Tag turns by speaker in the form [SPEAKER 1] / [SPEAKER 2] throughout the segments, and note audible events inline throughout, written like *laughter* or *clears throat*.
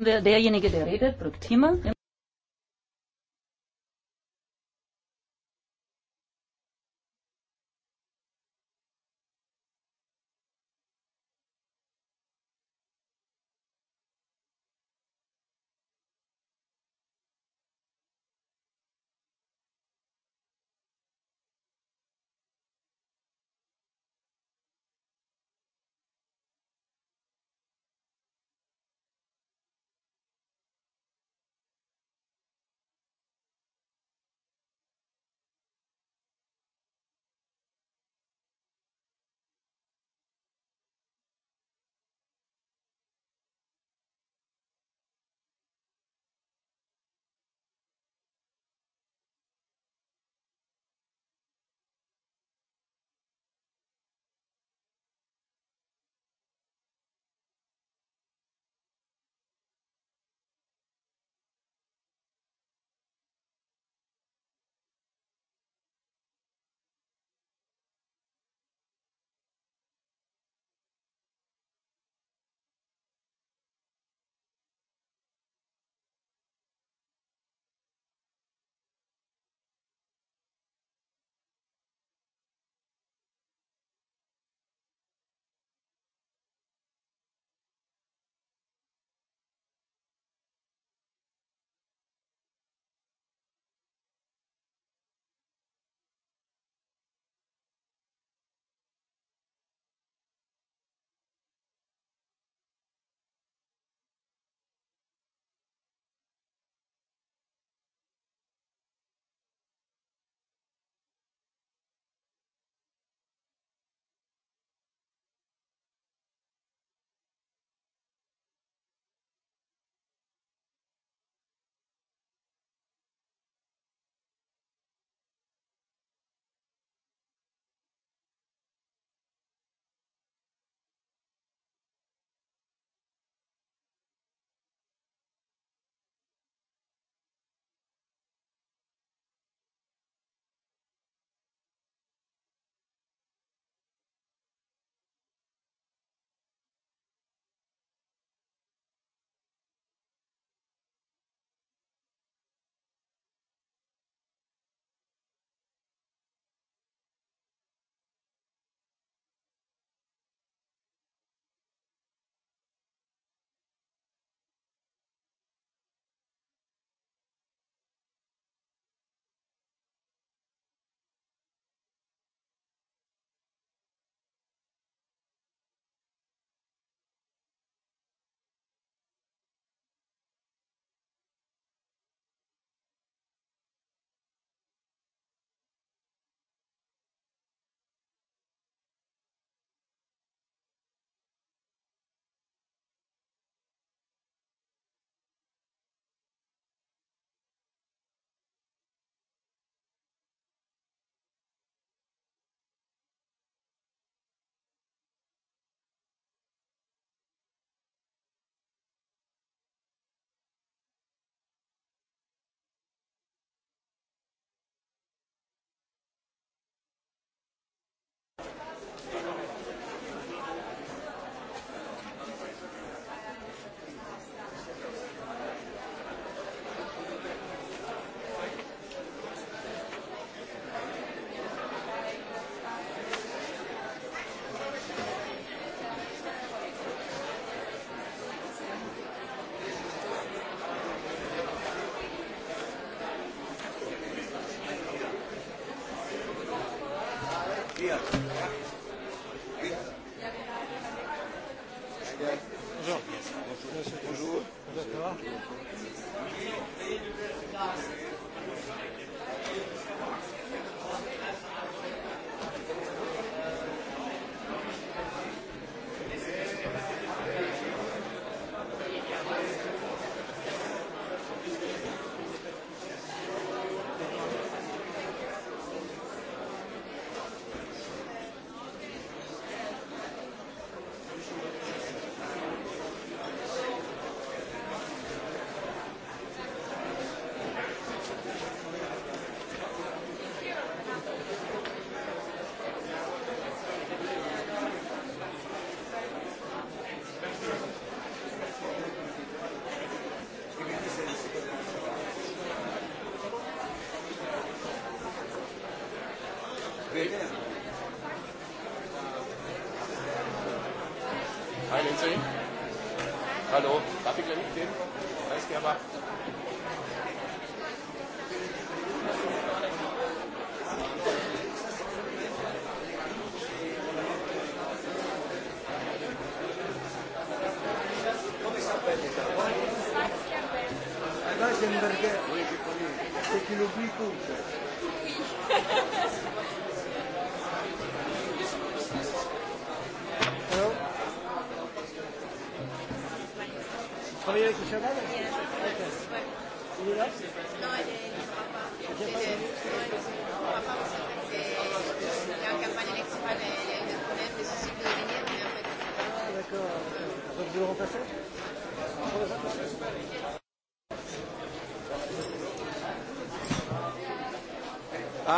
[SPEAKER 1] derjenige, der redet, drückt immer.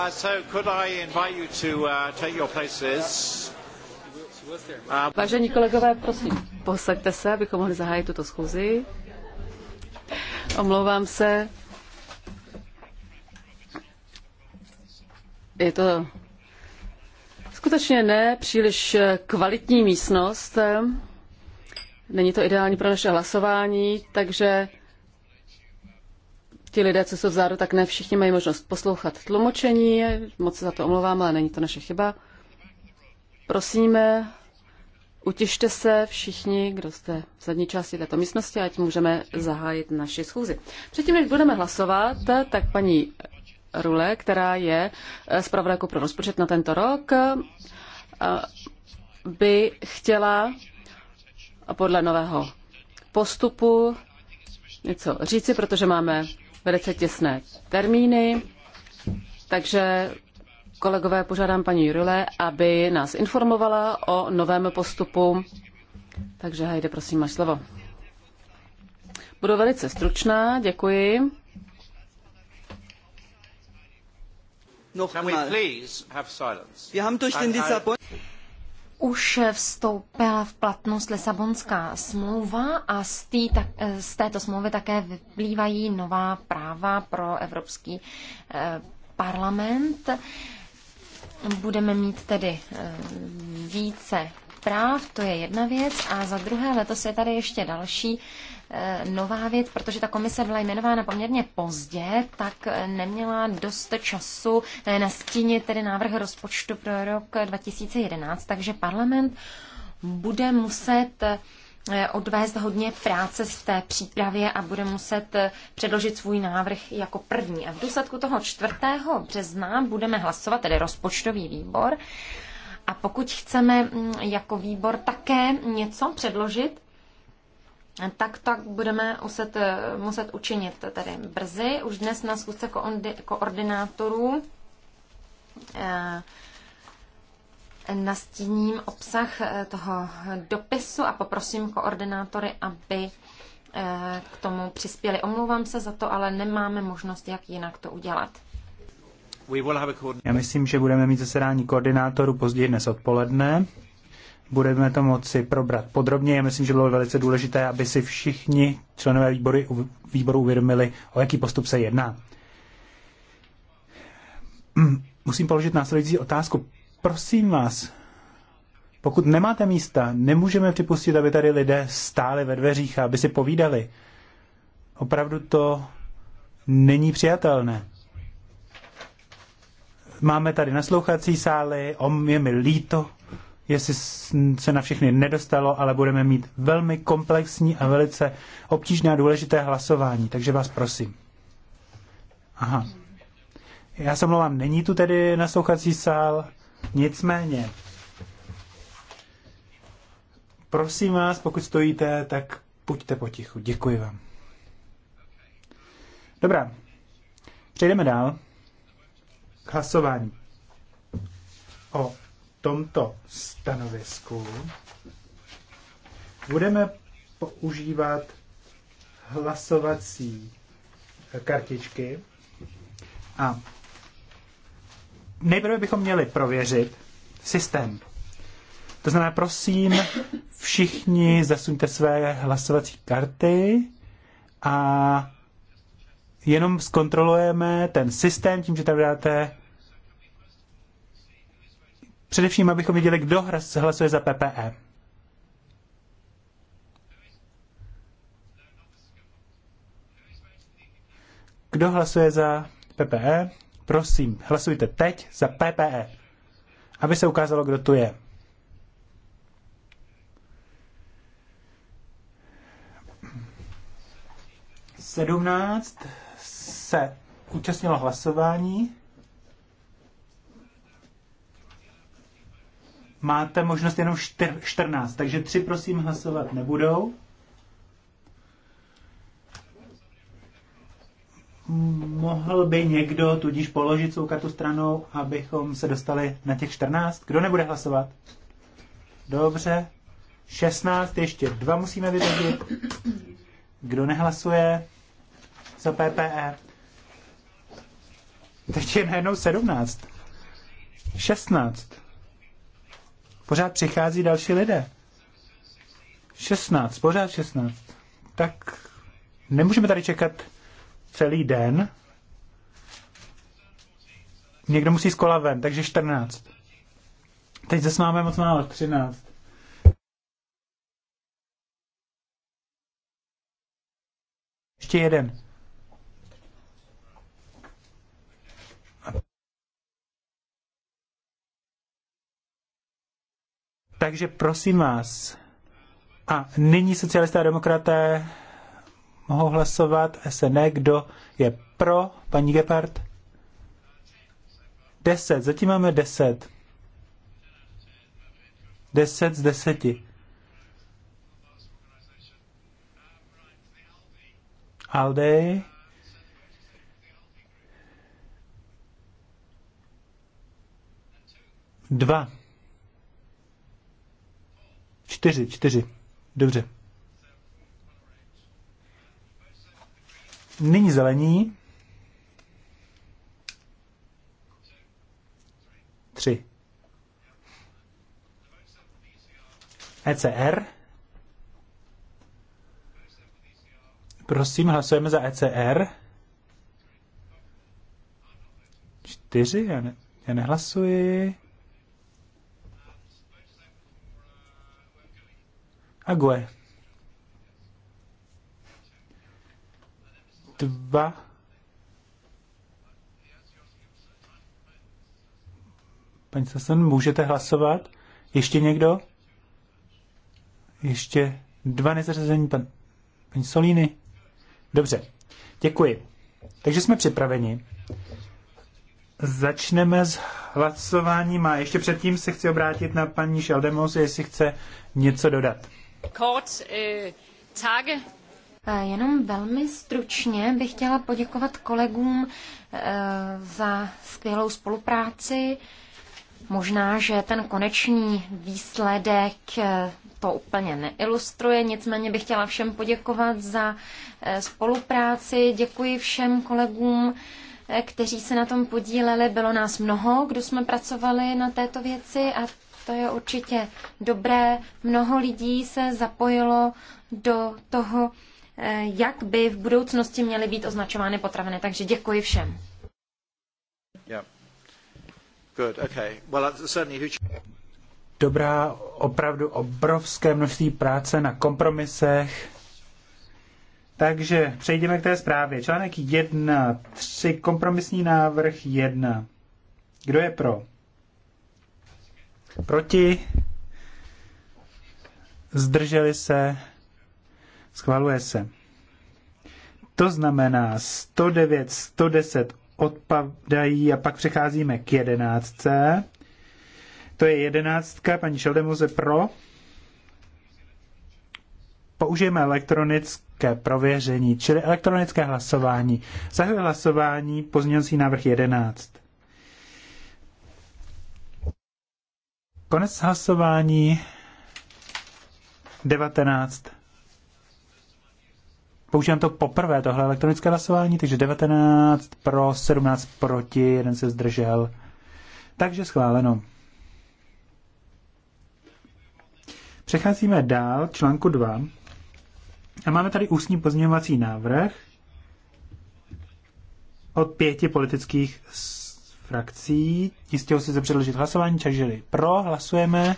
[SPEAKER 2] Uh, so could I invite you to uh, take your places? Vážení kolegové, prosím,
[SPEAKER 3] posaďte se, abychom mohli zahájit tuto schůzi. Omlouvám se. Je to skutečně ne příliš kvalitní místnost. Není to ideální pro naše hlasování, takže ti lidé, co jsou vzadu, tak ne všichni mají možnost poslouchat tlumočení. Moc se za to omlouvám, ale není to naše chyba. Prosíme, utište se všichni, kdo jste v zadní části této místnosti, ať můžeme zahájit naši schůzi. Předtím, než budeme hlasovat, tak paní Rule, která je zpravodajkou pro rozpočet na tento rok, by chtěla podle nového postupu něco říci, protože máme velice těsné termíny, takže kolegové požádám paní Jurile, aby nás informovala o novém postupu. Takže Hajde, prosím, máš slovo. Budu velice stručná, děkuji.
[SPEAKER 2] Nochmal. Wir haben durch den Lissabon
[SPEAKER 1] už vstoupila v platnost Lisabonská smlouva a z, tý, tak, eh, z této smlouvy také vyplývají nová práva pro Evropský eh, parlament. Budeme mít tedy eh, více práv, to je jedna věc. A za druhé letos je tady ještě další Eh, nová věc, protože ta komise byla jmenována poměrně pozdě, tak eh, neměla dost času eh, nastínit tedy návrh rozpočtu pro rok 2011, takže parlament bude muset odvést hodně práce v té přípravě a bude muset předložit svůj návrh jako první. A v důsledku toho 4. března budeme hlasovat, tedy rozpočtový výbor. A pokud chceme mm, jako výbor také něco předložit, tak tak budeme muset, eh, muset učinit tedy brzy. Už dnes na schůzce koordinátorů eh, nastíním obsah eh, toho dopisu a poprosím koordinátory, aby k tomu přispěli. Omlouvám se za to, ale nemáme možnost, jak jinak to udělat.
[SPEAKER 2] Já
[SPEAKER 4] myslím, že budeme mít zasedání koordinátorů později dnes odpoledne budeme to moci probrat podrobně. Já myslím, že bylo velice důležité, aby si všichni členové výboru, výboru uvědomili, o jaký postup se jedná. *clears throat* Musím položit následující otázku. Prosím vás, pokud nemáte místa, nemůžeme připustit, aby tady lidé stáli ve dveřích a aby si povídali. Opravdu to není přijatelné. Máme tady naslouchací sály, om je mi líto, jestli se na všechny nedostalo, ale budeme mít velmi komplexní a velice obtížné a důležité hlasování, takže vás prosím. Aha. Já se mluvám, není tu tedy naslouchací sál, nicméně. Prosím vás, pokud stojíte, tak buďte potichu. Děkuji vám. Dobrá, přejdeme dál k hlasování o tomto stanovisku budeme používat hlasovací kartičky a nejprve bychom měli prověřit systém. To znamená, prosím, všichni zasuňte své hlasovací karty a jenom zkontrolujeme ten systém tím, že tam dáte Především, abychom věděli, e. kdo hlasuje za PPE. Kdo hlasuje za PPE? Prosím, hlasujte teď za PPE, aby se ukázalo, kdo tu je. Sedmnáct se účastnilo hlasování. máte možnost jenom 14, čtr- takže tři prosím hlasovat nebudou. Mohl by někdo tudíž položit svou kartu stranou, abychom se dostali na těch 14? Kdo nebude hlasovat? Dobře. 16, ještě dva musíme vyřadit. Kdo nehlasuje za PPE? Teď je najednou 17. 16. Pořád přichází další lidé. 16, pořád 16. Tak nemůžeme tady čekat celý den. Někdo musí z kola ven, takže 14. Teď zase máme moc málo, 13. Ještě jeden. Takže prosím vás. A nyní socialisté a demokraté mohou hlasovat. SN, e, kdo je pro, paní Gepard? Deset, zatím máme deset. Deset z deseti. Alde. Dva. Čtyři, čtyři. Dobře. Nyní zelení. Tři. ECR. Prosím, hlasujeme za ECR. Čtyři? Já, ne, já nehlasuji. a Dva Paní Sasen, můžete hlasovat? Ještě někdo? Ještě dva nezařazení pan, paní Solíny? Dobře, děkuji. Takže jsme připraveni. Začneme s hlasováním a ještě předtím se chci obrátit na paní Šaldemos, jestli chce něco dodat.
[SPEAKER 3] Eh,
[SPEAKER 1] eh, jenom velmi stručně bych chtěla poděkovat kolegům eh, za skvělou spolupráci. Možná, že ten konečný výsledek to úplně neilustruje, nicméně bych chtěla všem poděkovat za spolupráci. Děkuji všem kolegům, kteří se na tom podíleli. Bylo nás mnoho, kdo jsme pracovali na této věci a to je určitě dobré. Mnoho lidí se zapojilo do toho, eh, jak by v budoucnosti měly být označovány potraviny. Takže děkuji všem.
[SPEAKER 2] Uh,
[SPEAKER 4] Dobrá, opravdu obrovské množství práce na kompromisech. Takže přejdeme k té zprávě. Článek 1, 3, kompromisní návrh 1. Kdo je pro? Proti? Zdrželi se? Schvaluje se. To znamená 109, 110 odpadají a pak přecházíme k jedenáctce. To je jedenáctka, paní Šeldemuze pro. Použijeme elektronické prověření, čili elektronické hlasování. Zahajuji hlasování, pozměňovací návrh 11. Konec hlasování 19. Používám to poprvé, tohle elektronické hlasování, takže 19 pro, 17 proti, jeden se zdržel. Takže schváleno. Přecházíme dál, článku 2. A máme tady ústní pozměňovací návrh od pěti politických frakcí. Jistě si se předložit hlasování, čažili pro, hlasujeme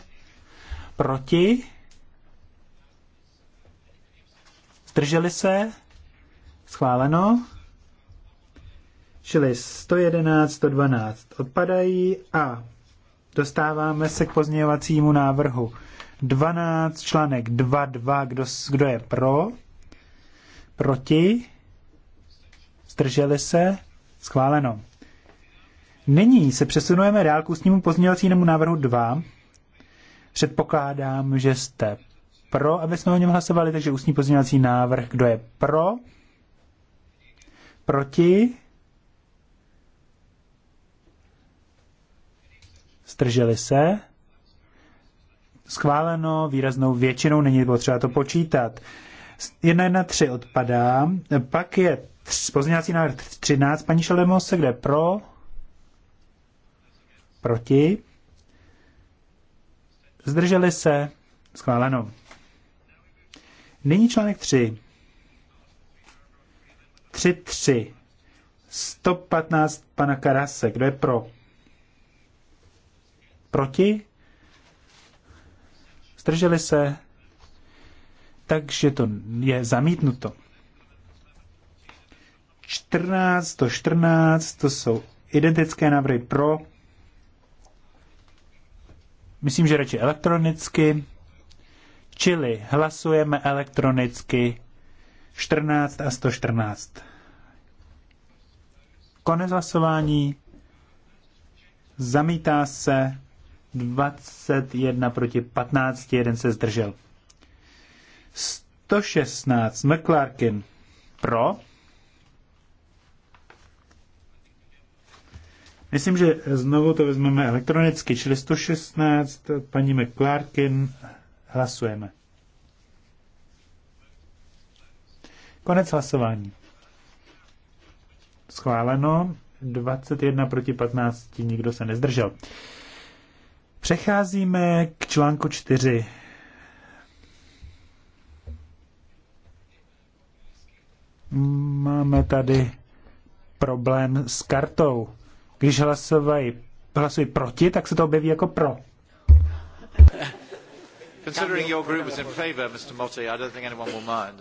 [SPEAKER 4] proti. Zdrželi se? Schváleno. Čili 111, 112 odpadají a dostáváme se k pozměňovacímu návrhu 12, článek 2.2, kdo, kdo je pro, proti, zdrželi se, schváleno. Nyní se přesunujeme dál k ústnímu pozměňovacímu návrhu 2. Předpokládám, že jste pro, aby jsme o něm hlasovali, takže ústní pozměňovací návrh, kdo je pro, proti, Strželi se, schváleno výraznou většinou, není potřeba to počítat. 1 na 3 odpadá, pak je pozměňovací návrh 13, paní Šalemose, kde je pro, Proti? Zdrželi se? Schváleno. Nyní článek 3. 3, 3. 115 pana Karase. Kdo je pro? Proti? Zdrželi se? Takže to je zamítnuto. 14 to 14, to jsou identické návrhy pro, myslím, že radši elektronicky, čili hlasujeme elektronicky 14 a 114. Konec hlasování. Zamítá se 21 proti 15, jeden se zdržel. 116 McClarkin pro, Myslím, že znovu to vezmeme elektronicky, čili 116, paní McClarkin, hlasujeme. Konec hlasování. Schváleno. 21 proti 15, nikdo se nezdržel. Přecházíme k článku 4. Máme tady problém s kartou. Když hlasují, hlasují proti, tak se to objeví jako pro. Considering your group was
[SPEAKER 2] in favour, Mr. Motti, I don't think anyone will mind.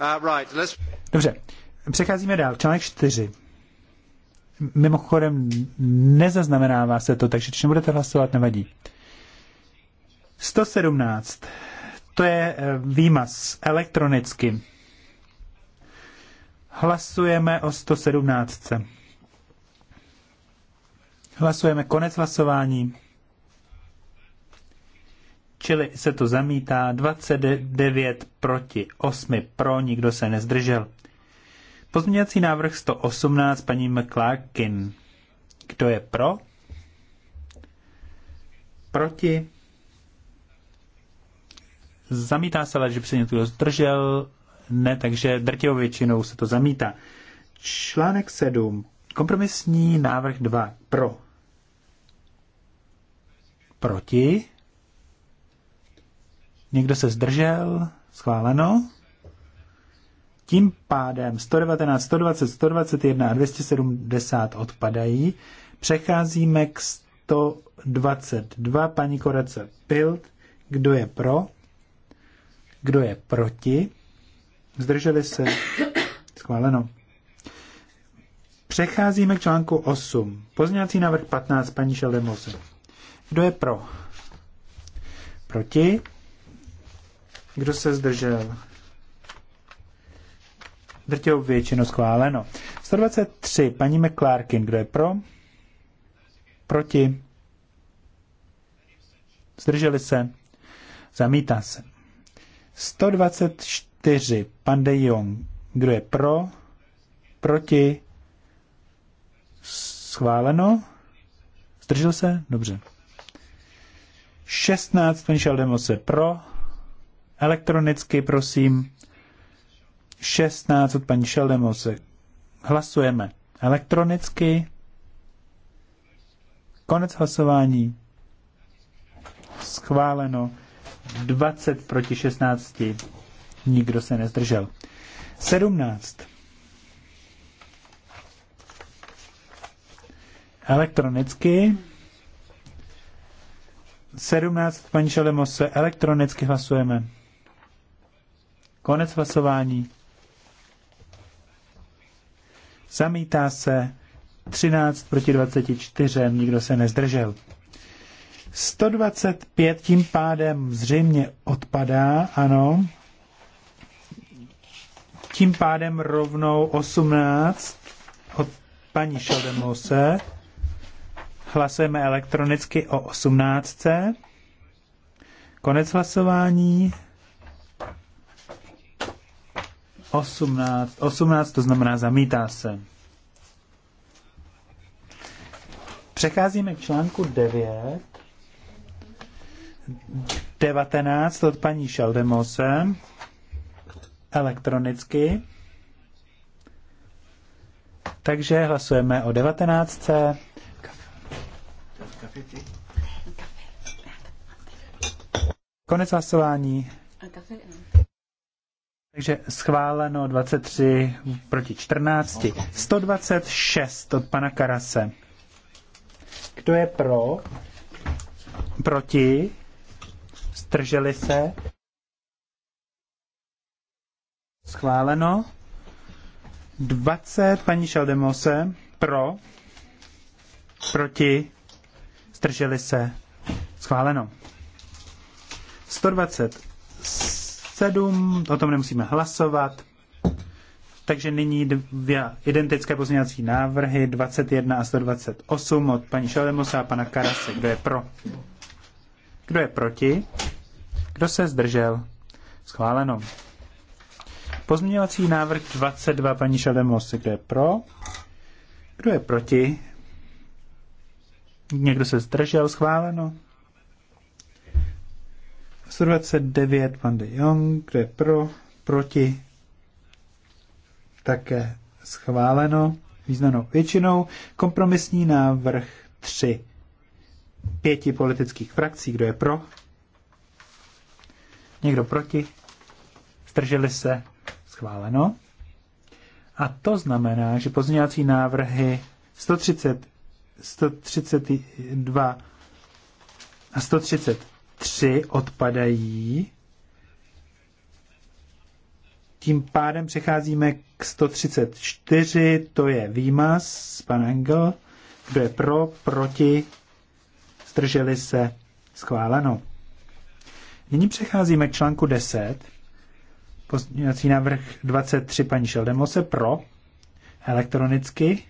[SPEAKER 2] Uh, right, let's...
[SPEAKER 4] Dobře, přecházíme dál. Článek 4. Mimochodem, nezaznamenává se to, takže když nebudete hlasovat, nevadí. 117. To je eh, výmaz elektronicky. Hlasujeme o 117. Hlasujeme konec hlasování. Čili se to zamítá 29 proti 8 pro, nikdo se nezdržel. Pozměňovací návrh 118 paní McClarkin. Kdo je pro? Proti? Zamítá se, ale že se někdo zdržel ne, takže drtivou většinou se to zamítá. Článek 7. Kompromisní návrh 2. Pro. Proti. Někdo se zdržel? Schváleno. Tím pádem 119, 120, 121 a 270 odpadají. Přecházíme k 122. Paní Korece Pilt, kdo je pro? Kdo je proti? zdrželi se, schváleno. Přecházíme k článku 8. Pozměňovací návrh 15, paní Šeldemoze. Kdo je pro? Proti? Kdo se zdržel? Drtěho většinu schváleno. 123, paní McClarkin, kdo je pro? Proti? Zdrželi se? Zamítá se. 124, 4. Pan de Jong. Kdo je pro? Proti? Schváleno? Zdržel se? Dobře. 16. Pan Šaldemose pro. Elektronicky, prosím. 16 od paní Šeldemose. Hlasujeme elektronicky. Konec hlasování. Schváleno 20 proti 16. Nikdo se nezdržel. 17. Elektronicky. 17, paní Šalemose, elektronicky hlasujeme. Konec hlasování. Zamítá se 13 proti 24, nikdo se nezdržel. 125 tím pádem zřejmě odpadá, ano tím pádem rovnou 18 od paní Šaldemose. Hlasujeme elektronicky o 18. Konec hlasování. 18. 18 to znamená zamítá se. Přecházíme k článku 9. 19 od paní Šaldemose elektronicky. Takže hlasujeme o 19. Konec hlasování. Takže schváleno 23 proti 14. 126 od pana Karase. Kdo je pro? Proti? Strželi se? Schváleno. 20, paní Šaldemose, pro, proti, zdrželi se, schváleno. 127, o tom nemusíme hlasovat. Takže nyní dvě identické pozměňovací návrhy, 21 a 128 od paní Šalemosa a pana Karase. Kdo je pro? Kdo je proti? Kdo se zdržel? Schváleno. Pozměňovací návrh 22 paní Šademos, kdo je pro? Kdo je proti? Někdo se zdržel, schváleno. 129 pan de Jong, kdo je pro? Proti? Také schváleno významnou většinou. Kompromisní návrh 3 pěti politických frakcí. Kdo je pro? Někdo proti? Strželi se? schváleno. A to znamená, že pozměňovací návrhy 130, 132 a 133 odpadají. Tím pádem přecházíme k 134, to je výmaz, pan Engel. Kdo je pro, proti, zdrželi se, schváleno. Nyní přecházíme k článku 10. Pozměňovací návrh 23 paní Šeldemose pro elektronicky.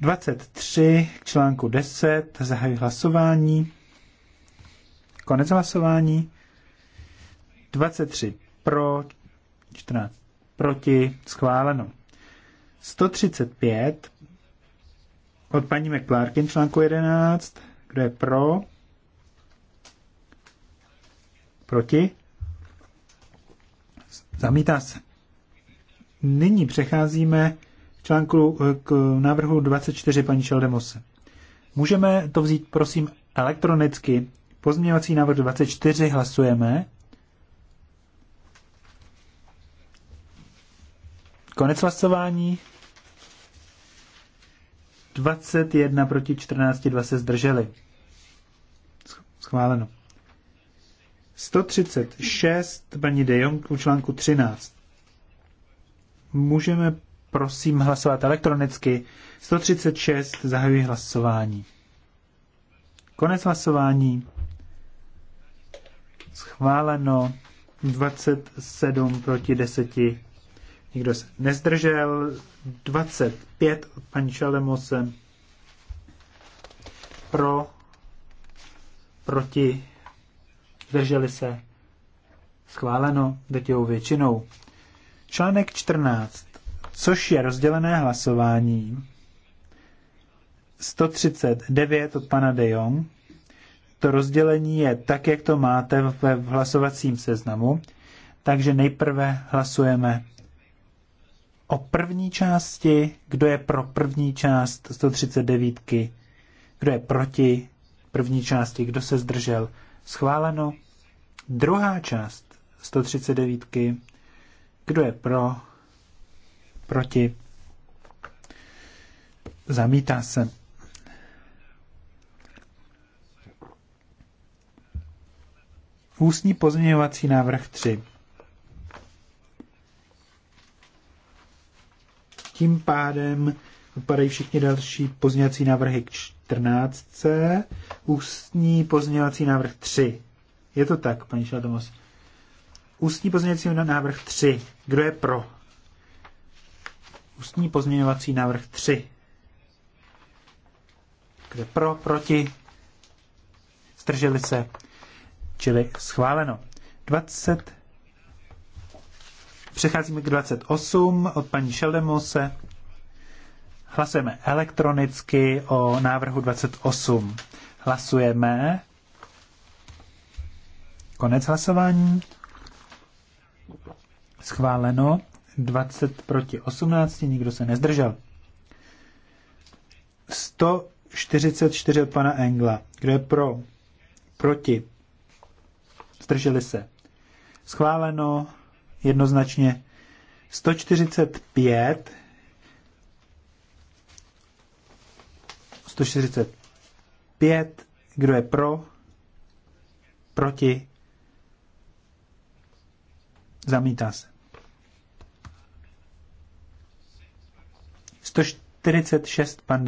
[SPEAKER 4] 23 k článku 10 zahajuji hlasování. Konec hlasování. 23 pro, 14 proti, schváleno. 135 od paní McClarkin článku 11, kdo je pro, Proti? Zamítá se. Nyní přecházíme k článku k návrhu 24 paní Šeldemose. Můžeme to vzít, prosím, elektronicky. Pozměňovací návrh 24 hlasujeme. Konec hlasování. 21 proti 14, 2 se zdrželi. Schváleno. 136, paní De Jong, u článku 13. Můžeme prosím hlasovat elektronicky. 136, zahajuji hlasování. Konec hlasování. Schváleno 27 proti 10. Nikdo se nezdržel. 25 od paní Šalemose. Pro, proti zdrželi se, schváleno drtivou většinou. Článek 14, což je rozdělené hlasování 139 od pana De Jong. To rozdělení je tak, jak to máte ve hlasovacím seznamu. Takže nejprve hlasujeme o první části, kdo je pro první část 139, kdo je proti první části, kdo se zdržel. Schváleno. Druhá část 139. Kdo je pro? Proti? Zamítá se. Ústní pozměňovací návrh 3. Tím pádem upadají všichni další pozměňovací návrhy k 14. Ústní pozměňovací návrh 3. Je to tak, paní Šaldomos. Ústní pozměňovací návrh 3. Kdo je pro? Ústní pozměňovací návrh 3. Kdo je pro, proti? Strželi se? Čili schváleno. 20. Přecházíme k 28 od paní Šeldemose. Hlasujeme elektronicky o návrhu 28. Hlasujeme. Konec hlasování. Schváleno. 20 proti 18, nikdo se nezdržel. 144 od pana Engla. Kdo je pro? Proti? Zdrželi se. Schváleno jednoznačně 145. 145. Kdo je pro? Proti? Zamítá se. 146 pan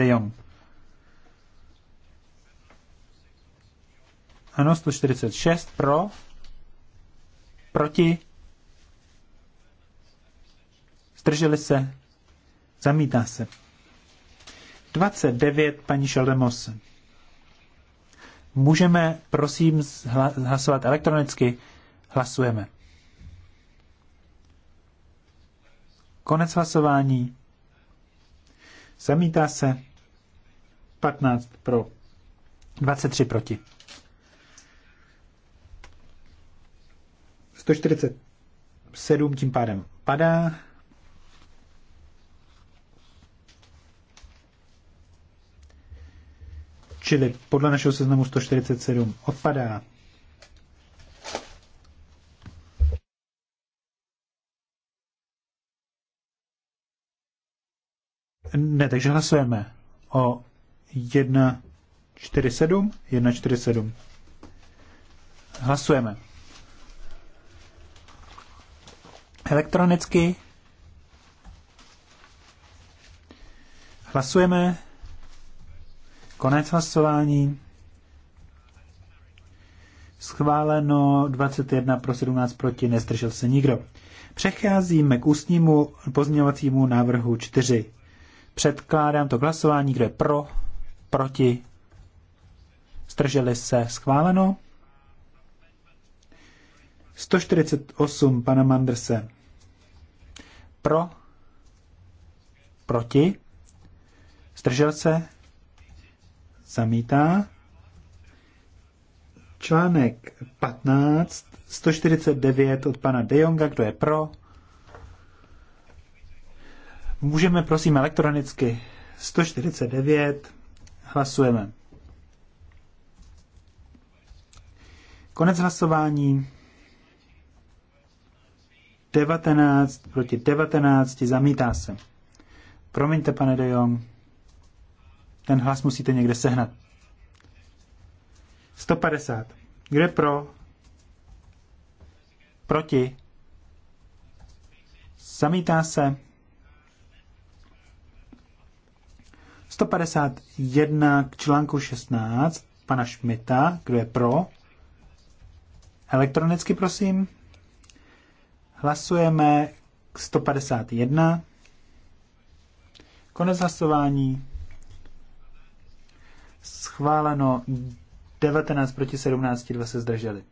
[SPEAKER 4] Ano, 146 pro, proti, zdrželi se, zamítá se. 29 paní Šeldemos. Můžeme, prosím, hlasovat elektronicky. Hlasujeme. Konec hlasování. Zamítá se 15 pro, 23 proti. 147 tím pádem padá. Čili podle našeho seznamu 147 odpadá. Ne, takže hlasujeme o 147, 147. Hlasujeme. Elektronicky hlasujeme. Konec hlasování. Schváleno 21 pro 17 proti, nezdržel se nikdo. Přecházíme k ústnímu pozměňovacímu návrhu 4. Předkládám to k hlasování, kde pro, proti, strželi se, schváleno. 148 pana Mandrse. Pro, proti, stržel se, zamítá. Článek 15, 149 od pana De Jonga, kdo je pro, Můžeme, prosím, elektronicky. 149. Hlasujeme. Konec hlasování. 19 proti 19 zamítá se. Promiňte, pane de Jong. Ten hlas musíte někde sehnat. 150. Kde pro? Proti. Zamítá se. 151 k článku 16 pana Šmita, kdo je pro. Elektronicky prosím. Hlasujeme k 151. Konec hlasování. Schváleno 19 proti 17, dva se zdrželi.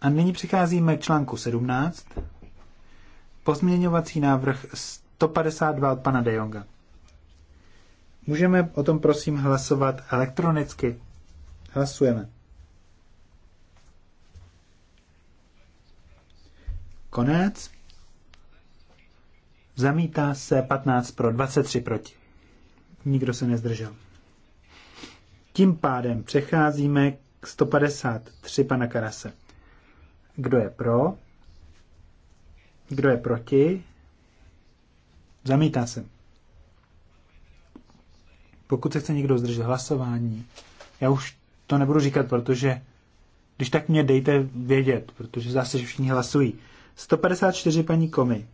[SPEAKER 4] A nyní přicházíme k článku 17. Pozměňovací návrh 152 od pana De Jonga. Můžeme o tom prosím hlasovat elektronicky. Hlasujeme. Konec. Zamítá se 15 pro 23 proti. Nikdo se nezdržel. Tím pádem přecházíme k 153 pana Karase. Kdo je pro? Kdo je proti? Zamítá se. Pokud se chce někdo zdržet hlasování, já už to nebudu říkat, protože když tak mě dejte vědět, protože zase všichni hlasují. 154 paní Komy.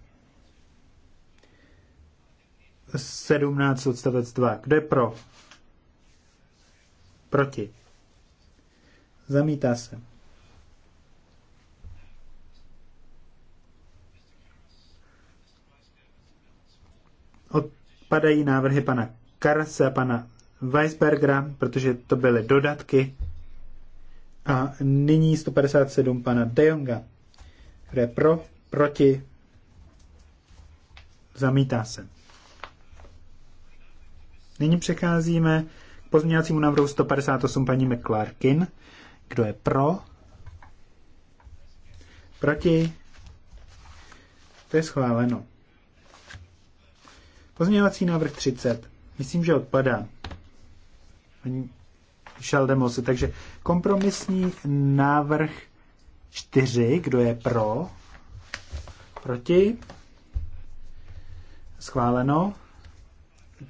[SPEAKER 4] 17 odstavec 2. Kdo je pro? Proti. Zamítá se. Odpadají návrhy pana Karse, pana Weisbergera, protože to byly dodatky. A nyní 157 pana De Jonga, které pro, proti, zamítá se. Nyní přecházíme k pozměňovacímu návrhu 158 paní McClarkin. Kdo je pro? Proti? To je schváleno. Pozměňovací návrh 30. Myslím, že odpadá. Paní Šaldemosi. Takže kompromisní návrh 4, kdo je pro, proti, schváleno.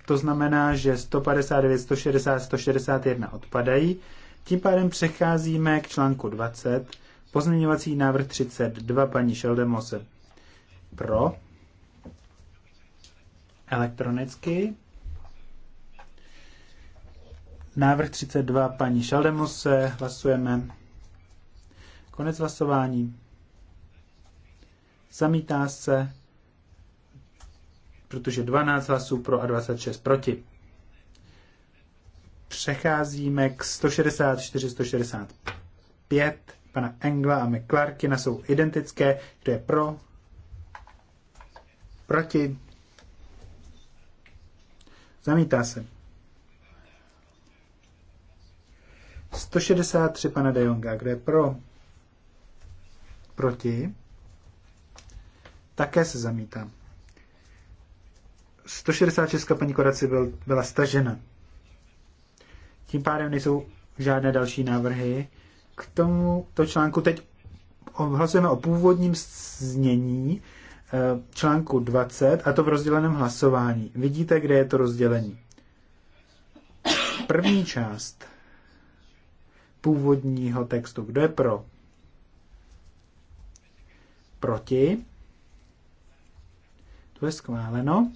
[SPEAKER 4] To znamená, že 159, 160, 161 odpadají. Tím pádem přecházíme k článku 20, pozměňovací návrh 32, paní Šeldemose. Pro. Elektronicky. Návrh 32 paní Šaldemose, hlasujeme. Konec hlasování. Zamítá se, protože 12 hlasů pro a 26 proti. Přecházíme k 164-165. Pana Engla a McClarkina jsou identické. Kdo je pro? Proti? Zamítá se. 163 pana De Jonga, kdo je pro, proti, také se zamítá. 166 paní Koraci byl, byla stažena. Tím pádem nejsou žádné další návrhy. K tomuto článku teď hlasujeme o původním znění eh, článku 20, a to v rozděleném hlasování. Vidíte, kde je to rozdělení. První část původního textu. Kdo je pro? Proti? To je schváleno.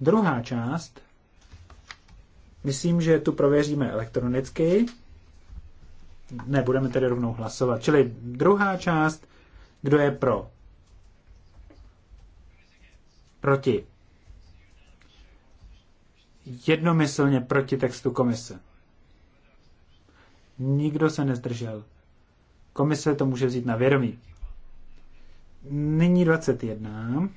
[SPEAKER 4] Druhá část. Myslím, že tu prověříme elektronicky. Ne, budeme tedy rovnou hlasovat. Čili druhá část, kdo je pro? Proti. Jednomyslně proti textu komise. Nikdo se nezdržel. Komise to může vzít na vědomí. Nyní 21.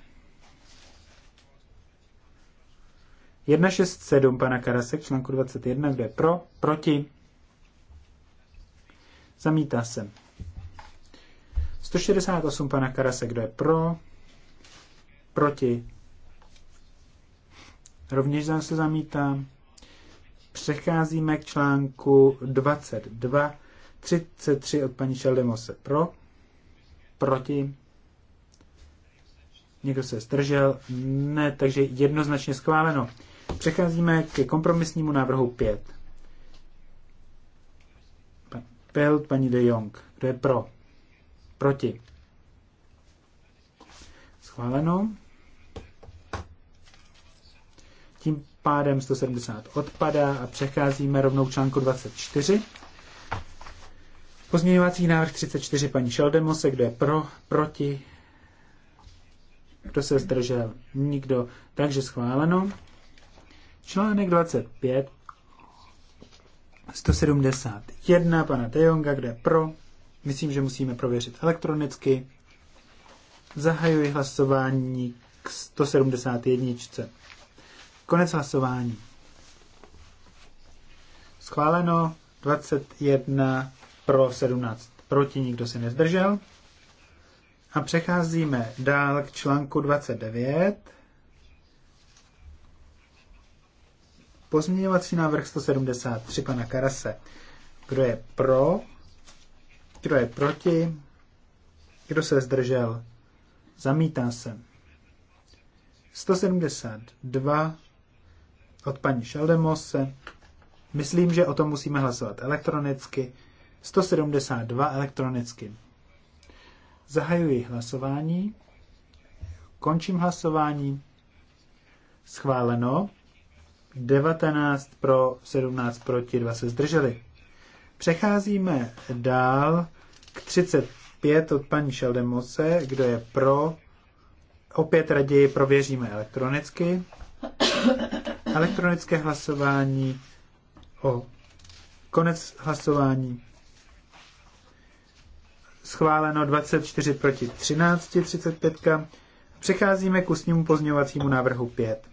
[SPEAKER 4] 167 pana Karasek, článku 21, kde pro, proti, zamítá se. 168 pana Karasek, kde je pro, proti, rovněž se zamítá. Přecházíme k článku 22, 33 od paní Šeldemose pro, proti, někdo se zdržel, ne, takže jednoznačně schváleno. Přecházíme ke kompromisnímu návrhu 5. Pan Pelt, paní de Jong, kdo je pro? Proti. Schváleno. Tím pádem 170 odpadá a přecházíme rovnou k článku 24. Pozměňovací návrh 34 paní Šeldemose, kdo je pro, proti, kdo se zdržel, nikdo, takže schváleno. Článek 25, 171 pana Tejonga, kde je pro, myslím, že musíme prověřit elektronicky. Zahajuji hlasování k 171. Konec hlasování. Schváleno 21 pro 17 proti, nikdo se nezdržel. A přecházíme dál k článku 29. Pozměňovací návrh 173 pana Karase. Kdo je pro? Kdo je proti? Kdo se zdržel? Zamítá se. 172 od paní Šeldemose. Myslím, že o tom musíme hlasovat elektronicky. 172 elektronicky. Zahajuji hlasování. Končím hlasování. Schváleno. 19 pro, 17 proti, 2 se zdrželi. Přecházíme dál k 35 od paní Šeldemose, kdo je pro. Opět raději prověříme elektronicky. Elektronické hlasování o konec hlasování. Schváleno 24 proti 13, 35. Přecházíme k ústnímu pozměňovacímu návrhu 5.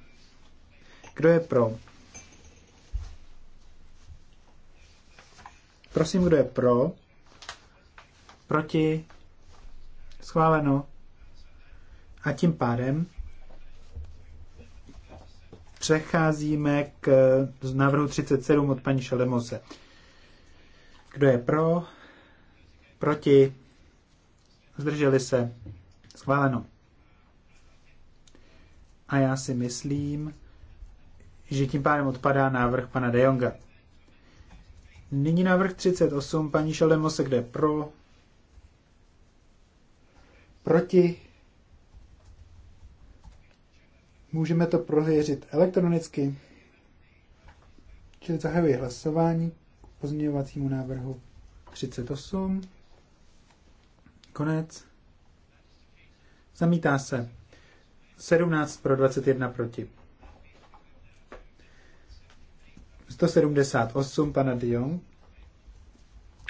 [SPEAKER 4] Kdo je pro? Prosím, kdo je pro? Proti? Schváleno. A tím pádem Přecházíme k návrhu 37 od paní Šalemose. Kdo je pro? Proti? Zdrželi se? Schváleno. A já si myslím, že tím pádem odpadá návrh pana De Jonga. Nyní návrh 38, paní Šalemose, kde pro? Proti? Můžeme to prověřit elektronicky. Čili zahajuji hlasování k pozměňovacímu návrhu 38. Konec. Zamítá se. 17 pro 21 proti. 178 pana Dion.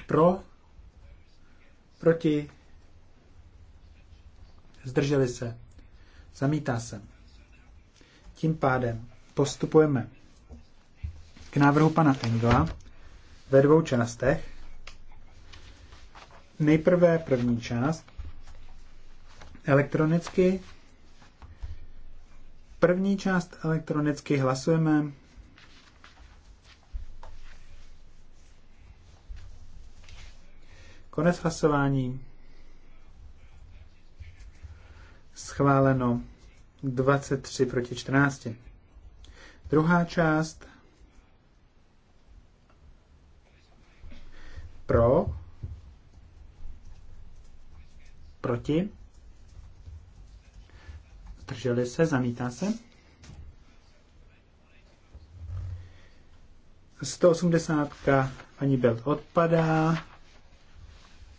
[SPEAKER 4] Pro. Proti. Zdrželi se. Zamítá se. Tím pádem postupujeme k návrhu pana Engla ve dvou částech. Nejprve první část elektronicky. První část elektronicky hlasujeme. Konec hlasování. Schváleno 23 proti 14. Druhá část pro, proti, drželi se, zamítá se. 180 ani Belt odpadá,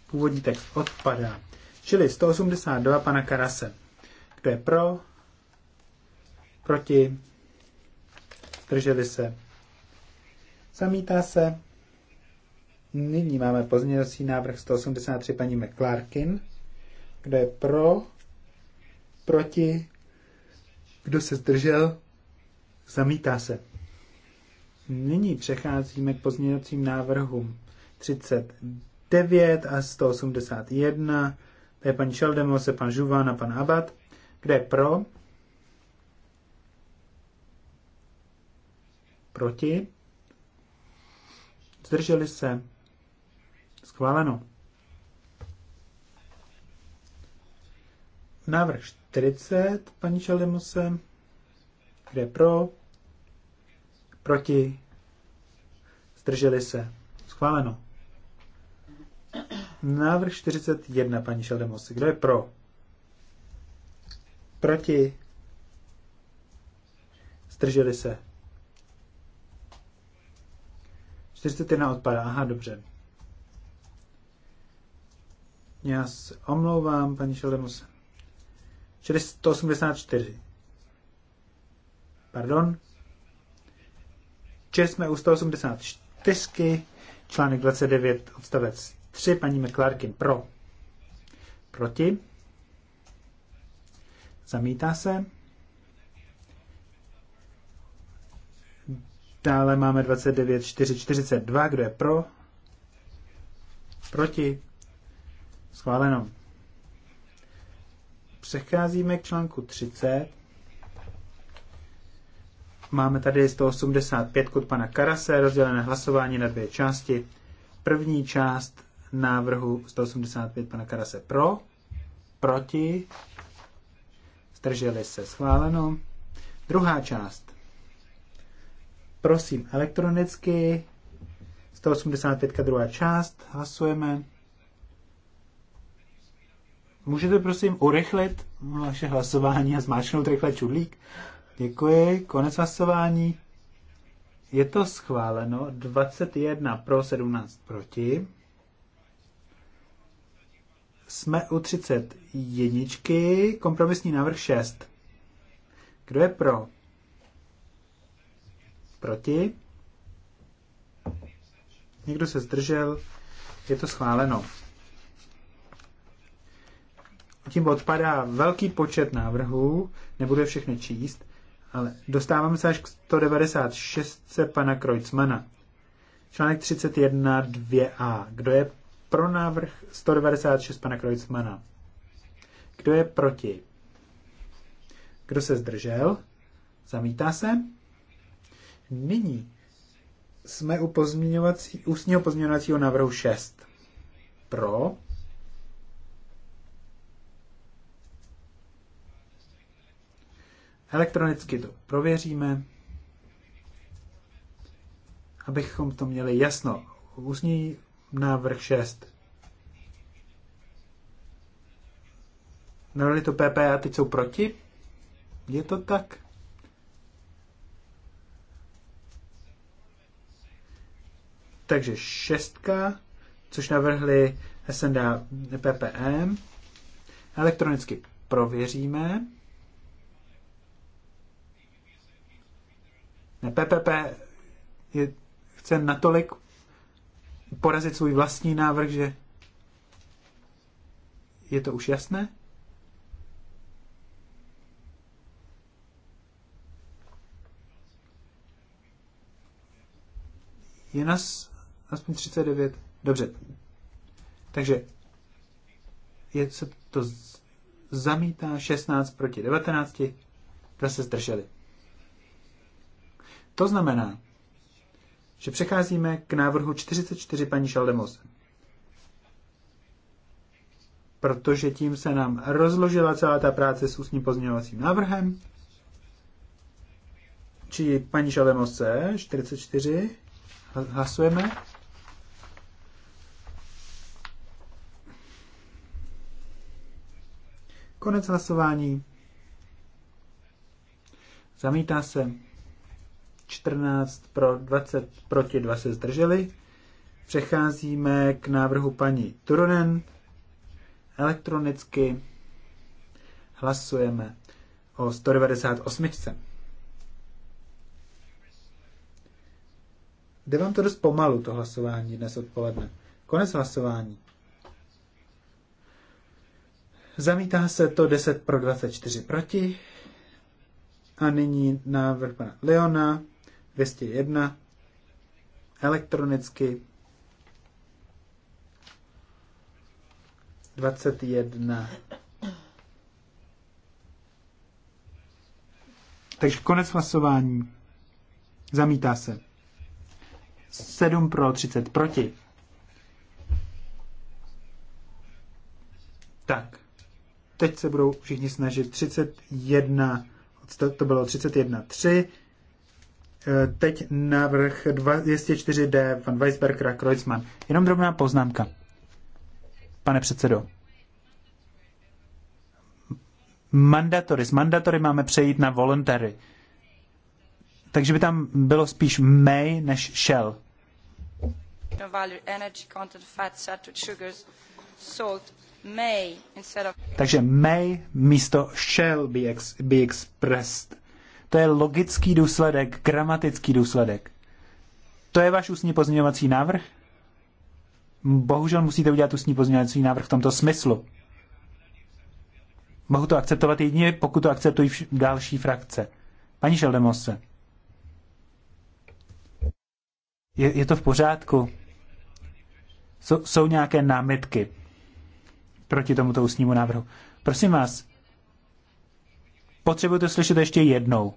[SPEAKER 4] původní text odpadá, čili 182 pana Karase. Kdo je pro, proti, drželi se, zamítá se. Nyní máme pozměňovací návrh 183 paní McClarkin. Kdo je pro? Proti? Kdo se zdržel? Zamítá se. Nyní přecházíme k pozměňovacím návrhům 39 a 181. To je pan Šeldemose, pan Žuvan a pan Abad. Kde je pro? Proti? Zdrželi se? Schváleno. Návrh 40, paní Šalimuse. Kde pro? Proti? Zdrželi se? Schváleno. Návrh 41, paní Šaldemos. Kdo je pro? Proti? Zdrželi se? 41 odpadá, aha, dobře. Já se omlouvám, paní Šeldemuse. 184. Pardon. Čes jsme u 184, článek 29, odstavec 3, paní McClarkin pro. Proti. Zamítá se. Dále máme 29, 4, 42. Kdo je pro? Proti? Schváleno. Přecházíme k článku 30. Máme tady 185 od pana Karase, rozdělené hlasování na dvě části. První část návrhu 185 pana Karase pro, proti, zdrželi se schváleno. Druhá část Prosím, elektronicky. 185. druhá část. Hlasujeme. Můžete prosím urychlit vaše hlasování a zmáčknout rychle čudlík? Děkuji. Konec hlasování. Je to schváleno. 21 pro, 17 proti. Jsme u 31. Kompromisní návrh 6. Kdo je pro? Proti? Někdo se zdržel? Je to schváleno. Tím odpadá velký počet návrhů, nebudu je všechny číst, ale dostáváme se až k 196. pana Kreutzmana. Článek 312 a Kdo je pro návrh 196 pana Kreutzmana? Kdo je proti? Kdo se zdržel? Zamítá se? Nyní jsme u pozměňovací, ústního pozměňovacího návrhu 6. Pro. Elektronicky to prověříme, abychom to měli jasno. Ústní návrh 6. Navrhli to PP a teď jsou proti? Je to tak? Takže šestka, což navrhli SND PPM. Elektronicky prověříme. Ne, PPP je, chce natolik porazit svůj vlastní návrh, že je to už jasné? Je nás aspoň 39. Dobře. Takže je, se to zamítá 16 proti 19, dva se zdrželi. To znamená, že přecházíme k návrhu 44 paní Šaldemos. Protože tím se nám rozložila celá ta práce s ústním pozměňovacím návrhem. Či paní Šaldemos 44. Hlasujeme. Konec hlasování. Zamítá se 14 pro 20 proti 2 se zdrželi. Přecházíme k návrhu paní Turunen. Elektronicky hlasujeme o 198. Jde vám to dost pomalu, to hlasování dnes odpoledne. Konec hlasování. Zamítá se to 10 pro 24 proti. A nyní návrh pana Leona 201 elektronicky 21. Takže konec hlasování. Zamítá se. 7 pro 30 proti. Tak teď se budou všichni snažit 31, to bylo 31.3, eh, teď návrh 204D van Weisberger a Kreuzmann. Jenom drobná poznámka. Pane předsedo, mandatory, z mandatory máme přejít na voluntary. Takže by tam bylo spíš may než No
[SPEAKER 1] Value, energy content, fat, satured sugars, salt, may instead of...
[SPEAKER 4] Takže may místo shall be, ex, be expressed. To je logický důsledek, gramatický důsledek. To je váš ústní pozměňovací návrh? Bohužel musíte udělat ústní pozměňovací návrh v tomto smyslu. Mohu to akceptovat jedině, pokud to akceptují další frakce. Paní Šeldemose, je, je to v pořádku? Jsou, jsou nějaké námitky? proti tomuto ústnímu návrhu. Prosím vás, potřebuji to slyšet ještě jednou.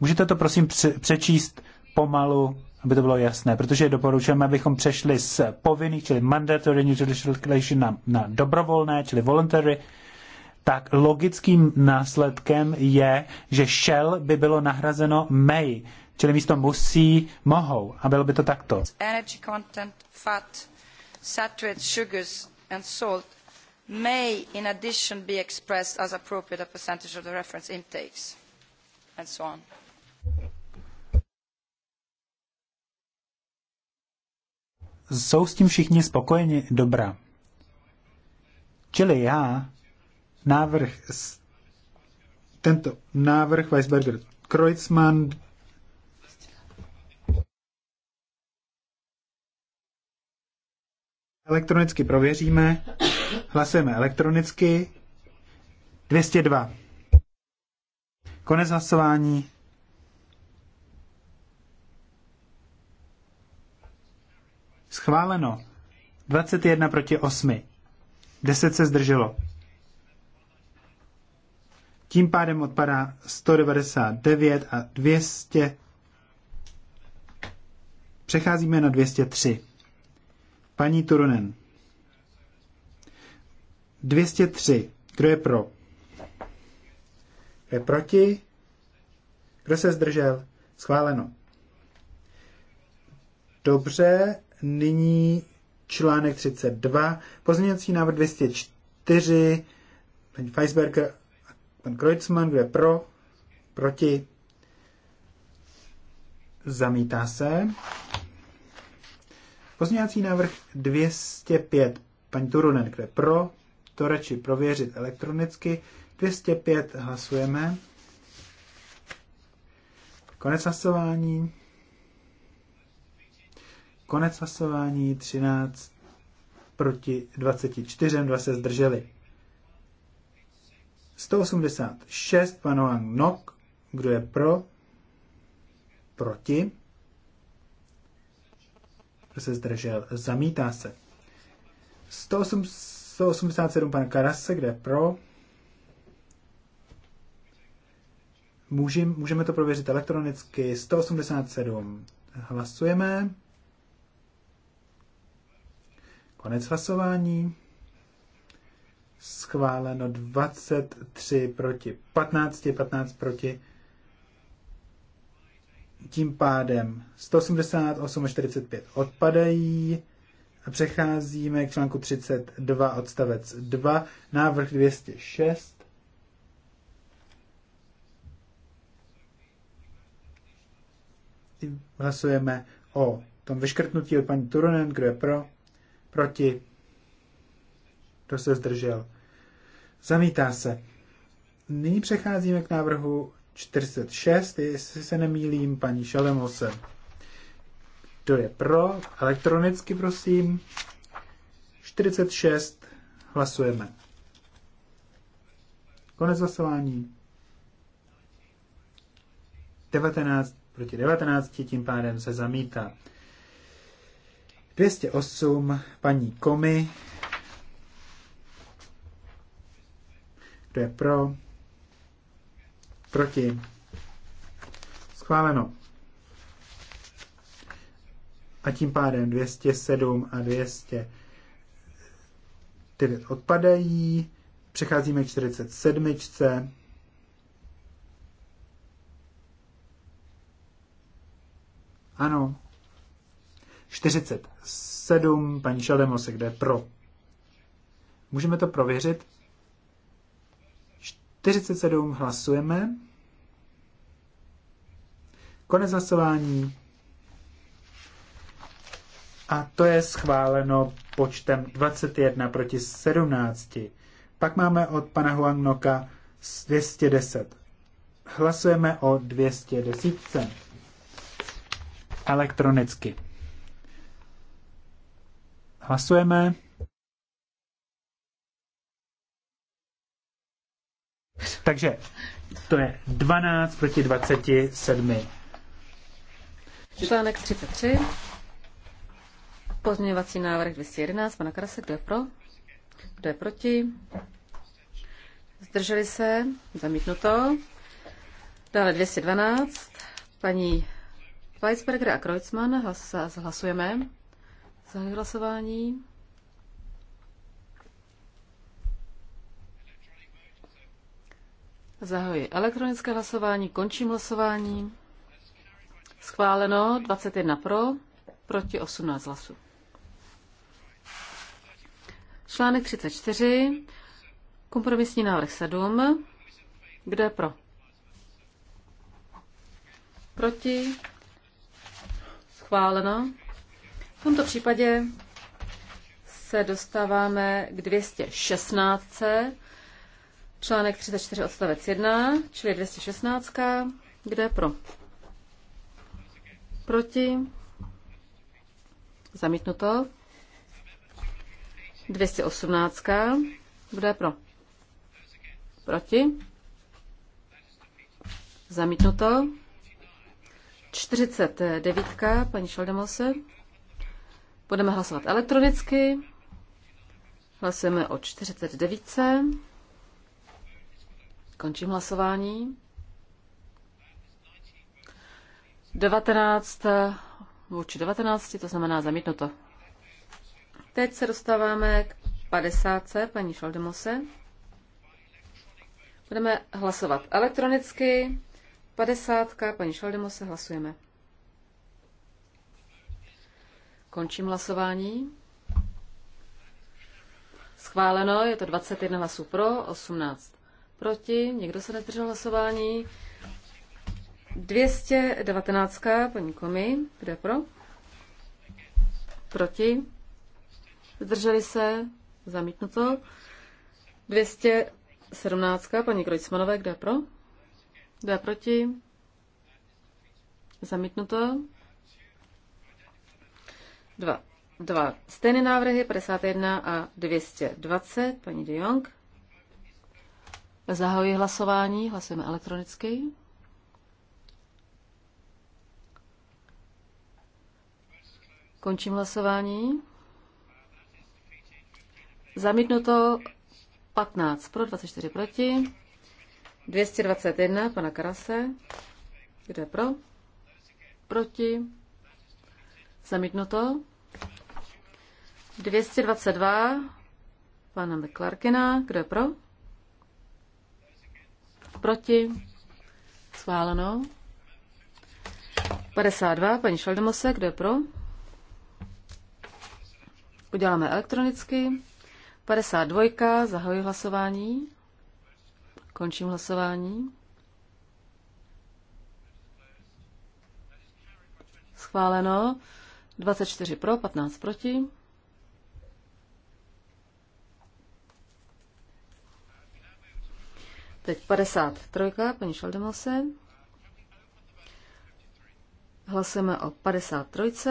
[SPEAKER 4] Můžete to prosím přečíst pomalu, aby to bylo jasné, protože doporučujeme, abychom přešli z povinných, čili mandatory judicial regulation na, na dobrovolné, čili voluntary, tak logickým následkem je, že shall by bylo nahrazeno may, čili místo musí, mohou. A bylo by to takto.
[SPEAKER 1] Energy content, fat, saturated sugars and salt may in addition be expressed as appropriate a percentage of the reference intakes, and so on.
[SPEAKER 4] Jsou s tím všichni spokojeni? Dobrá. Čili já návrh, s, tento návrh Weisberger Kreuzmann elektronicky prověříme. Hlasujeme elektronicky. 202. Konec hlasování. Schváleno. 21 proti 8. 10 se zdrželo. Tím pádem odpadá 199 a 200. Přecházíme na 203. Paní Turunen. 203. Kdo je pro? Kdo je proti? Kdo se zdržel? Schváleno. Dobře, nyní článek 32, pozměňovací návrh 204, paní Feisberger a pan Kreutzmann, kdo je pro, proti, zamítá se. Pozměňovací návrh 205, paní Turunen, kdo je pro, to radši prověřit elektronicky. 205 hlasujeme. Konec hlasování. Konec hlasování 13 proti 24, dva se zdrželi. 186 pan Wang Nok, kdo je pro, proti, kdo se zdržel, zamítá se. 108 187 pan Karase, kde pro. Můžem, můžeme to prověřit elektronicky. 187 hlasujeme. Konec hlasování. Schváleno 23 proti 15, 15 proti. Tím pádem 188 a 45 odpadají. A přecházíme k článku 32 odstavec 2, návrh 206. Hlasujeme o tom vyškrtnutí od paní Turunen, kdo je pro, proti, kdo se zdržel. Zamítá se. Nyní přecházíme k návrhu 46, jestli se nemýlím, paní Šalemose. Kdo je pro? Elektronicky, prosím. 46. Hlasujeme. Konec hlasování. 19 proti 19, tím pádem se zamítá. 208 paní Komy. Kdo je pro? Proti? Schváleno a tím pádem 207 a 209 odpadají. Přecházíme k 47. Ano. 47, paní Šalemose, kde pro? Můžeme to prověřit? 47 hlasujeme. Konec hlasování. A to je schváleno počtem 21 proti 17. Pak máme od pana Noka 210. Hlasujeme o 210. Elektronicky. Hlasujeme. Takže to je 12 proti 27.
[SPEAKER 3] Článek 33. Pozměňovací návrh 211 pana Karase, kdo je pro? Kdo je proti? Zdrželi se? Zamítnuto. Dále 212. Paní Weisberger a Kreuzmann, hlas, hlasujeme. Zahajuji hlasování. Zahajuji elektronické hlasování, končím hlasování. Schváleno 21 pro, proti 18 hlasů. Článek 34, kompromisní návrh 7. Kdo je pro? Proti? Schváleno. V tomto případě se dostáváme k 216. Článek 34 odstavec 1, čili 216. Kde je pro? Proti? Zamítnuto. 218. Kdo je pro? Proti? Zamítnuto. 49. Paní Šaldemose. Budeme hlasovat elektronicky. Hlasujeme o 49. Končím hlasování. 19 vůči 19, to znamená zamítnuto. Teď se dostáváme k 50. paní Šaldemose. Budeme hlasovat elektronicky. 50. paní Šaldemose hlasujeme. Končím hlasování. Schváleno, je to 21 hlasů pro, 18 proti, někdo se nezdržel hlasování. 219. paní Komi, kde pro? Proti zdrželi se, zamítnuto. 217. paní Krojcmanové, kde pro? Kdo je proti? Zamítnuto. Dva. Dva stejné návrhy, 51 a 220, paní de Jong. Zahajuji hlasování, hlasujeme elektronicky. Končím hlasování. Zamítnuto 15 pro, 24 proti. 221 pana Karase. Kdo je pro? Proti. Zamítnuto. 222 pana McClarkina. Kdo je pro? Proti. Schváleno. 52 paní Šaldemose. Kdo je pro? Uděláme elektronicky. 52. Zahajuji hlasování. Končím hlasování. Schváleno. 24 pro, 15 proti. Teď 53, paní Šaldemose. Hlasujeme o 53.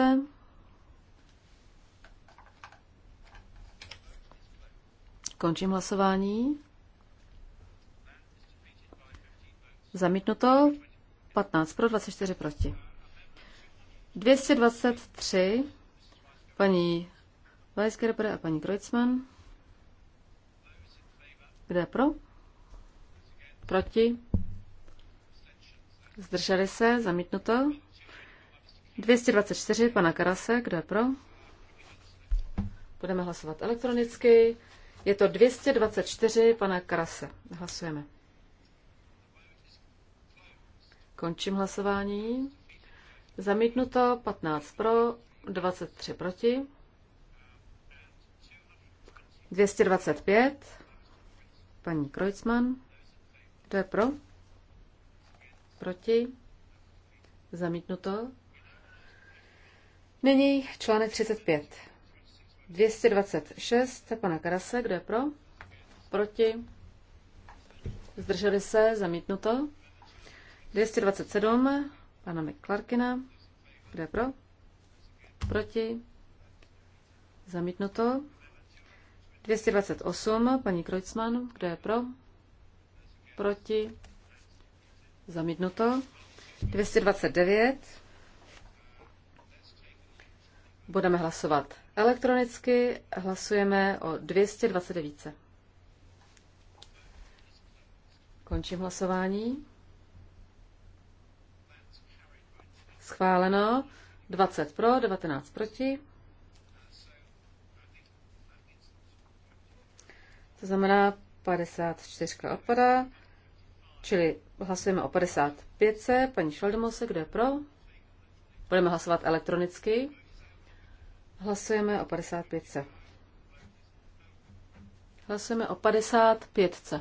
[SPEAKER 3] Končím hlasování. Zamítnuto 15 pro, 24 proti. 223 paní Weisgerber a paní Kreuzmann. Kde je pro? Proti? Zdrželi se, zamítnuto. 224 pana Karase, kdo je pro? Budeme hlasovat elektronicky. Je to 224 pana Krase. Hlasujeme. Končím hlasování. Zamítnuto 15 pro, 23 proti. 225. Paní Krojcman. To je pro? Proti? Zamítnuto. Nyní článek 35. 226 pana Karase, kdo je pro? Proti? Zdrželi se, zamítnuto. 227 pana McClarkina, kdo je pro? Proti? Zamítnuto. 228 paní Kreutzmann, kdo je pro? Proti? Zamítnuto. 229. Budeme hlasovat Elektronicky hlasujeme o 229. Končím hlasování. Schváleno 20 pro, 19 proti. To znamená 54 odpadá, čili hlasujeme o 55. Paní Švaldemose, kdo je pro? Budeme hlasovat elektronicky. Hlasujeme o 55. Hlasujeme o 55.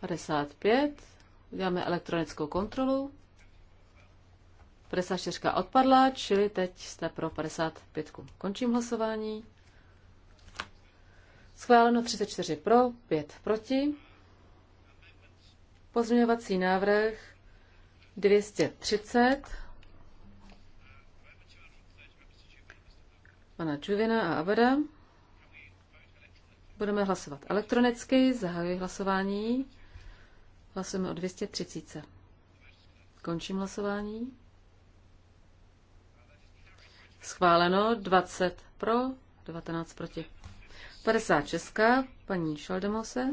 [SPEAKER 3] 55. Uděláme elektronickou kontrolu. 54 odpadla, čili teď jste pro 55. Končím hlasování. Schváleno 34 pro, 5 proti. Pozměňovací návrh 230. pana Čuvina a Abada. Budeme hlasovat elektronicky, zahajuji hlasování. Hlasujeme o 230. Končím hlasování. Schváleno 20 pro, 19 proti. 56. Paní Šaldemose.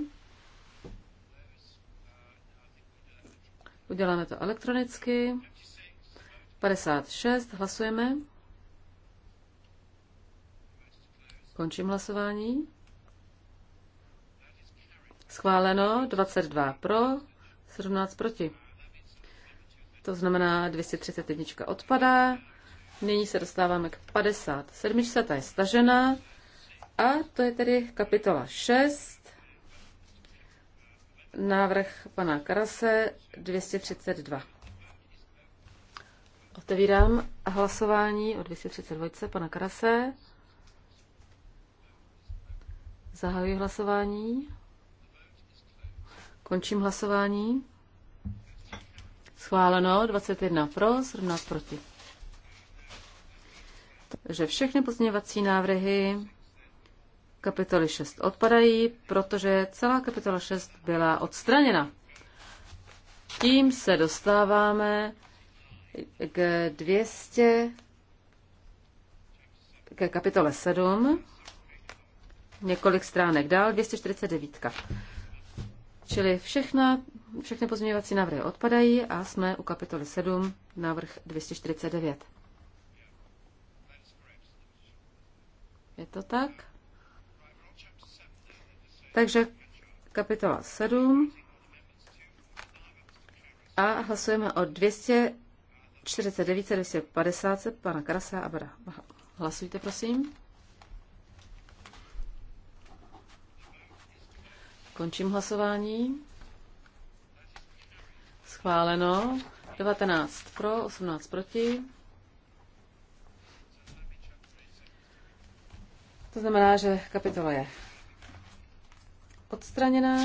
[SPEAKER 3] Uděláme to elektronicky. 56. Hlasujeme. Končím hlasování. Schváleno 22 pro, 17 proti. To znamená 231 odpadá. Nyní se dostáváme k 57. Ta je stažena. A to je tedy kapitola 6. Návrh pana Karase 232. Otevírám hlasování o 232 pana Karase. Zahajuji hlasování. Končím hlasování. Schváleno 21 pro, 17 proti. Takže všechny pozměňovací návrhy kapitoly 6 odpadají, protože celá kapitola 6 byla odstraněna. Tím se dostáváme k 200, ke kapitole 7 několik stránek dál, 249. Čili všechna, všechny pozměňovací návrhy odpadají a jsme u kapitoly 7, návrh 249. Je to tak? Takže kapitola 7 a hlasujeme o 249, 250 pana Krasa a Bada. Hlasujte, prosím. Končím hlasování. Schváleno. 19 pro, 18 proti. To znamená, že kapitola je odstraněná.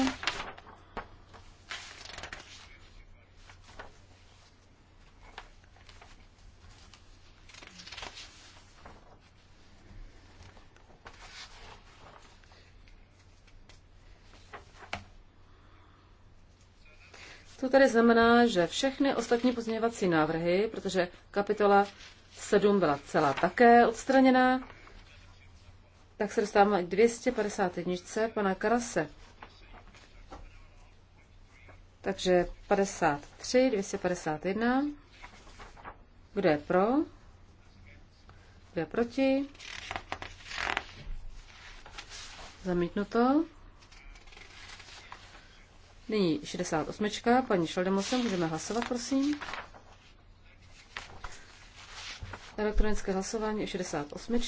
[SPEAKER 3] tedy znamená, že všechny ostatní pozměňovací návrhy, protože kapitola 7 byla celá také odstraněná, tak se dostáváme k 251. pana Karase. Takže 53, 251. Kdo je pro? Kdo je proti? Zamítnuto. to. Nyní 68. Paní Šaldemose, můžeme hlasovat, prosím. Elektronické hlasování o 68.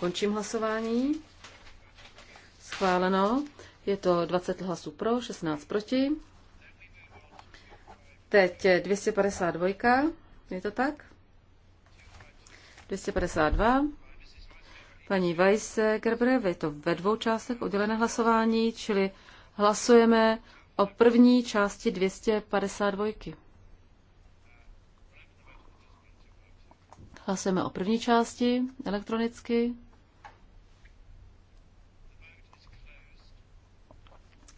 [SPEAKER 3] Končím hlasování. Schváleno. Je to 20 hlasů pro, 16 proti. Teď 252. Je to tak? 252 paní Weiss Gerber, je to ve dvou částech oddělené hlasování, čili hlasujeme o první části 252. Hlasujeme o první části elektronicky.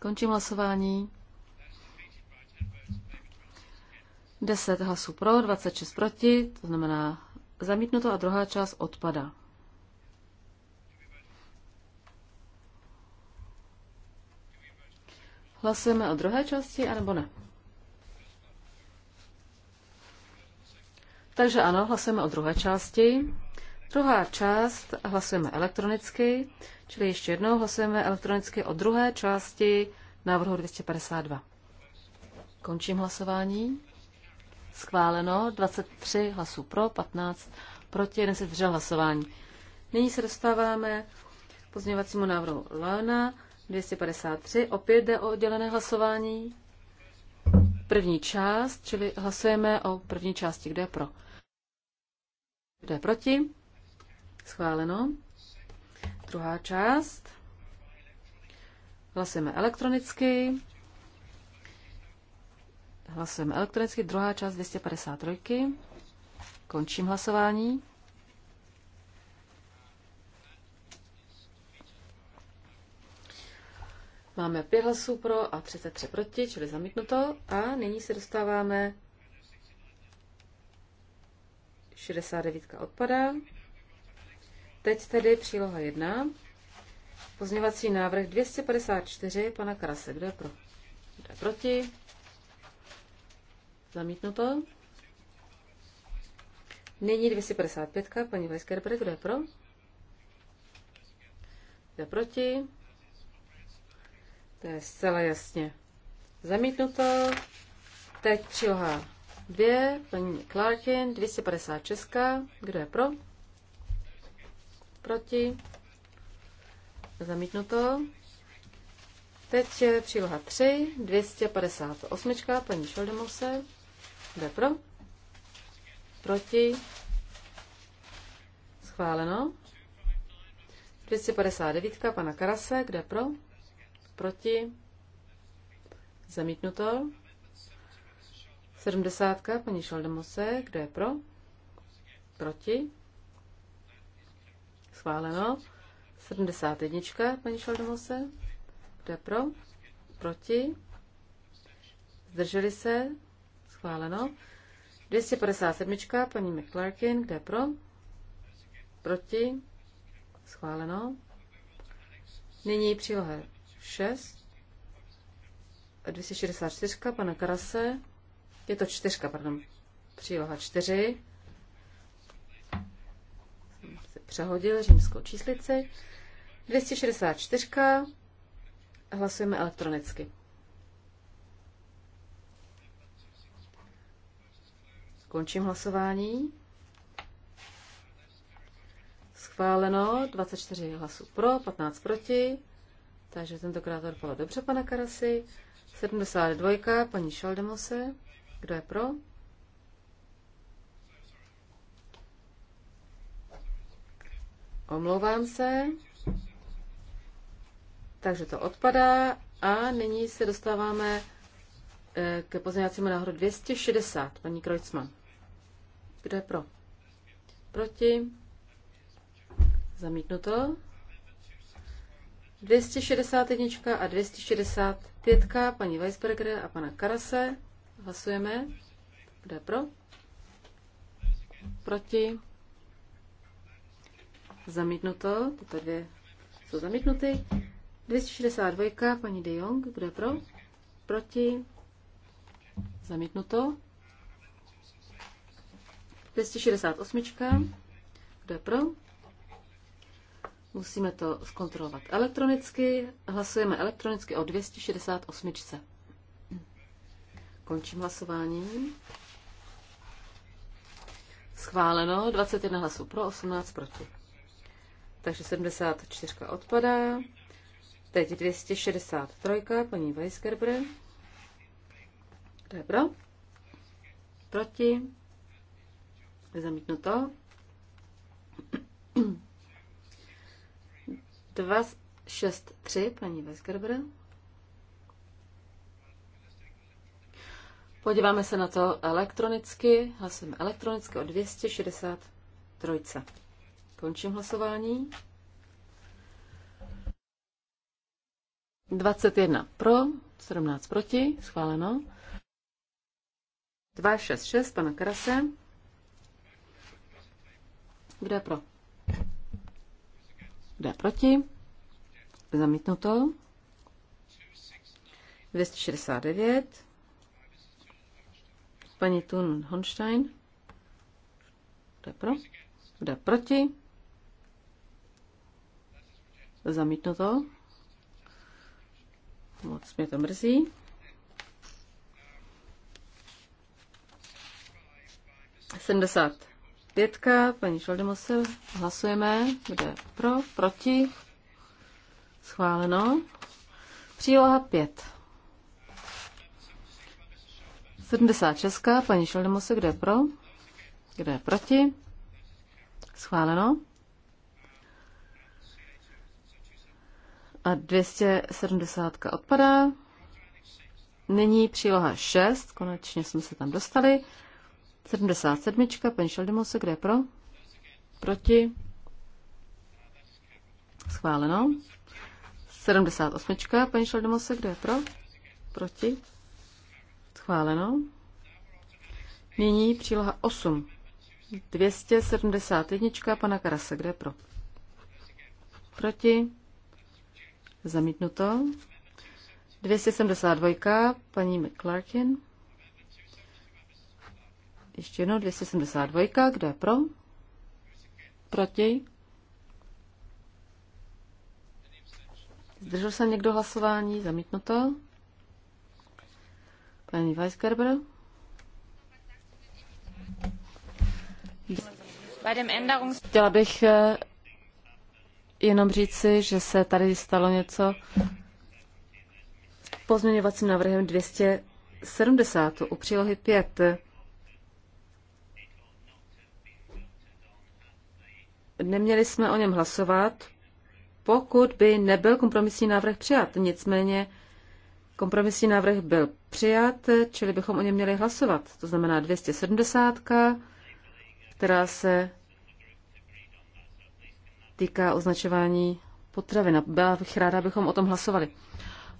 [SPEAKER 3] Končím hlasování. 10 hlasů pro, 26 proti, to znamená zamítnuto a druhá část odpada. Hlasujeme o druhé části, anebo ne? Takže ano, hlasujeme o druhé části. Druhá část hlasujeme elektronicky, čili ještě jednou hlasujeme elektronicky o druhé části návrhu 252. Končím hlasování. Schváleno 23 hlasů pro, 15 proti, jeden se držel hlasování. Nyní se dostáváme k pozměňovacímu návrhu Leona 253. Opět jde o oddělené hlasování. První část, čili hlasujeme o první části. Kde je pro? Kde je proti? Schváleno. Druhá část. Hlasujeme elektronicky. Hlasujeme elektronicky. Druhá část 253. Končím hlasování. Máme pět hlasů pro a 33 proti, čili zamítnuto. A nyní se dostáváme 69 odpadá. Teď tedy příloha 1. Pozměvací návrh 254 pana Karase. Kdo je pro? Kdo je proti? Zamítnuto. Nyní 255. Paní Weisgerber, kdo je pro? Kdo je proti? To je zcela jasně zamítnuto. Teď příloha 2, paní Clarkin, 256. Kdo je pro? Proti? Zamítnuto. Teď je příloha 3, 258. Paní Šoldemose. Kdo je pro? Proti? Schváleno. 259. Pana Karase. Kde pro? Proti? Zamítnuto. 70. paní Šaldemose, kdo je pro? Proti? Schváleno. 71. paní Šaldemose, kdo je pro? Proti? Zdrželi se? Schváleno. 257. paní McClarkin, kde pro? Proti? Schváleno. Nyní příloha 6. 264 pana Karase. Je to čtyřka, pardon. Příloha 4. Přehodil římskou číslici. 264. Hlasujeme elektronicky. Končím hlasování. Schváleno 24 hlasů pro, 15 proti. Takže tentokrát to dopadlo dobře, pana Karasy. 72, paní Šaldemose. Kdo je pro? Omlouvám se. Takže to odpadá a nyní se dostáváme eh, ke pozměňovacímu náhodu 260, paní Krojcman. Kdo je pro? Proti? Zamítnuto. 261 a 265 paní Weisberger a pana Karase. Hlasujeme. Kdo je pro? Proti? Zamítnuto. Tyto dvě jsou zamítnuty. 262 paní De Jong. Kdo je pro? Proti? Zamítnuto. 268. Kdo je pro? Musíme to zkontrolovat elektronicky. Hlasujeme elektronicky o 268. Končím hlasování. Schváleno 21 hlasů pro, 18 proti. Takže 74 odpadá. Teď 263, paní Weisgerber. To je pro? Proti? Zamítnuto. 263, paní Vesgerber. Podíváme se na to elektronicky. Hlasujeme elektronicky o 263. Končím hlasování. 21 pro, 17 proti, schváleno. 266 pana Krase. Kdo je pro? Kdo je proti? Zamítnuto. 269. Paní Thun Honstein. Kdo je pro? Kdo je proti? Zamítnuto. Moc mě to mrzí. Sedmdesát Pětka, paní Šaldemose, hlasujeme, kde pro, proti, schváleno. Příloha 5. 76, paní Šaldemose, kde pro, kde proti, schváleno. A 270 odpadá. Nyní příloha 6, konečně jsme se tam dostali. 77. Paní Šeldemose, kde je pro? Proti? Schváleno. 78. Paní Šeldemose, kde je pro? Proti? Schváleno. Nyní příloha 8. 271. Pana Karase, kde je pro? Proti? Zamítnuto. 272. Paní McClarkin. Ještě jednou 272. Kdo je pro? Proti? Zdržel se někdo hlasování? Zamítnuto. Paní Weisgerber. Chtěla bych eh, jenom říci, že se tady stalo něco pozměňovacím návrhem 270 u přílohy 5. Neměli jsme o něm hlasovat, pokud by nebyl kompromisní návrh přijat. Nicméně kompromisní návrh byl přijat, čili bychom o něm měli hlasovat. To znamená 270, která se týká označování potravin. Byla bych ráda, abychom o tom hlasovali.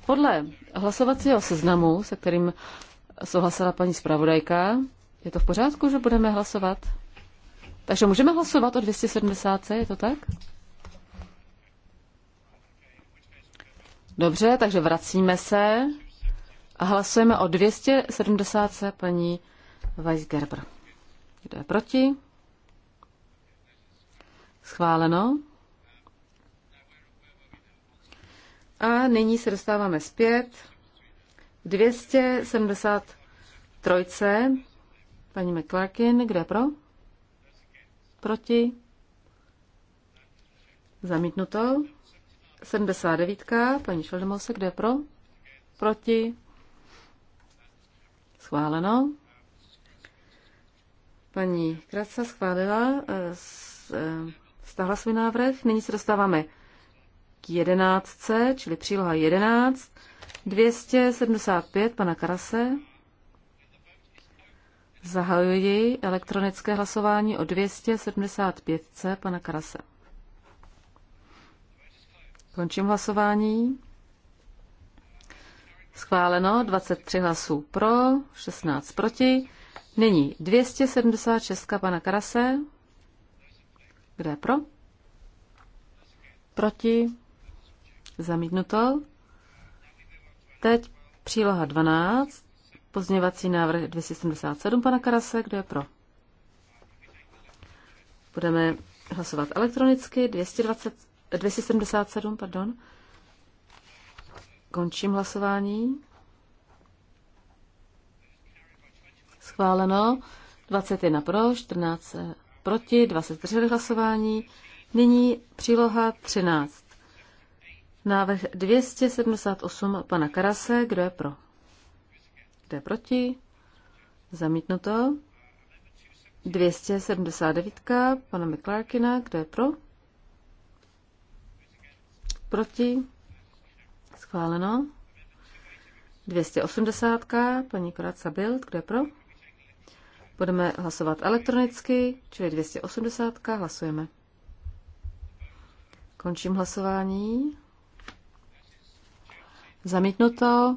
[SPEAKER 3] Podle hlasovacího seznamu, se kterým souhlasila paní zpravodajka, je to v pořádku, že budeme hlasovat? Takže můžeme hlasovat o 270, je to tak? Dobře, takže vracíme se a hlasujeme o 270 paní Weisgerber. Kdo je proti? Schváleno. A nyní se dostáváme zpět 273. Paní McClarkin, kde pro? proti, zamítnuto. 79. paní Šeldemose, kde pro, proti, schváleno. Paní Kratsa schválila, eh, stáhla eh, svůj návrh. Nyní se dostáváme k jedenáctce, čili příloha 11, 275 pana Karase, Zahajuji elektronické hlasování o 275. pana Karase. Končím hlasování. Schváleno 23 hlasů pro, 16 proti. Nyní 276 pana Karase. Kde je pro? Proti. Zamítnuto. Teď příloha 12. Pozměvací návrh 277 pana Karase, kdo je pro? Budeme hlasovat elektronicky 220, 277, pardon. Končím hlasování. Schváleno. 21 pro, 14 proti, 23 hlasování. Nyní příloha 13. Návrh 278 pana Karase, kdo je pro? Kdo je proti? Zamítnuto. 279. Pana McClarkina. Kdo je pro? Proti? Schváleno. 280. Paní Koraca Bild. Kdo je pro? Budeme hlasovat elektronicky, čili 280. Hlasujeme. Končím hlasování. Zamítnuto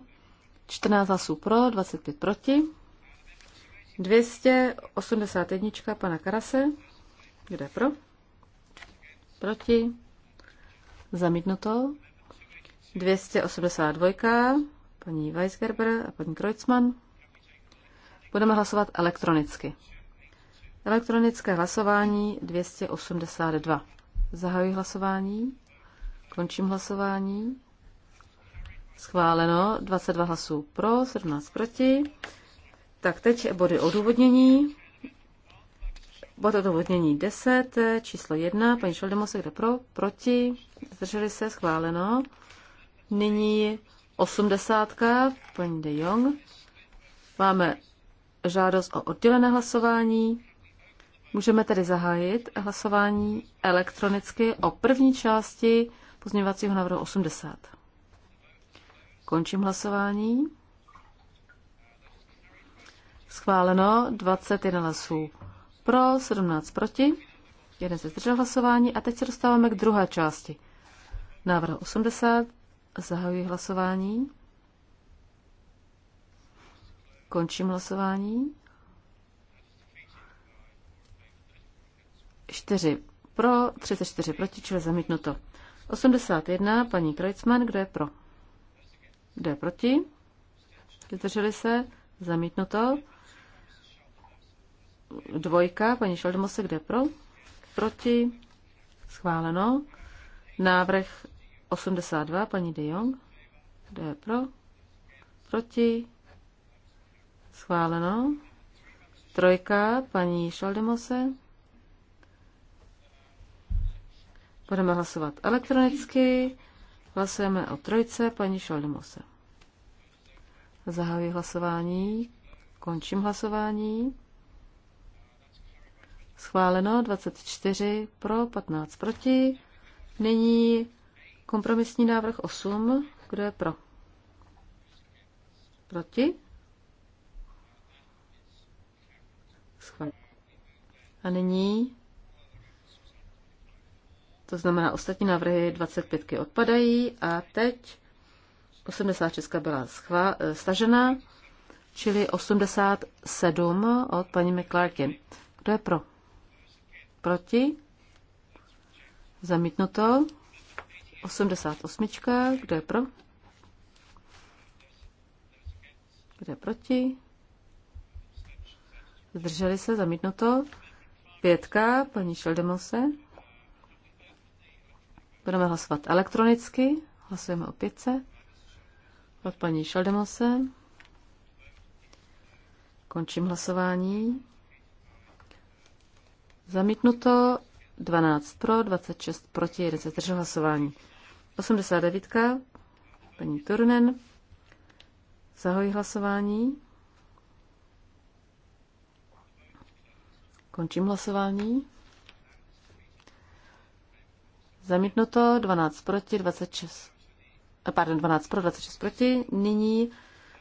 [SPEAKER 3] 14 hlasů pro, 25 proti. 281 pana Karase. Kde pro? Proti. Zamítnuto. 282 paní Weisgerber a paní Kreutzmann. Budeme hlasovat elektronicky. Elektronické hlasování 282. Zahajuji hlasování. Končím hlasování. Schváleno 22 hlasů pro, 17 proti. Tak teď body odůvodnění. Bod odůvodnění 10, číslo 1, paní Šeldemose, kde pro, proti, zdrželi se, schváleno. Nyní 80, paní de Jong. Máme žádost o oddělené hlasování. Můžeme tedy zahájit hlasování elektronicky o první části pozměňovacího návrhu 80. Končím hlasování. Schváleno 21 hlasů pro, 17 proti, jeden se zdržel hlasování a teď se dostáváme k druhé části. Návrh 80, zahajuji hlasování. Končím hlasování. 4 pro, 34 proti, čili zamítnuto. 81, paní Krojcman, kdo je pro? Kdo je proti? Zdrželi se? Zamítnuto. Dvojka, paní Šaldemose, kde pro? Proti? Schváleno. Návrh 82, paní De Jong. Kde je pro? Proti? Schváleno. Trojka, paní Šaldemose. Budeme hlasovat elektronicky. Hlasujeme o trojce, paní Šaldemose. Zahajuji hlasování. Končím hlasování. Schváleno 24 pro, 15 proti. Nyní kompromisní návrh 8. Kdo je pro? Proti? Schváleno. A nyní to znamená, ostatní návrhy 25 odpadají a teď 86 byla schva, eh, stažená, čili 87 od paní McClarky. Kdo je pro? Proti? Zamítnuto. 88. Kdo je pro? Kdo je proti? Zdrželi se, zamítnuto. Pětka, paní Šeldemose. Budeme hlasovat elektronicky. Hlasujeme o pětce od paní Šaldemose. Končím hlasování. Zamítnuto 12 pro, 26 proti, 1 se zdržel hlasování. 89. Paní Turnen. Zahojí hlasování. Končím hlasování. Zamítnuto 12 proti, 26 pardon, 12 pro, 26 proti. Nyní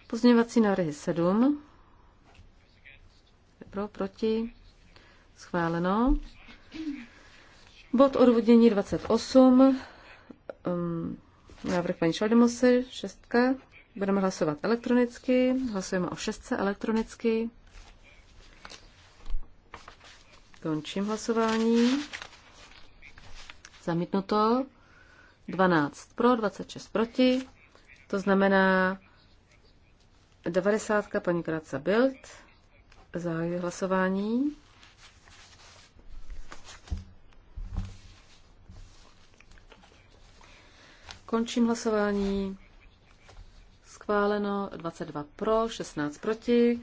[SPEAKER 3] pozměňovací návrhy 7. Pro, proti. Schváleno. Bod odvodnění 28. Um, návrh paní Šaldemose, 6. Budeme hlasovat elektronicky. Hlasujeme o 6 elektronicky. Končím hlasování. Zamítnuto. 12 pro, 26 proti. To znamená 90. paní Kráca Bild. Zahajuji hlasování. Končím hlasování. Schváleno 22 pro, 16 proti.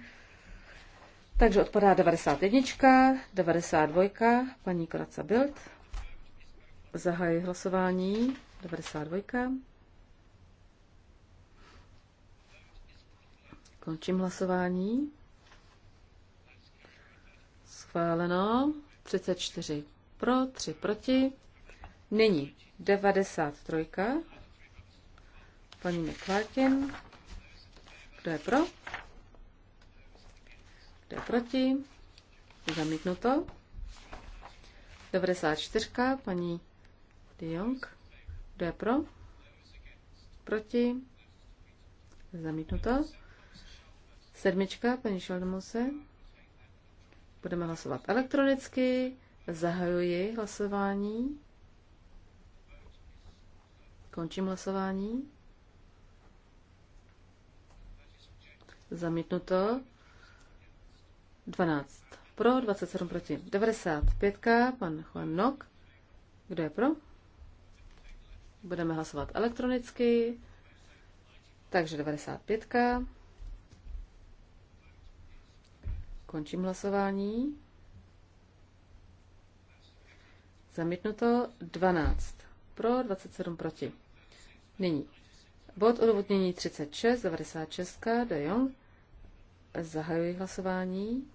[SPEAKER 3] Takže odpadá 91, 92, paní Kraca Bild. Zahajuji hlasování. 92. Končím hlasování. Schváleno. 34 pro, 3 proti. Nyní 93. Paní McClarkin. Kdo je pro? Kdo je proti? Zamítnuto. 94. Paní de kdo je pro? Proti? Zamítnuto. Sedmička, paní Šaldemose. Budeme hlasovat elektronicky. Zahajuji hlasování. Končím hlasování. Zamítnuto. 12 pro, 27 proti. 95. Pan Juan Nok. Kdo je pro? Budeme hlasovat elektronicky. Takže 95. Končím hlasování. Zamítnuto 12 pro, 27 proti. Nyní bod odvodnění 36, 96, de Jong. Zahajuji hlasování.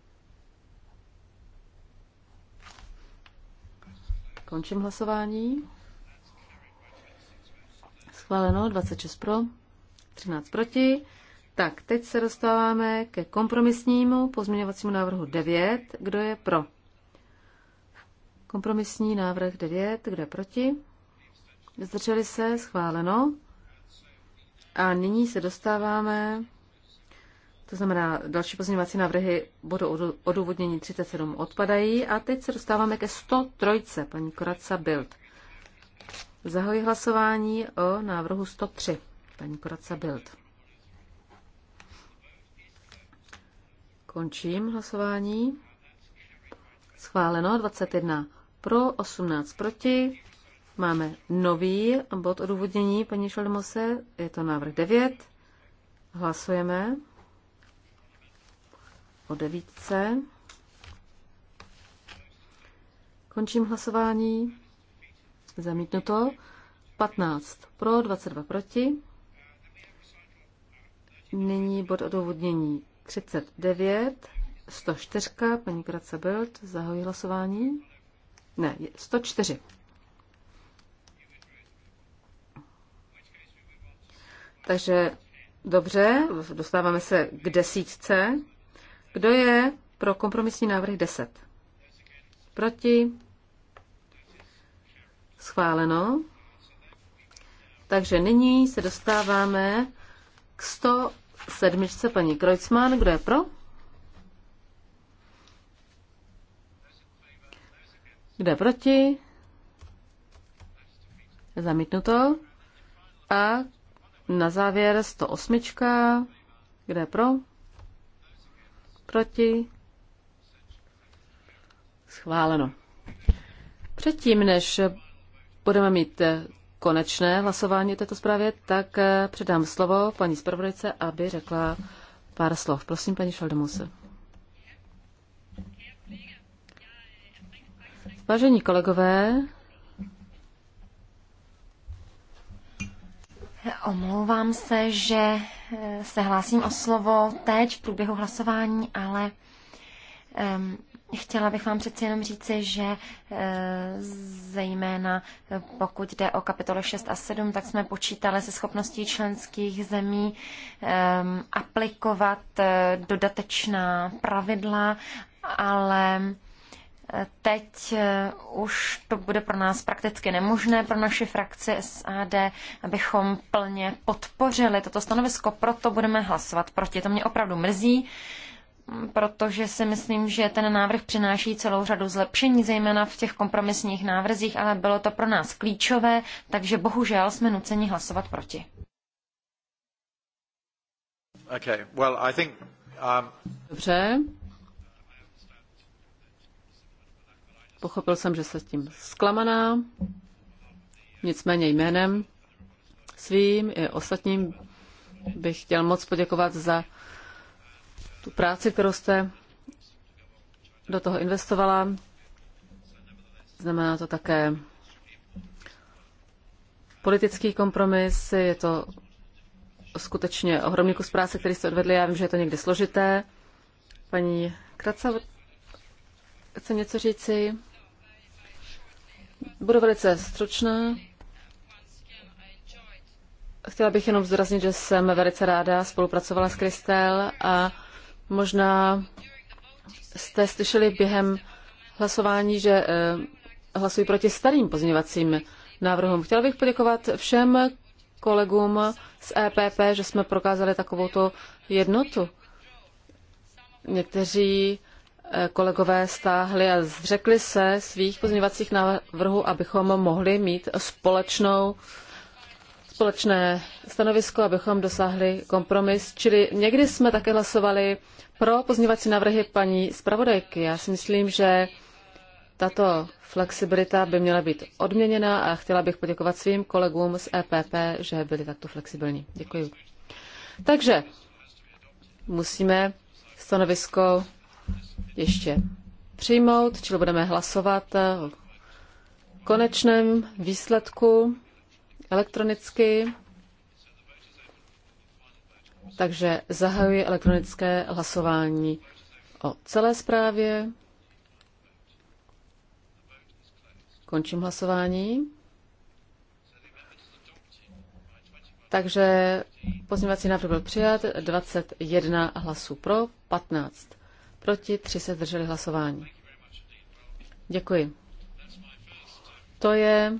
[SPEAKER 3] Končím hlasování. Schváleno 26 pro, 13 proti. Tak, teď se dostáváme ke kompromisnímu pozměňovacímu návrhu 9. Kdo je pro? Kompromisní návrh 9. Kdo je proti? Zdrželi se, schváleno. A nyní se dostáváme, to znamená, další pozměňovací návrhy bodu odůvodnění 37 odpadají. A teď se dostáváme ke 103. paní Koraca Bild. Zahoji hlasování o návrhu 103. Paní Koraca Bild. Končím hlasování. Schváleno 21 pro, 18 proti. Máme nový bod odůvodnění, paní Šaldemose, je to návrh 9. Hlasujeme o devítce. Končím hlasování. Zamítnuto. 15 pro, 22 proti. Nyní bod odůvodnění 39, 104, paní Krace Bild, zahojí hlasování. Ne, 104. Takže dobře, dostáváme se k desítce. Kdo je pro kompromisní návrh 10? Proti? Schváleno. Takže nyní se dostáváme k 107. paní Kreuzmann. Kdo je pro? Kdo je proti? Zamítnuto. A na závěr 108. Kdo je pro? Proti? Schváleno. Předtím, než budeme mít eh, konečné hlasování této zprávě, tak eh, předám slovo paní zpravodajce, aby řekla pár slov. Prosím, paní Šaldemuse. Vážení kolegové,
[SPEAKER 1] Omlouvám se, že eh, se hlásím o slovo teď v průběhu hlasování, ale um, Chtěla bych vám přeci jenom říci, že e, zejména e, pokud jde o kapitole 6 a 7, tak jsme počítali se schopností členských zemí e, aplikovat dodatečná pravidla, ale Teď už to bude pro nás prakticky nemožné, pro naši frakci SAD, abychom plně podpořili toto stanovisko, proto budeme hlasovat proti. To mě opravdu mrzí protože si myslím, že ten návrh přináší celou řadu zlepšení, zejména v těch kompromisních návrzích, ale bylo to pro nás klíčové, takže bohužel jsme nuceni hlasovat proti.
[SPEAKER 2] Okay. Well, I think, um...
[SPEAKER 3] Dobře. Pochopil jsem, že se s tím zklamaná, nicméně jménem svým i ostatním bych chtěl moc poděkovat za tu práci, kterou jste do toho investovala. Znamená to také politický kompromis, je to skutečně ohromný kus práce, který jste odvedli. Já vím, že je to někdy složité. Paní Kraca, chce něco říci? Budu velice stručná. Chtěla bych jenom zdůraznit, že jsem velice ráda spolupracovala s Kristel a Možná jste slyšeli během hlasování, že eh, hlasují proti starým pozměňovacím návrhům. Chtěla bych poděkovat všem kolegům z EPP, že jsme prokázali takovouto jednotu. Někteří eh, kolegové stáhli a zřekli se svých pozměňovacích návrhů, abychom mohli mít společnou společné stanovisko, abychom dosáhli kompromis. Čili někdy jsme také hlasovali pro pozměňovací návrhy paní zpravodajky. Já si myslím, že tato flexibilita by měla být odměněna a chtěla bych poděkovat svým kolegům z EPP, že byli takto flexibilní. Děkuji. Takže musíme stanovisko ještě přijmout, čili budeme hlasovat o konečném výsledku elektronicky. Takže zahajuji elektronické hlasování o celé zprávě. Končím hlasování. Takže pozměňovací návrh byl přijat, 21 hlasů pro, 15 proti, 3 se zdrželi hlasování. Děkuji. To je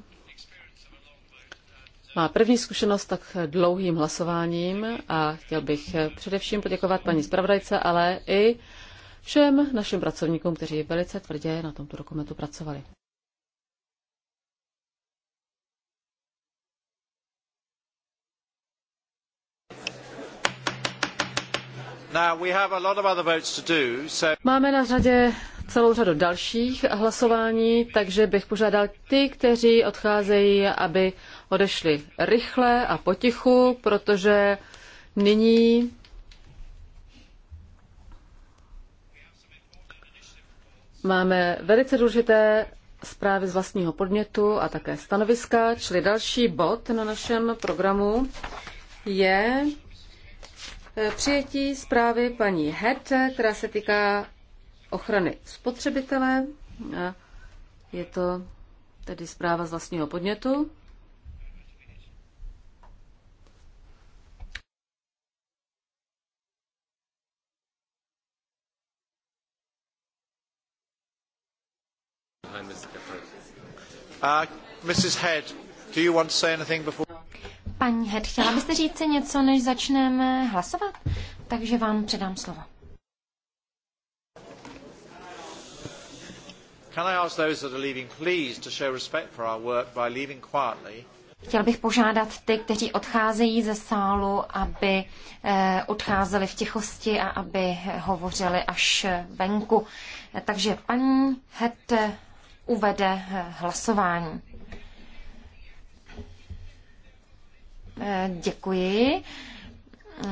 [SPEAKER 3] má první zkušenost tak dlouhým hlasováním a chtěl bych především poděkovat paní zpravodajce, ale i všem našim pracovníkům, kteří velice tvrdě na tomto dokumentu pracovali. Máme na řadě celou řadu dalších hlasování, takže bych požádal ty, kteří odcházejí, aby odešli rychle a potichu, protože nyní máme velice důležité zprávy z vlastního podnětu a také stanoviska, čili další bod na našem programu je eh, přijetí zprávy paní Het, která se týká ochrany spotřebitele. Je to tedy zpráva z vlastního podnětu.
[SPEAKER 2] Uh, Head,
[SPEAKER 1] Paní Head, chtěla byste říct něco, než začneme hlasovat? Takže vám předám slovo. Chtěl bych požádat ty, kteří odcházejí ze sálu, aby eh, odcházeli v tichosti a aby hovořili až venku. Takže paní Head uvede eh, hlasování. Eh, děkuji.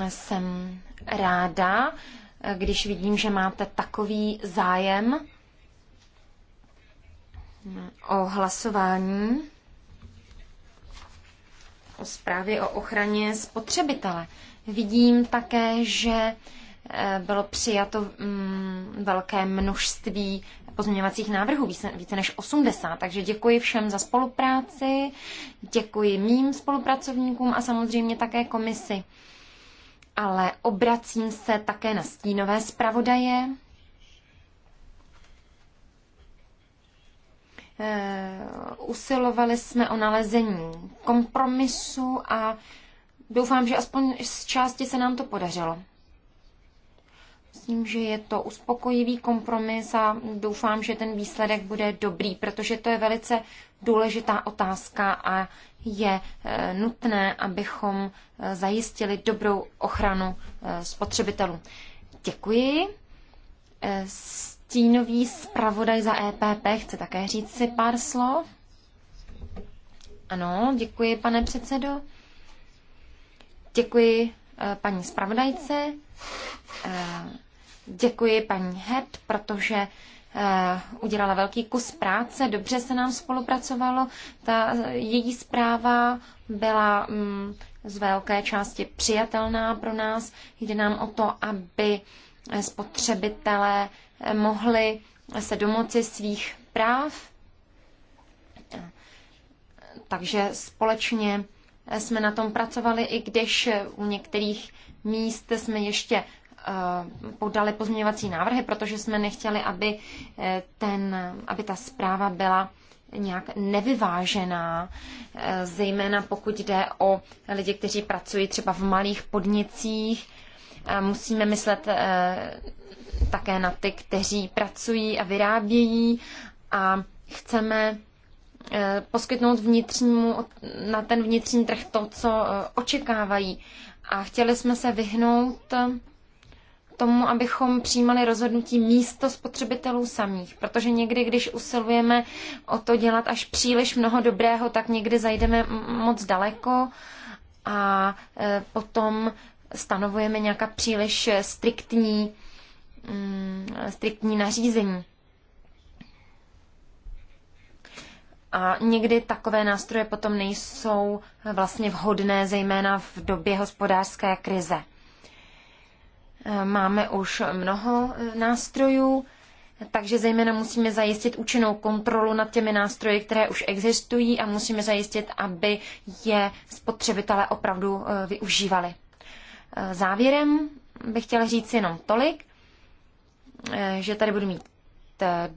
[SPEAKER 1] Jsem ráda, eh, když vidím, že máte takový zájem mm, o hlasování o zprávě o ochraně spotřebitele. Vidím také, že bylo přijato mm, velké množství pozměňovacích návrhů, více, více než 80. Takže děkuji všem za spolupráci, děkuji mým spolupracovníkům a samozřejmě také komisi. Ale obracím se také na stínové zpravodaje. Eh, usilovali jsme o nalezení kompromisu a doufám, že aspoň z části se nám to podařilo. Myslím, že je to uspokojivý kompromis a doufám, že ten výsledek bude dobrý, protože to je velice důležitá otázka a je eh, nutné, abychom eh, zajistili dobrou ochranu eh, spotřebitelů. Děkuji. Stínový zpravodaj za EPP chce také říct si pár slov. Ano, děkuji, pane předsedo. Děkuji paní zpravodajce Děkuji paní Hed, protože eh, udělala velký kus práce, dobře se nám spolupracovalo. Ta její zpráva byla mm, z velké části přijatelná pro nás. Jde nám o to, aby eh, spotřebitelé eh, mohli se domoci svých práv. Takže společně jsme na tom pracovali, i když u některých míst jsme ještě Eh, podali pozměňovací návrhy, protože jsme nechtěli, aby, eh, ten, aby ta zpráva byla nějak nevyvážená, eh, zejména pokud jde o lidi, kteří pracují třeba v malých podnicích. Musíme myslet také na ty, kteří pracují a vyrábějí a chceme poskytnout vnitřnímu, na ten vnitřní trh to, co očekávají. A chtěli jsme se vyhnout tomu, abychom přijímali rozhodnutí místo spotřebitelů samých, protože někdy, když usilujeme o to dělat až příliš mnoho dobrého, tak někdy zajdeme moc daleko a e, potom stanovujeme nějaká příliš striktní, mm, striktní nařízení. A někdy takové nástroje potom nejsou vlastně vhodné, zejména v době hospodářské krize. Máme už mnoho e, nástrojů, takže zejména musíme zajistit účinnou kontrolu nad těmi nástroji, které už existují a musíme zajistit, aby je spotřebitelé opravdu e, využívali. E, závěrem bych chtěla říct jenom tolik, že tady budu mít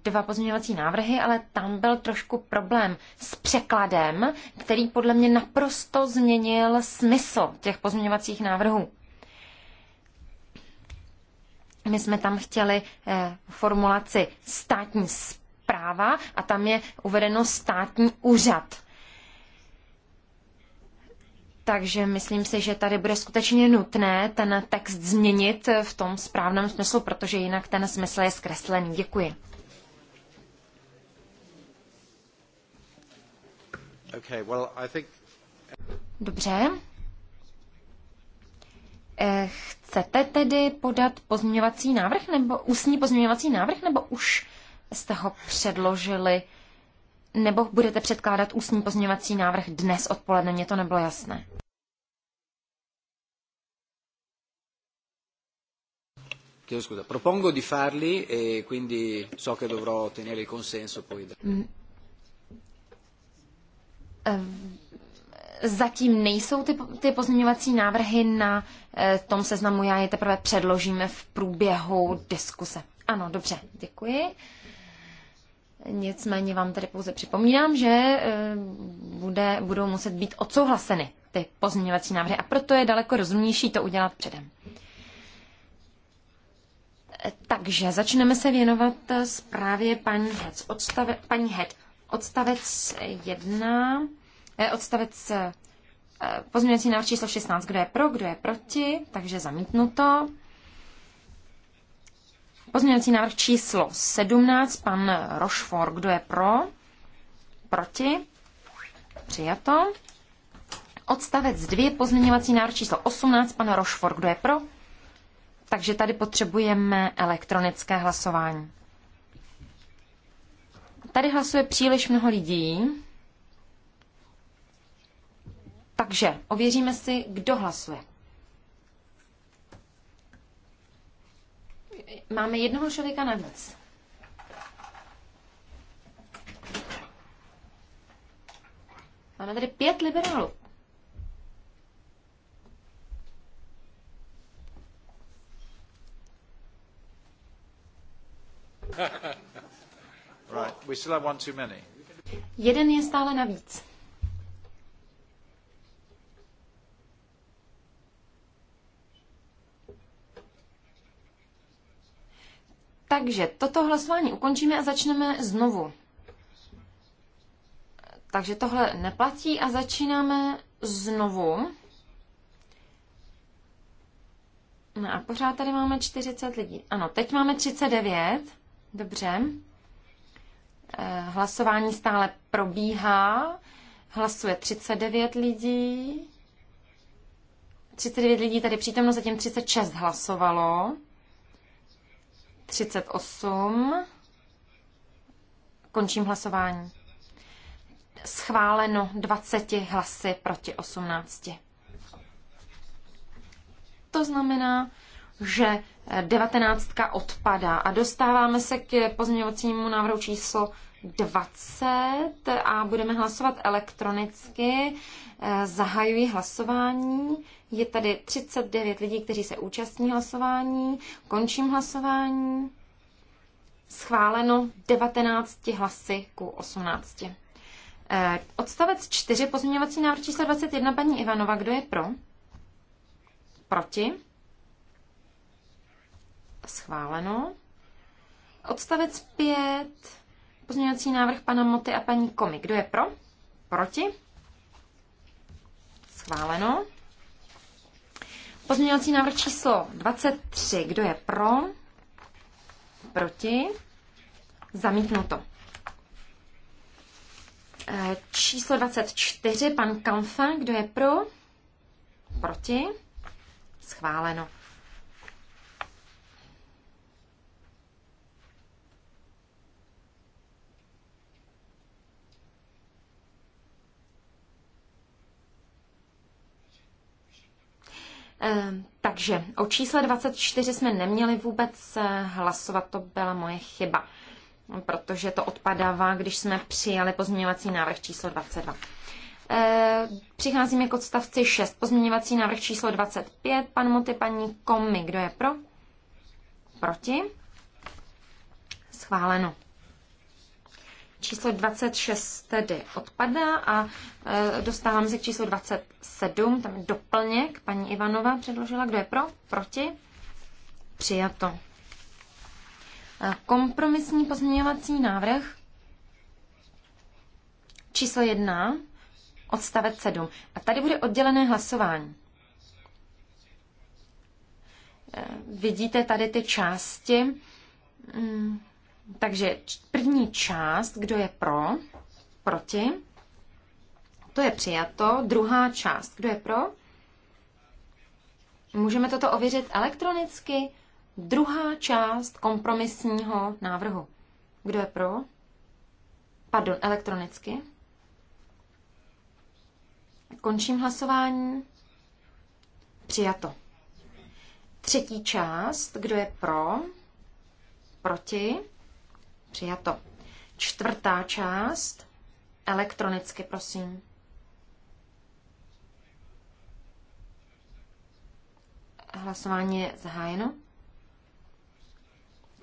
[SPEAKER 1] dva pozměňovací návrhy, ale tam byl trošku problém s překladem, který podle mě naprosto změnil smysl těch pozměňovacích návrhů. My jsme tam chtěli eh, formulaci státní zpráva a tam je uvedeno státní úřad. Takže myslím si, že tady bude skutečně nutné ten text změnit v tom správném smyslu, protože jinak ten smysl je zkreslený. Děkuji.
[SPEAKER 2] Okay, well, I think...
[SPEAKER 1] Dobře. Eh, chcete tedy podat pozměňovací návrh nebo ústní pozměňovací návrh, nebo už jste ho předložili, nebo budete předkládat ústní pozměňovací návrh dnes odpoledne, Mě to nebylo jasné.
[SPEAKER 4] Chiedo scusa, propongo di farli e quindi so che dovrò il consenso poi.
[SPEAKER 3] Mm.
[SPEAKER 1] Eh, zatím nejsou ty, ty pozměňovací návrhy na eh, tom seznamu, já je teprve předložíme v průběhu diskuse. Ano, dobře, děkuji. Nicméně vám tedy pouze připomínám, že eh, bude, budou muset být odsouhlaseny ty pozměňovací návrhy a proto je daleko rozumnější to udělat předem. Takže začneme se věnovat zprávě paní Head. Odstave, paní Head, odstavec 1 E, odstavec e, pozměňovací návrh číslo 16. Kdo je pro, kdo je proti, takže zamítnuto. Pozměňovací návrh číslo 17, pan Rošfor, Kdo je pro, proti, přijato. Odstavec 2, pozměňovací návrh číslo 18, pan Rošfor, Kdo je pro, takže tady potřebujeme elektronické hlasování. Tady hlasuje příliš mnoho lidí. Takže ověříme si, kdo hlasuje. Máme jednoho člověka navíc. Máme tady pět liberálů.
[SPEAKER 2] *laughs* right, we still have one too many.
[SPEAKER 1] Jeden je stále navíc. Takže toto hlasování ukončíme a začneme znovu. Takže tohle neplatí a začínáme znovu. No a pořád tady máme 40 lidí. Ano, teď máme 39. Dobře. Eh, hlasování stále probíhá. Hlasuje 39 lidí. 39 lidí tady přítomno, zatím 36 hlasovalo. 38. Končím hlasování. Schváleno 20 hlasy proti 18. To znamená, že 19 odpadá a dostáváme se k pozměňovacímu návrhu číslo 20 a budeme hlasovat elektronicky. Zahajuji hlasování. Je tady 39 lidí, kteří se účastní hlasování. Končím hlasování. Schváleno 19 hlasy ku 18. Eh, odstavec 4, pozměňovací návrh číslo 21, paní Ivanova, kdo je pro? Proti? Schváleno. Odstavec 5, pozměňovací návrh pana Moty a paní Komi, kdo je pro? Proti? Schváleno. Pozměňovací návrh číslo 23. Kdo je pro? Proti? Zamítnuto. Eh, číslo 24. Pan Kamfen. Kdo je pro? Proti? Schváleno. Ehm, takže o čísle 24 jsme neměli vůbec eh, hlasovat, to byla moje chyba, protože to odpadává, když jsme přijali pozměňovací návrh číslo 22. Ehm, přicházíme k odstavci 6. Pozměňovací návrh číslo 25. Pan Moty, paní Komi. Kdo je pro? Proti? Schváleno. Číslo 26 tedy odpadá a e, dostáváme se k číslu 27, tam je doplněk, paní Ivanova předložila, kdo je pro, proti, přijato. E, kompromisní pozměňovací návrh číslo 1, odstavec 7. A tady bude oddělené hlasování. E, vidíte tady ty části mm. Takže první část, kdo je pro, proti, to je přijato. Druhá část, kdo je pro, můžeme toto ověřit elektronicky. Druhá část kompromisního návrhu. Kdo je pro? Pardon, elektronicky. Končím hlasování. Přijato. Třetí část, kdo je pro? Proti? Přijato. Čtvrtá část. Elektronicky, prosím. Hlasování je zahájeno.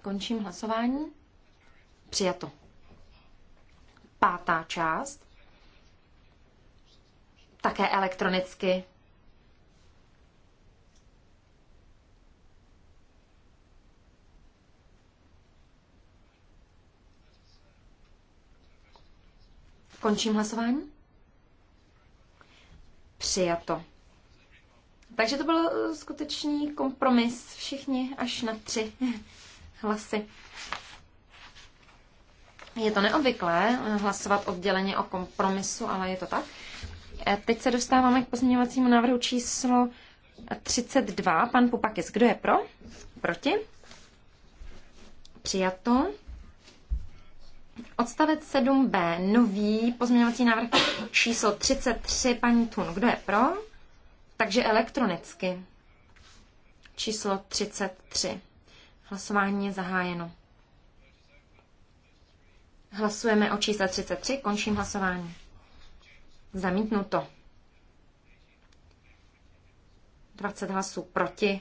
[SPEAKER 1] Končím hlasování. Přijato. Pátá část. Také elektronicky Končím hlasování. Přijato. Takže to byl eh, skutečný kompromis. Všichni až na tři *laughs* hlasy. Je to neobvyklé eh, hlasovat odděleně o kompromisu, ale je to tak. Eh, teď se dostáváme k pozměňovacímu návrhu číslo 32. Pan Pupakis, kdo je pro? Proti? Přijato. Odstavec 7b, nový pozměňovací návrh číslo 33, paní Tun. Kdo je pro? Takže elektronicky. Číslo 33. Hlasování je zahájeno. Hlasujeme o čísle 33, končím hlasování. Zamítnuto. 20 hlasů proti,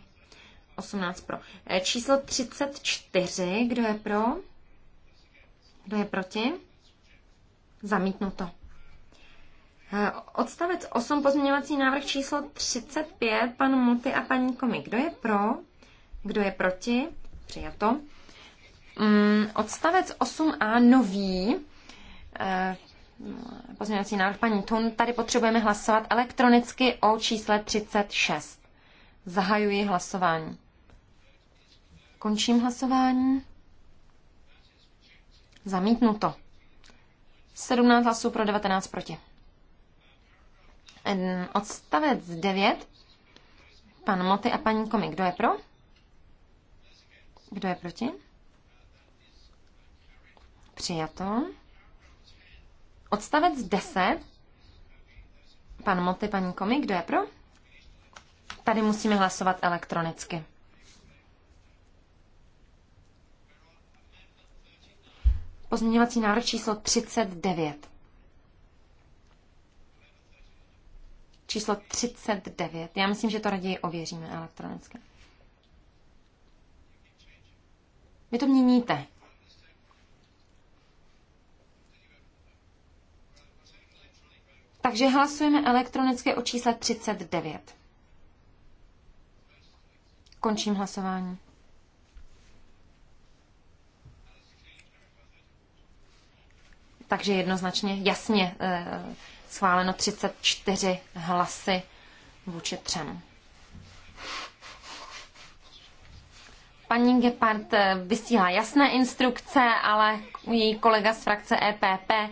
[SPEAKER 1] 18 pro. E, číslo 34, kdo je pro? Kdo je proti? Zamítnuto. Eh, odstavec 8, pozměňovací návrh číslo 35, pan Muty a paní Komi. Kdo je pro? Kdo je proti? Přijato. Mm, odstavec 8a, nový. Eh, pozměňovací návrh paní Tun. Tady potřebujeme hlasovat elektronicky o čísle 36. Zahajuji hlasování. Končím hlasování. Zamítnuto. 17 hlasů pro 19 proti. Odstavec 9. Pan Moty a paní Komi. Kdo je pro? Kdo je proti? Přijato. Odstavec 10. Pan Moty, paní Komi. Kdo je pro? Tady musíme hlasovat elektronicky. Pozměňovací návrh číslo 39. Číslo 39. Já myslím, že to raději ověříme elektronicky. Vy to měníte. Takže hlasujeme elektronicky o čísle 39. Končím hlasování. Takže jednoznačně jasně eh, schváleno 34 hlasy vůči třem. Paní Gepard eh, vysílá jasné instrukce, ale její kolega z frakce EPP eh,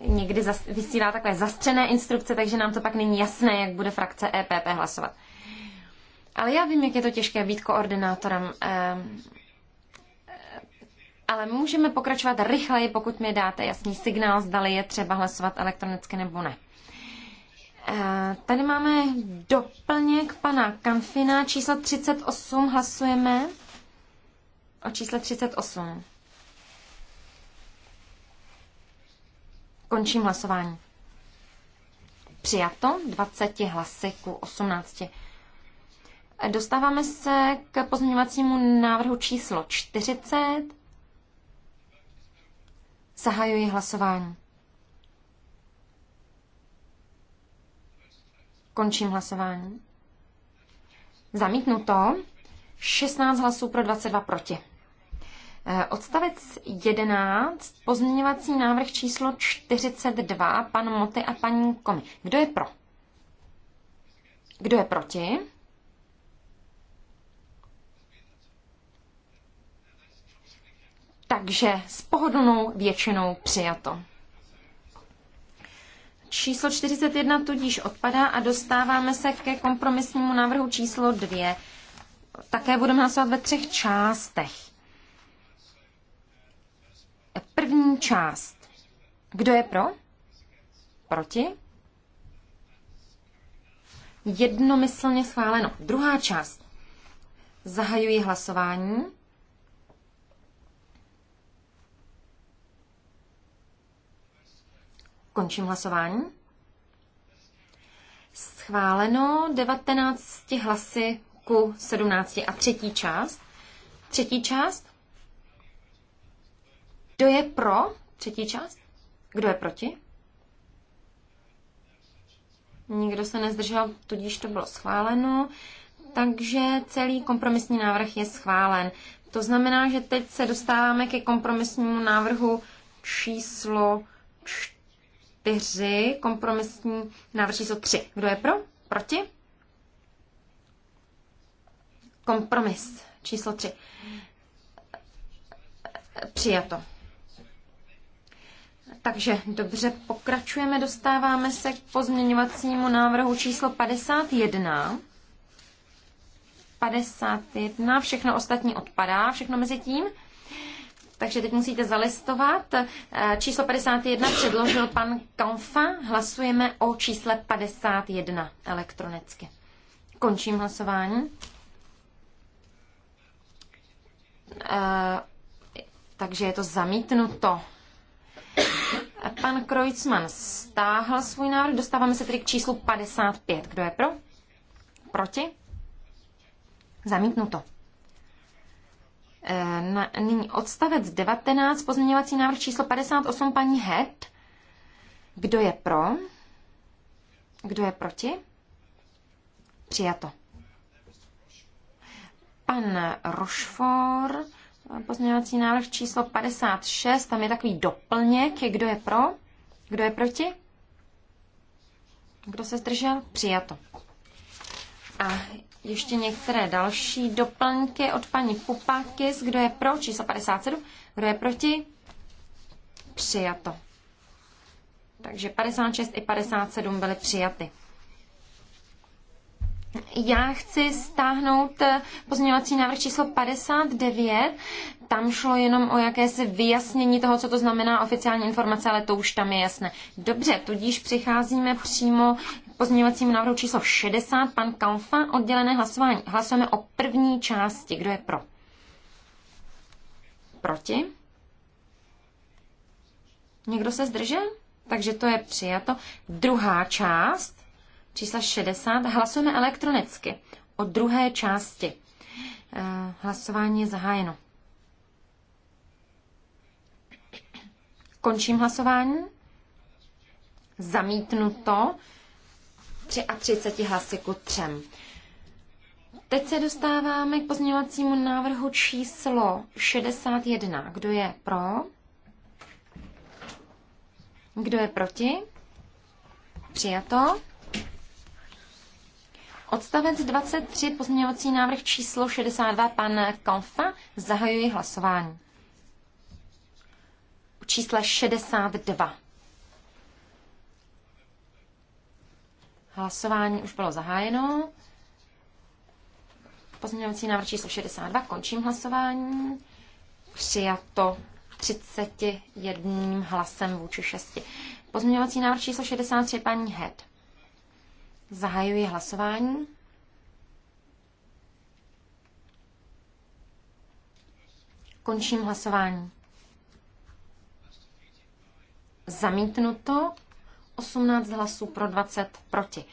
[SPEAKER 1] někdy vysílá takové zastřené instrukce, takže nám to pak není jasné, jak bude frakce EPP hlasovat. Ale já vím, jak je to těžké být koordinátorem ale můžeme pokračovat rychleji, pokud mi dáte jasný signál, zdali je třeba hlasovat elektronicky nebo ne. Eh, tady máme doplněk pana Kanfina, číslo 38, hlasujeme o čísle 38. Končím hlasování. Přijato 20 hlasy ku 18. Dostáváme se k pozměňovacímu návrhu číslo 40. Zahajuji hlasování. Končím hlasování. Zamítnuto. 16 hlasů pro 22 proti. Eh, odstavec 11, pozměňovací návrh číslo 42, pan Moty a paní Komi. Kdo je pro? Kdo je proti? takže s pohodlnou většinou přijato. Číslo 41 tudíž odpadá a dostáváme se ke kompromisnímu návrhu číslo 2. Také budeme hlasovat ve třech částech. První část. Kdo je pro? Proti? Jednomyslně schváleno. Druhá část. Zahajuji hlasování. Končím hlasování. Schváleno 19 hlasy ku 17 a třetí část. Třetí část. Kdo je pro třetí část? Kdo je proti? Nikdo se nezdržel, tudíž to bylo schváleno. Takže celý kompromisní návrh je schválen. To znamená, že teď se dostáváme ke kompromisnímu návrhu číslo 4 čtyři, kompromisní návrh číslo tři, Kdo je pro? Proti? Kompromis číslo tři Přijato. Takže dobře, pokračujeme, dostáváme se k pozměňovacímu návrhu číslo 51. 51, všechno ostatní odpadá, všechno mezi tím. Takže teď musíte zalistovat. Eh, číslo 51 předložil pan Kamfa. Hlasujeme o čísle 51 elektronicky. Končím hlasování. Eh, takže je to zamítnuto. Pan Kreutzmann stáhl svůj návrh. Dostáváme se tedy k číslu 55. Kdo je pro? Proti? Zamítnuto. Eh, na, nyní odstavec 19, pozměňovací návrh číslo 58, paní Het. Kdo je pro? Kdo je proti? Přijato. Pan Rošfor, pozměňovací návrh číslo 56, tam je takový doplněk, kdo je pro? Kdo je proti? Kdo se zdržel? Přijato. A ještě některé další doplňky od paní Pupakis. Kdo je pro? Číslo 57. Kdo je proti? Přijato. Takže 56 i 57 byly přijaty. Já chci stáhnout pozměňovací návrh číslo 59. Tam šlo jenom o jakési vyjasnění toho, co to znamená oficiální informace, ale to už tam je jasné. Dobře, tudíž přicházíme přímo pozměňovacímu návrhu číslo 60, pan Kalfa, oddělené hlasování. Hlasujeme o první části. Kdo je pro? Proti? Někdo se zdržel? Takže to je přijato. Druhá část, čísla 60, hlasujeme elektronicky o druhé části. Eh, hlasování je zahájeno. Končím hlasování. Zamítnuto. 33 hlasy ku 3. Teď se dostáváme k pozměňovacímu návrhu číslo 61. Kdo je pro? Kdo je proti? Přijato. Odstavec 23, pozměňovací návrh číslo 62, pan Konfa, zahajuji hlasování. U čísla 62. Hlasování už bylo zahájeno. Pozměňovací návrh číslo 62. Končím hlasování. Přijato 31 hlasem vůči 6. Pozměňovací návrh číslo 63. Paní Head. Zahajuji hlasování. Končím hlasování. Zamítnuto 18 hlasů pro 20 proti.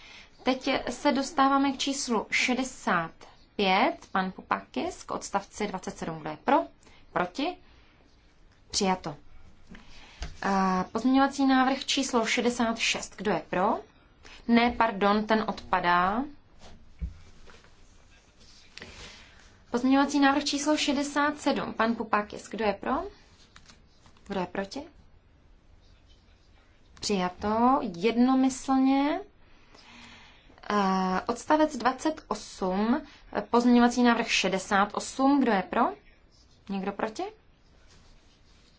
[SPEAKER 1] Teď se dostáváme k číslu 65, pan Pupakis, k odstavci 27, kdo je pro, proti, přijato. A pozměňovací návrh číslo 66, kdo je pro? Ne, pardon, ten odpadá. Pozměňovací návrh číslo 67, pan Pupakis, kdo je pro? Kdo je proti? Přijato jednomyslně. Eh, odstavec 28, pozměňovací návrh 68. Kdo je pro? Někdo proti?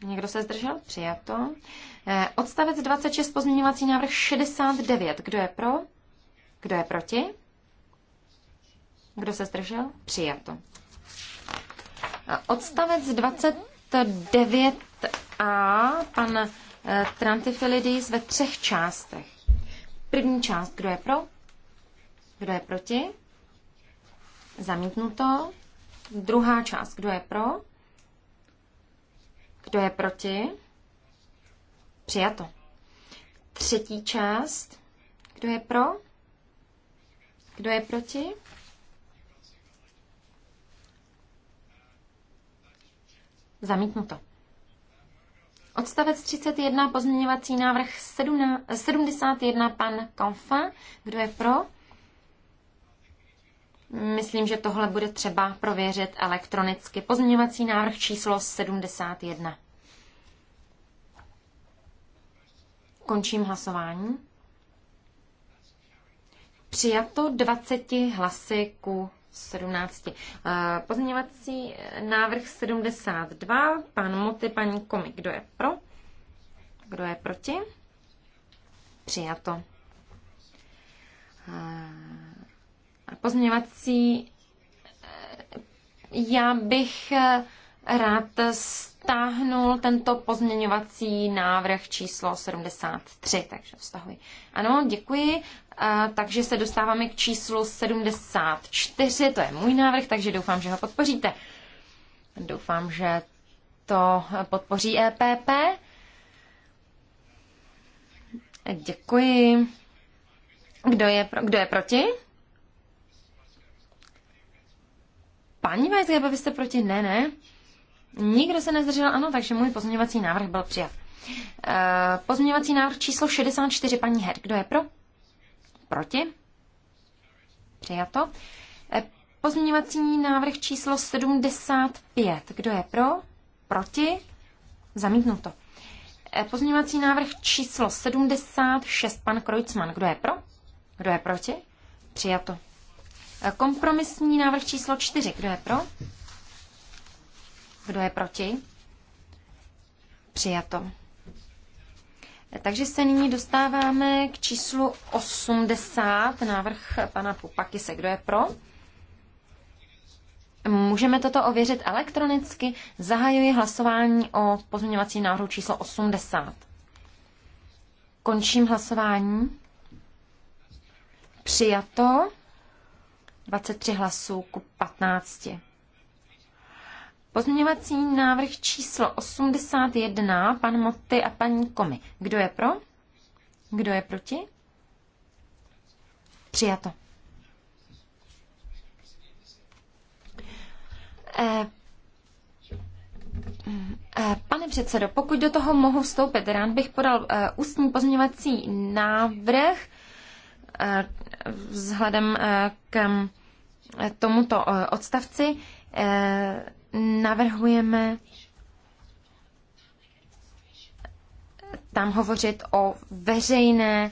[SPEAKER 1] Někdo se zdržel? Přijato. Eh, odstavec 26, pozměňovací návrh 69. Kdo je pro? Kdo je proti? Kdo se zdržel? Přijato. Eh, odstavec 29a, pan Trantifilidis ve třech částech. První část, kdo je pro? Kdo je proti? Zamítnuto. Druhá část, kdo je pro? Kdo je proti? Přijato. Třetí část, kdo je pro? Kdo je proti? Zamítnuto. Odstavec 31, pozměňovací návrh 71, pan Konfa. Kdo je pro? Myslím, že tohle bude třeba prověřit elektronicky. Pozměňovací návrh číslo 71. Končím hlasování. Přijato 20 hlasy ku 17. Eh, pozměňovací návrh 72, pan Moty, paní Komi, kdo je pro? Kdo je proti? Přijato. Eh, pozměňovací eh, já bych rád stáhnul tento pozměňovací návrh číslo 73, takže vztahuji. Ano, děkuji. A, takže se dostáváme k číslu 74, to je můj návrh, takže doufám, že ho podpoříte. Doufám, že to podpoří EPP. Děkuji. Kdo je, pro, kdo je proti? Paní Vajzgeba, vy jste proti? Ne, ne. Nikdo se nezdržel, ano, takže můj pozměňovací návrh byl přijat. Eh, pozměňovací návrh číslo 64, paní Her. Kdo je pro? Proti? Přijato. Eh, pozměňovací návrh číslo 75. Kdo je pro? Proti? Zamítnuto. Eh, pozměňovací návrh číslo 76, pan Krojcman. Kdo je pro? Kdo je proti? Přijato. Kompromisní návrh číslo 4. Kdo je pro? Kdo je proti? Přijato. Takže se nyní dostáváme k číslu 80, návrh pana Pupakise. Kdo je pro? Můžeme toto ověřit elektronicky. Zahajuji hlasování o pozměňovacím návrhu číslo 80. Končím hlasování. Přijato 23 hlasů ku 15. Pozměňovací návrh číslo 81, pan Moty a paní Komi. Kdo je pro? Kdo je proti? Přijato. Eh, eh, pane předsedo, pokud do toho mohu vstoupit, rád bych podal eh, ústní pozměňovací návrh vzhledem k tomuto odstavci navrhujeme tam hovořit o veřejné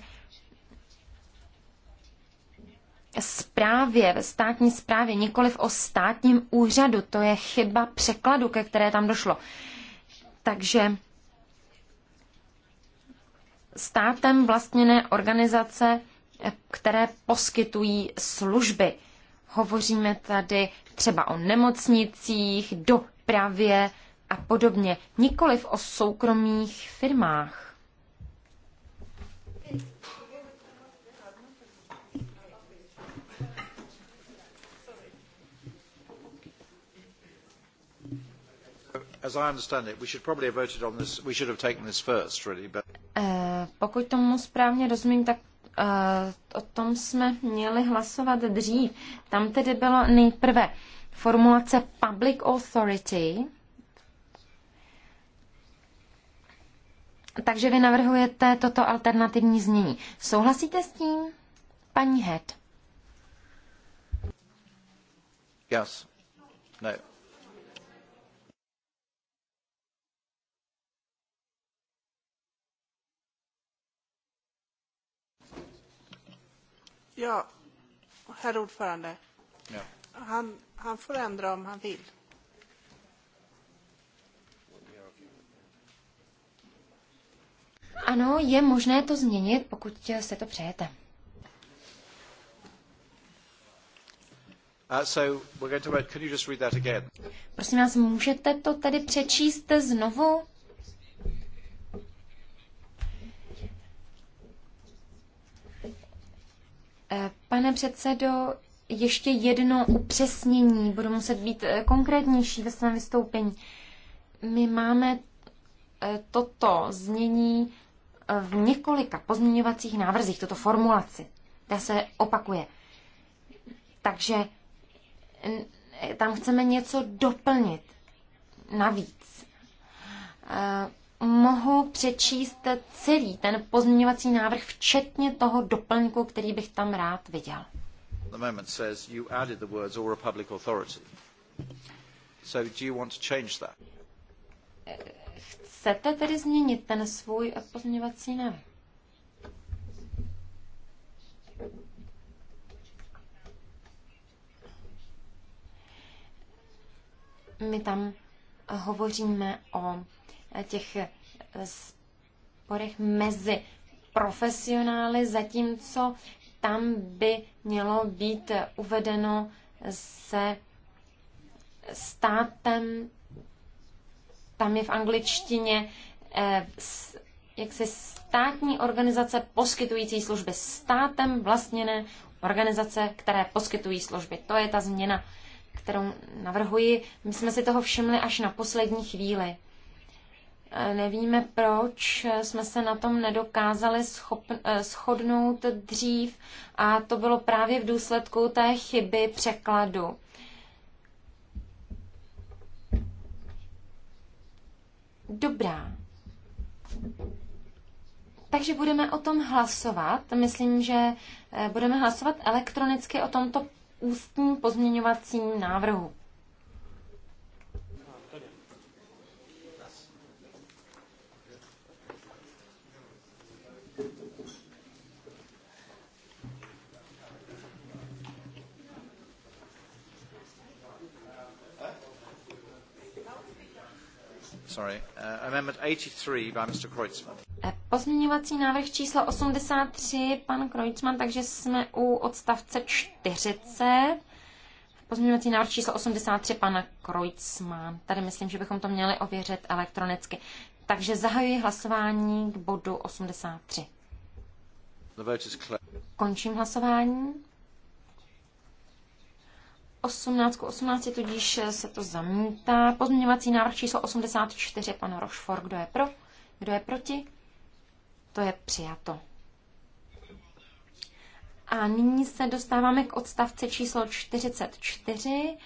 [SPEAKER 1] správě, státní správě, nikoliv o státním úřadu. To je chyba překladu, ke které tam došlo. Takže státem vlastněné organizace, které poskytují služby. Hovoříme tady třeba o nemocnicích, dopravě a podobně, nikoliv o soukromých firmách. Eh, pokud tomu správně rozumím, tak Eh, o tom jsme měli hlasovat dřív. Tam tedy bylo nejprve formulace public authority, Takže vy navrhujete toto alternativní znění. Souhlasíte s tím, paní Head?
[SPEAKER 2] Yes. No.
[SPEAKER 4] herr ordförande. Han, får ändra om han vill.
[SPEAKER 1] Ano, je možné to změnit, pokud se to přejete. Uh, Prosím vás, můžete to tedy přečíst znovu? Eh, pane předsedo, ještě jedno upřesnění. Budu muset být eh, konkrétnější ve svém vystoupení. My máme eh, toto znění v několika pozměňovacích návrzích, toto formulaci. Ta se opakuje. Takže tam chceme něco doplnit navíc mohu přečíst celý ten pozměňovací návrh, včetně toho doplňku, který bych tam rád viděl.
[SPEAKER 2] The moment says you added the words or a public authority. So do you want to change that?
[SPEAKER 1] Chcete tedy změnit ten svůj pozměňovací návrh? My tam hovoříme o těch eh, sporech mezi profesionály, zatímco tam by mělo být uvedeno se státem, tam je v angličtině eh, jaksi státní organizace poskytující služby státem vlastněné organizace, které poskytují služby. To je ta změna, kterou navrhuji. My jsme si toho všimli až na poslední chvíli. Nevíme, proč jsme se na tom nedokázali schopn- eh, shodnout dřív a to bylo právě v důsledku té chyby překladu. Dobrá. Takže budeme o tom hlasovat. Myslím, že eh, budeme hlasovat elektronicky o tomto ústním pozměňovacím návrhu.
[SPEAKER 2] sorry. Uh, amendment 83 by Mr. Kreutzmann. Eh,
[SPEAKER 1] pozměňovací návrh číslo 83, pan Kreutzmann, takže jsme u odstavce 40. Pozměňovací návrh číslo 83, pana Kreutzmann. Tady myslím, že bychom to měli ověřit elektronicky. Takže zahajuji hlasování k bodu 83. Končím hlasování. 18 18, tudíž eh, se to zamítá. Pozměňovací návrh číslo 84, pan Rochefort, kdo je pro, kdo je proti, to je přijato. A nyní se dostáváme k odstavci číslo 44.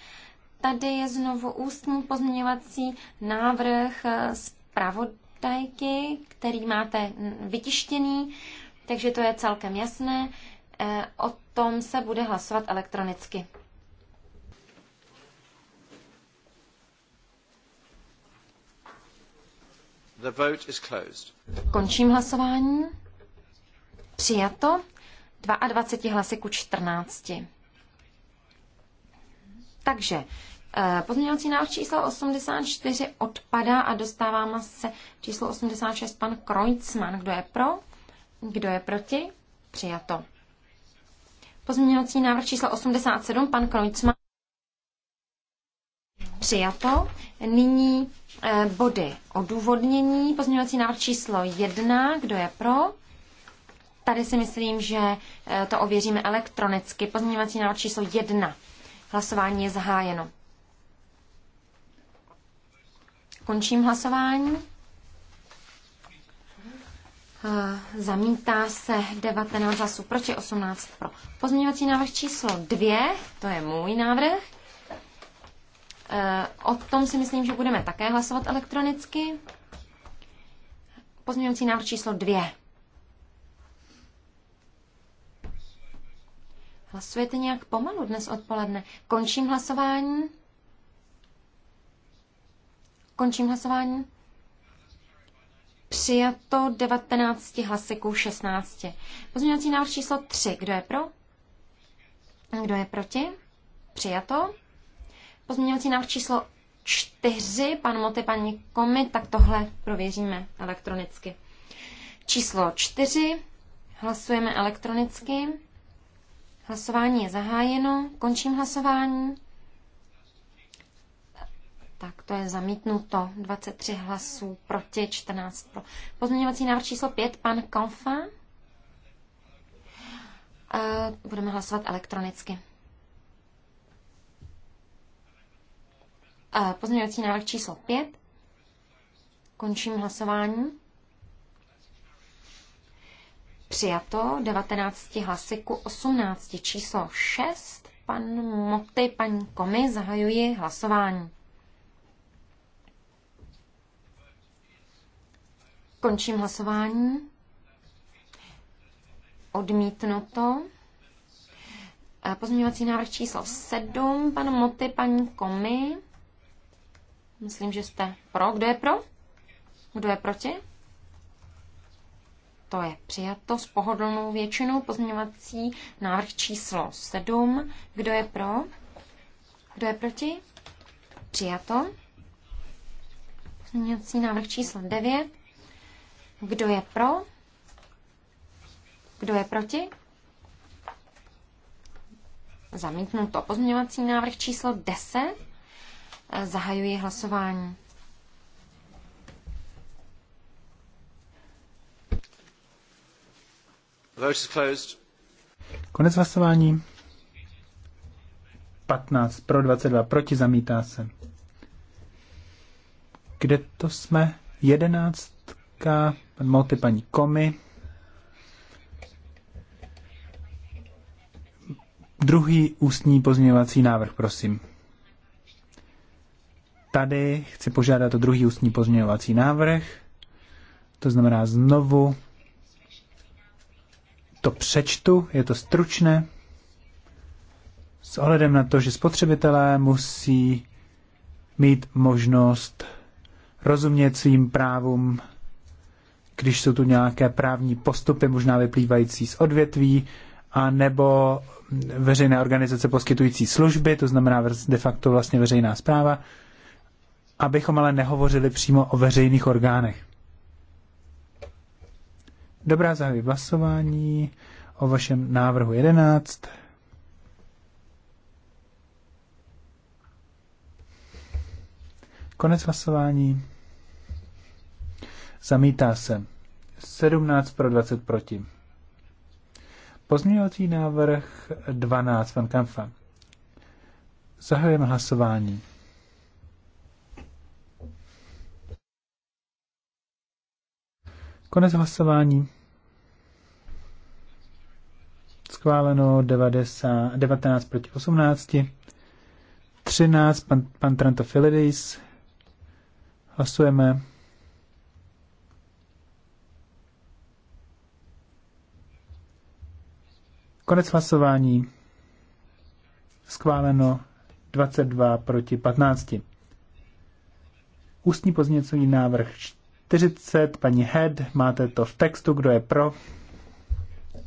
[SPEAKER 1] Tady je znovu ústní pozměňovací návrh eh, zpravodajky, který máte vytištěný, takže to je celkem jasné. Eh, o tom se bude hlasovat elektronicky.
[SPEAKER 2] The vote is closed.
[SPEAKER 1] Končím hlasování. Přijato 22 hlasy ku 14. Takže eh, pozměňovací návrh číslo 84 odpadá a dostáváme se číslo 86 pan Kreutzmann. Kdo je pro? Kdo je proti? Přijato. Pozměňovací návrh číslo 87 pan Kreutzmann. Přijato. Nyní eh, body odůvodnění. Pozměňovací návrh číslo jedna. Kdo je pro? Tady si myslím, že eh, to ověříme elektronicky. Pozměňovací návrh číslo jedna. Hlasování je zahájeno. Končím hlasování. Eh, zamítá se 19 hlasů proti 18 pro. Pozměňovací návrh číslo 2, to je můj návrh. Eh, o tom si myslím, že budeme také hlasovat elektronicky. Pozměňovací návrh číslo dvě. Hlasujete nějak pomalu dnes odpoledne. Končím hlasování. Končím hlasování. Přijato 19 hlasy 16. Pozměňovací návrh číslo 3. Kdo je pro? Kdo je proti? Přijato. Pozměňovací návrh číslo 4, pan Moty, paní Komi, tak tohle prověříme elektronicky. Číslo 4, hlasujeme elektronicky. Hlasování je zahájeno, končím hlasování. Tak to je zamítnuto. 23 hlasů proti, 14 pro. Pozměňovací návrh číslo 5, pan Konfa. Eh, budeme hlasovat elektronicky. Pozměňovací návrh číslo 5. Končím hlasování. Přijato 19 hlasy ku 18. Číslo 6. Pan Moty, paní Komi, zahajuji hlasování. Končím hlasování. Odmítnuto. Pozměňovací návrh číslo 7. Pan Moty, paní Komi. Myslím, že jste pro. Kdo je pro? Kdo je proti? To je přijato s pohodlnou většinou. Pozměňovací návrh číslo 7. Kdo je pro? Kdo je proti? Přijato. Pozměňovací návrh číslo 9. Kdo je pro? Kdo je proti? Zamítnuto. Pozměňovací návrh číslo 10. Zahajuji hlasování.
[SPEAKER 4] Konec hlasování. 15 pro 22 proti zamítá se. Kde to jsme? Jedenáctka, pan Moty, paní Komy. Druhý ústní pozměňovací návrh, prosím tady chci požádat o druhý ústní pozměňovací návrh. To znamená znovu to přečtu, je to stručné. S ohledem na to, že spotřebitelé musí mít možnost rozumět svým právům, když jsou tu nějaké právní postupy, možná vyplývající z odvětví, a nebo veřejné organizace poskytující služby, to znamená de facto vlastně veřejná zpráva, abychom ale nehovořili přímo o veřejných orgánech. Dobrá, zahajuji hlasování o vašem návrhu 11. Konec hlasování. Zamítá se. 17 pro 20 proti. Pozměňovací návrh 12 Van Kampfa. Zahajujeme hlasování. Konec hlasování. Schváleno 90, 19 proti 18. 13 pan, pan Filidis. Hlasujeme. Konec hlasování. Schváleno 22 proti 15. Ústní pozněcový návrh 40, paní Head, máte to v textu, kdo je pro,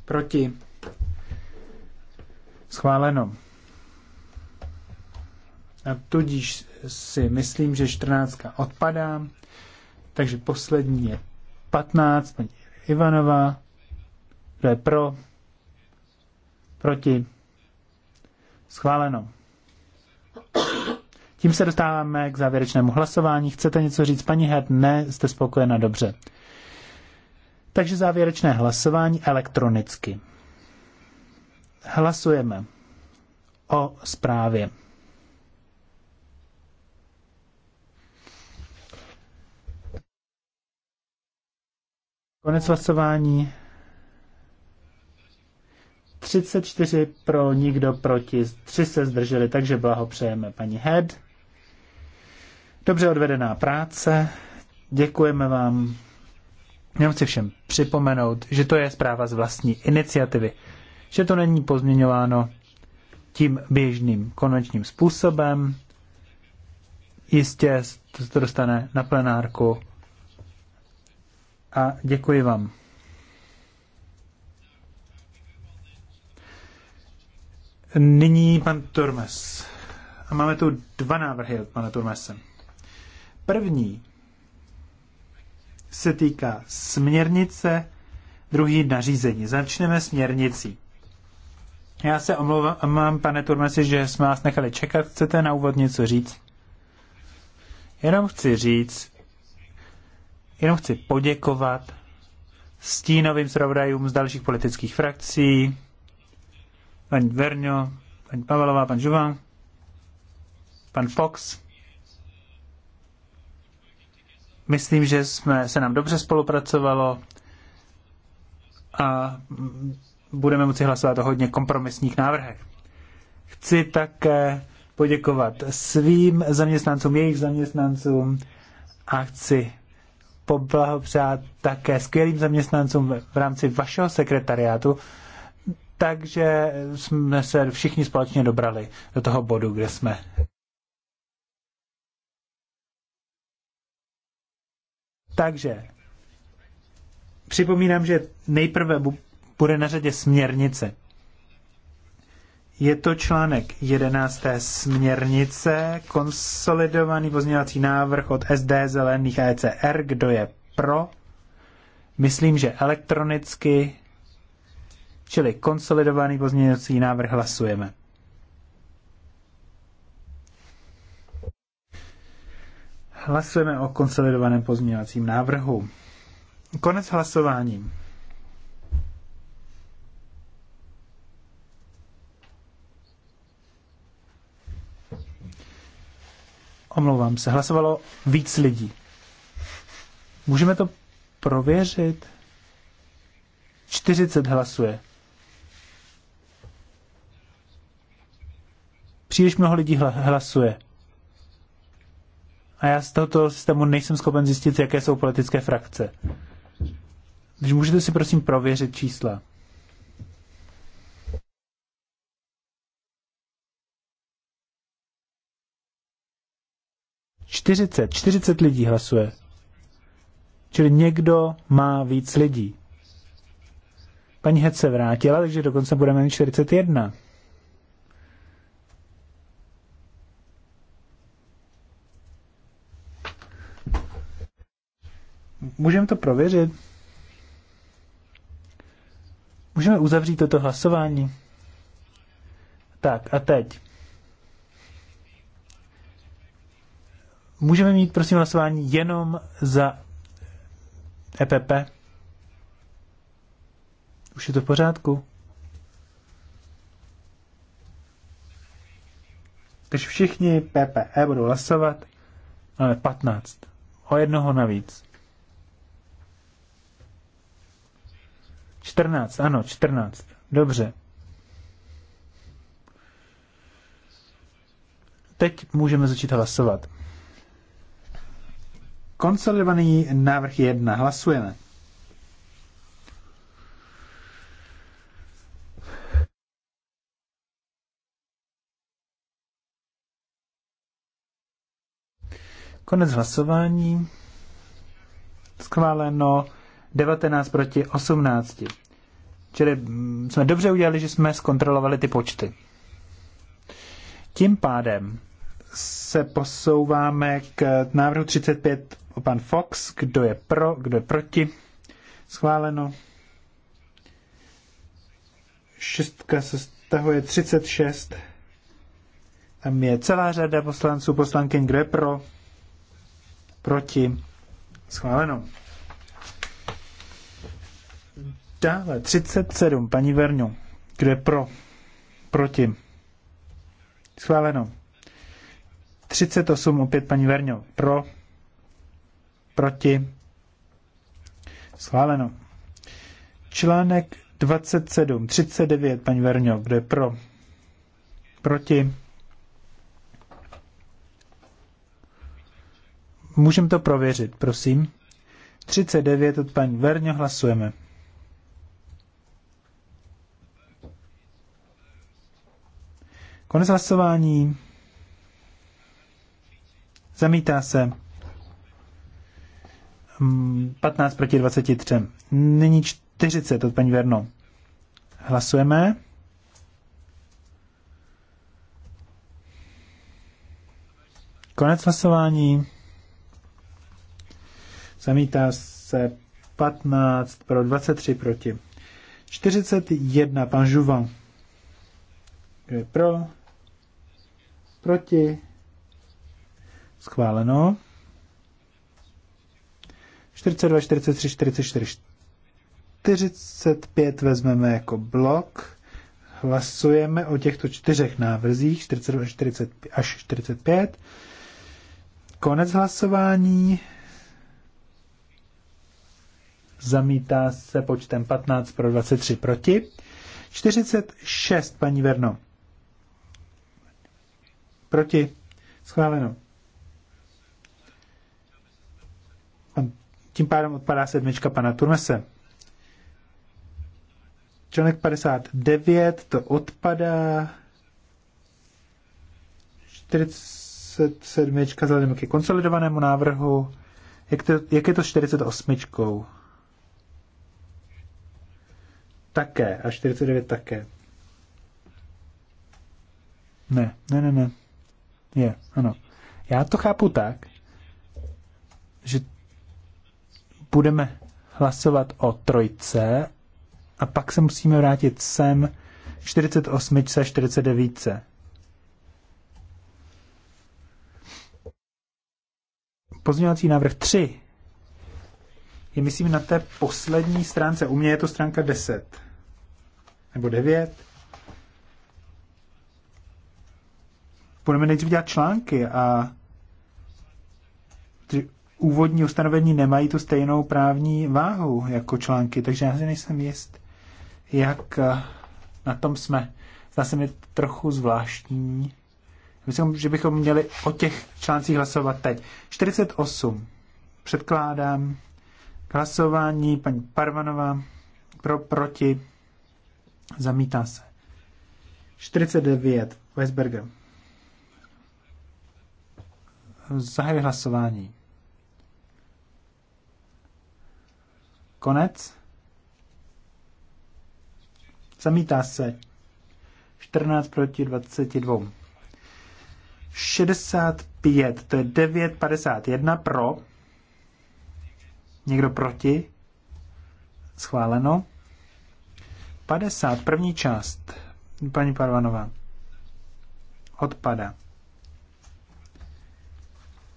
[SPEAKER 4] proti, schváleno. A tudíž si myslím, že 14 odpadá, takže poslední je 15, paní Ivanová, kdo je pro, proti, schváleno. Tím se dostáváme k závěrečnému hlasování. Chcete něco říct, paní Hert? Ne, jste spokojena, dobře. Takže závěrečné hlasování elektronicky. Hlasujeme o zprávě. Konec hlasování. 34 pro, nikdo proti, 3 se zdrželi, takže blahopřejeme paní Head. Dobře odvedená práce, děkujeme vám. Jenom chci všem připomenout, že to je zpráva z vlastní iniciativy, že to není pozměňováno tím běžným konečným způsobem. Jistě to se dostane na plenárku. A děkuji vám. Nyní pan Turmes. A máme tu dva návrhy od pana Turmese. První se týká směrnice, druhý nařízení. Začneme směrnicí. Já se omlouvám, pane Turmesi, že jsme vás nechali čekat. Chcete na úvod něco říct? Jenom chci říct, jenom chci poděkovat stínovým zpravodajům z dalších politických frakcí, paní Verňo, paní Pavelová, pan Žuvan, pan Fox, Myslím, že jsme, se nám dobře spolupracovalo a budeme moci hlasovat o hodně kompromisních návrhech. Chci také poděkovat svým zaměstnancům, jejich zaměstnancům a chci poblahopřát také skvělým zaměstnancům v rámci vašeho sekretariátu, takže jsme se všichni společně dobrali do toho bodu, kde jsme Takže připomínám, že nejprve bude na řadě směrnice. Je to článek 11. směrnice, konsolidovaný pozměňovací návrh od SD, Zelených a ECR. Kdo je pro? Myslím, že elektronicky, čili konsolidovaný pozměňovací návrh hlasujeme. Hlasujeme o konsolidovaném pozměňovacím návrhu. Konec hlasování. Omlouvám se, hlasovalo víc lidí. Můžeme to prověřit? 40 hlasuje. Příliš mnoho lidí hlasuje. A já z tohoto systému nejsem schopen zjistit, jaké jsou politické frakce. Když můžete si prosím prověřit čísla. Čtyřicet, čtyřicet lidí hlasuje. Čili někdo má víc lidí. Paní Het se vrátila, takže dokonce budeme mít 41. Můžeme to prověřit? Můžeme uzavřít toto hlasování? Tak a teď. Můžeme mít, prosím, hlasování jenom za EPP? Už je to v pořádku? Takže všichni PPE budou hlasovat, máme 15. O jednoho navíc. 14, ano, 14. Dobře. Teď můžeme začít hlasovat. Konsolidovaný návrh 1. Hlasujeme. Konec hlasování. Schváleno 19 proti 18. Čili mm, jsme dobře udělali, že jsme zkontrolovali ty počty. Tím pádem se posouváme k návrhu 35 o pan Fox. Kdo je pro, kdo je proti? Schváleno. Šestka se stahuje 36. Tam je celá řada poslanců, poslankyň. Kdo je pro? Proti? Schváleno. Dále 37, paní Verňu. Kdo je pro? Proti? Schváleno. 38, opět paní Verňo. Pro? Proti? Schváleno. Článek 27, 39, paní Verňo. Kdo je pro? Proti? Můžeme to prověřit, prosím. 39 od paní Verňo hlasujeme. Konec hlasování. Zamítá se. 15 mm, proti 23. Nyní 40 od paní Verno. Hlasujeme. Konec hlasování. Zamítá se 15 pro 23 proti. 41 pan Žuva. Kdo je pro? Proti? Schváleno. 42, 43, 44, 45 vezmeme jako blok. Hlasujeme o těchto čtyřech návrzích 42, 40 až 45. Konec hlasování. Zamítá se počtem 15 pro 23 proti. 46, paní Verno. Proti? Schváleno. A Tím pádem odpadá sedmička pana Turmese. Článek 59, to odpadá. 47 vzhledem ke konsolidovanému návrhu. Jak, to, jak je to s 48? Také. A 49 také. Ne, ne, ne, ne. Je, ano. Já to chápu tak, že budeme hlasovat o trojce a pak se musíme vrátit sem 48 a 49. Pozměňovací návrh 3 je, myslím, na té poslední stránce. U mě je to stránka 10. Nebo 9. budeme nejdřív dělat články a úvodní ustanovení nemají tu stejnou právní váhu jako články, takže já si nejsem jist, jak eh, na tom jsme. Zdá se mi trochu zvláštní. Myslím, že bychom měli o těch článcích hlasovat teď. 48. Předkládám hlasování paní Parvanová pro, proti. Zamítá se. 49. Weisberger. Zahajuji hlasování. Konec. Zamítá se. 14 proti 22. 65, to je 9,51 pro. Někdo proti? Schváleno. 50, první část. Paní Parvanová. Odpada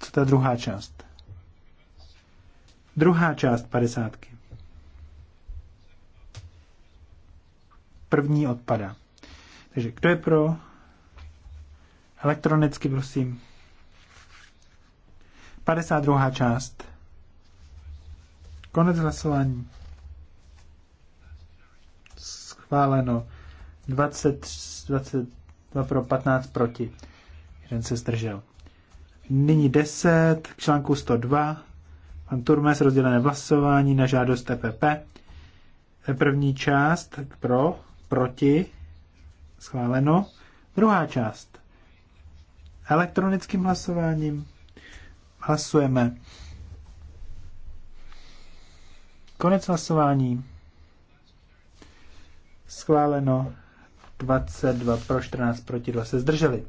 [SPEAKER 4] část, ta druhá část. Druhá část padesátky. První odpada. Takže kdo je pro? Elektronicky, prosím. 52. část. Konec hlasování. Schváleno. 20, 22 pro 15 proti. Jeden se zdržel. Nyní 10 k článku 102. Pan Turmes rozdělené hlasování na žádost TPP. E první část pro, proti, schváleno. Druhá část elektronickým hlasováním. Hlasujeme. Konec hlasování. Schváleno 22 pro 14 proti 2 se zdrželi.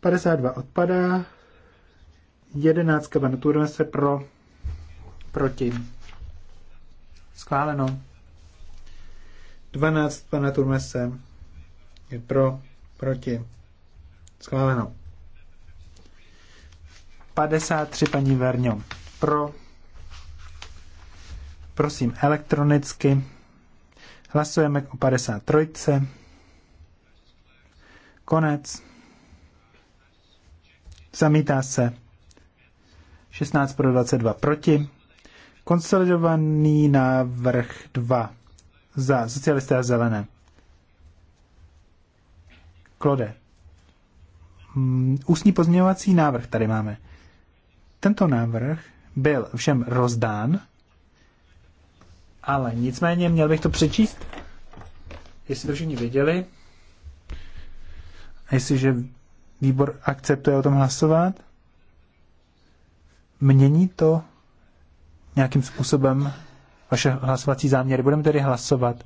[SPEAKER 4] 52 odpadá. 11 Ventura se pro, proti. Schváleno. 12 pana Turmese je pro, proti. Schváleno. 53 paní Verňo pro. Prosím elektronicky. Hlasujeme o 53. Konec. Zamítá se. 16 pro 22 proti. Konsolidovaný návrh 2 za socialisté a zelené. Klode. Mm, ústní pozměňovací návrh tady máme. Tento návrh byl všem rozdán, ale nicméně měl bych to přečíst, jestli to všichni věděli. A jestliže Výbor akceptuje o tom hlasovat? Mění to nějakým způsobem vaše hlasovací záměry? Budeme tedy hlasovat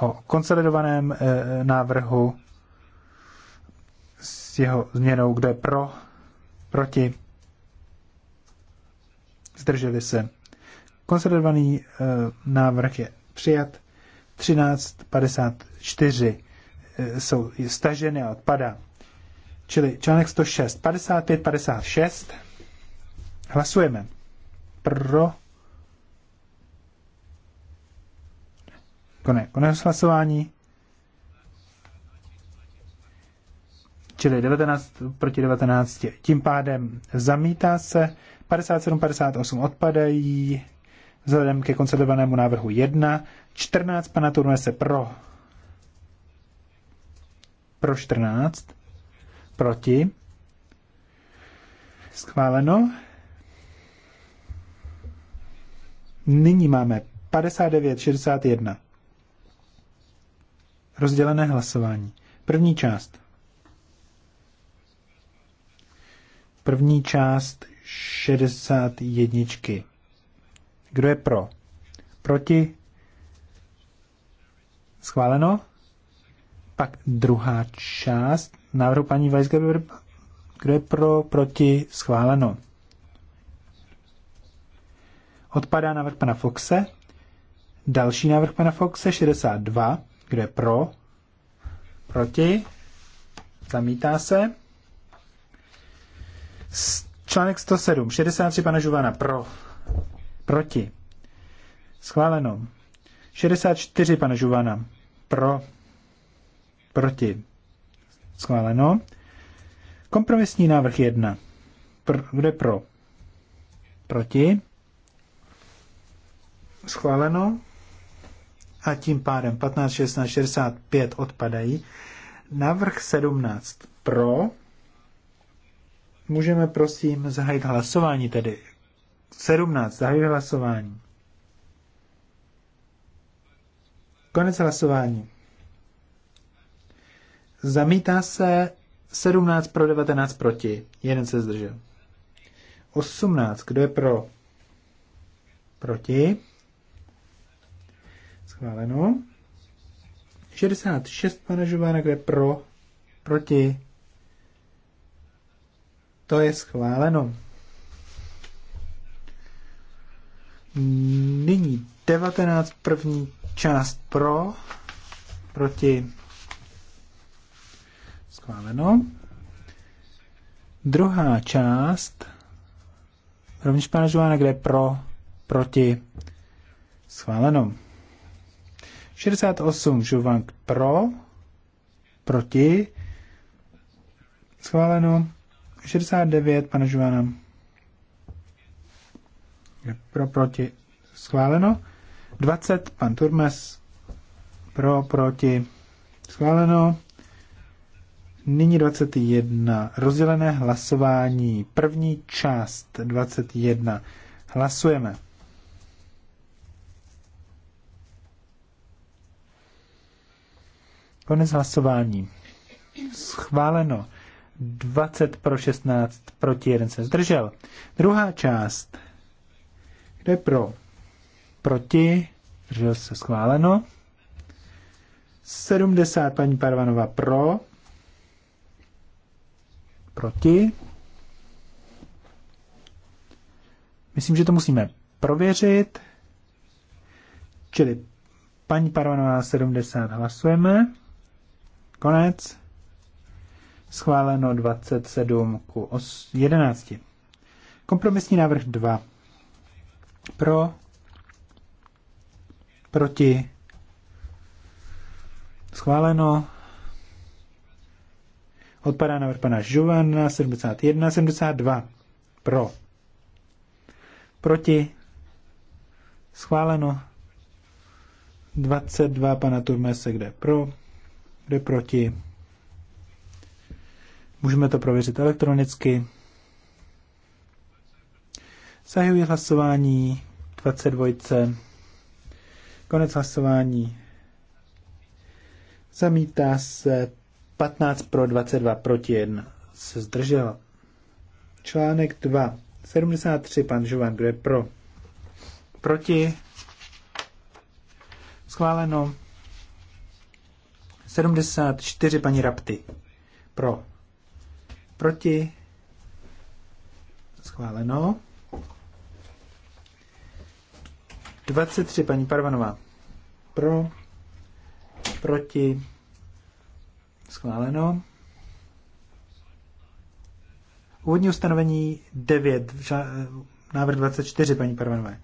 [SPEAKER 4] o konsolidovaném e, návrhu s jeho změnou, kde pro, proti, zdrželi se. Konsolidovaný e, návrh je přijat. 1354 eh, jsou staženy a odpadá. Čili článek 106, 55, 56. Hlasujeme. Pro. Konec, konec hlasování. Čili 19 proti 19. Tím pádem zamítá se. 57, 58 odpadají. Vzhledem ke konsolidovanému návrhu 1. 14 pana se pro. Pro 14 Proti? Schváleno. Nyní máme 59.61. Rozdělené hlasování. První část. První část 61. Kdo je pro? Proti? Schváleno? Pak druhá část návrhu paní Weisgerber, kdo je pro, proti, schváleno. Odpadá návrh pana Foxe. Další návrh pana Foxe, 62. Kdo je pro? Proti? Zamítá se. Článek 107. 63 pana Žuvana. Pro. Proti. Schváleno. 64 pana Žuvana. Pro. Proti. Schváleno. Kompromisní návrh 1. Pr- kde pro? Proti? Schváleno. A tím pádem 15, 16, 65 odpadají. Návrh 17 pro. Můžeme prosím zahájit hlasování tedy. 17. Zahajuji hlasování. Konec hlasování. Zamítá se 17 pro 19 proti. Jeden se zdržel. 18. Kdo je pro? Proti. Schváleno. 66 pana Žována, kdo je pro? Proti. To je schváleno. Nyní 19 první část pro, proti Schváleno. Druhá část, rovněž pana Žuána, kde pro, proti, schváleno. 68 Žuvank pro, proti, schváleno. 69 pana kde pro, proti, schváleno. 20 pan Turmes, pro, proti, schváleno. Nyní 21. Rozdělené hlasování. První část 21. Hlasujeme. Konec hlasování. Schváleno. 20 pro 16, proti 1 se zdržel. Druhá část. Kde pro? Proti. Zdržel se schváleno. 70 paní Parvanova pro proti. Myslím, že to musíme prověřit. Čili paní Parvanová 70 hlasujeme. Konec. Schváleno 27 ku 11. Kompromisní návrh 2. Pro. Proti. Schváleno Odpadá návrh pana Žuvana 71, 72 pro. Proti schváleno 22 pana Turmese, kde pro, kde proti. Můžeme to prověřit elektronicky. Zahajuji hlasování 22. Konec hlasování. Zamítá se 15 pro 22 proti 1 se zdržel. Článek 2. 73, pan Žovan, kdo je pro? Proti? Schváleno. 74, paní Rapty. Pro. Proti? Schváleno. 23, paní Parvanová. Pro. Proti? Schváleno. Úvodní ustanovení 9, návrh 24, paní Parvanové.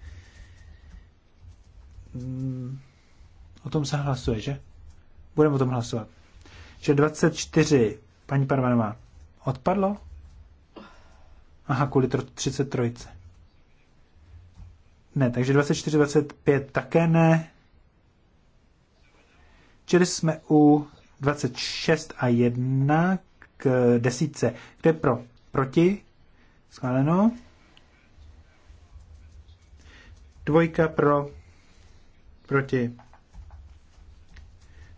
[SPEAKER 4] Mm, o tom se hlasuje, že? Budeme o tom hlasovat. Že 24, paní Parvanová, odpadlo? Aha, kvůli 33. Ne, takže 24, 25 také ne. Čili jsme u 26 a 1 k desítce. Kde pro? Proti? Schváleno. Dvojka pro. Proti.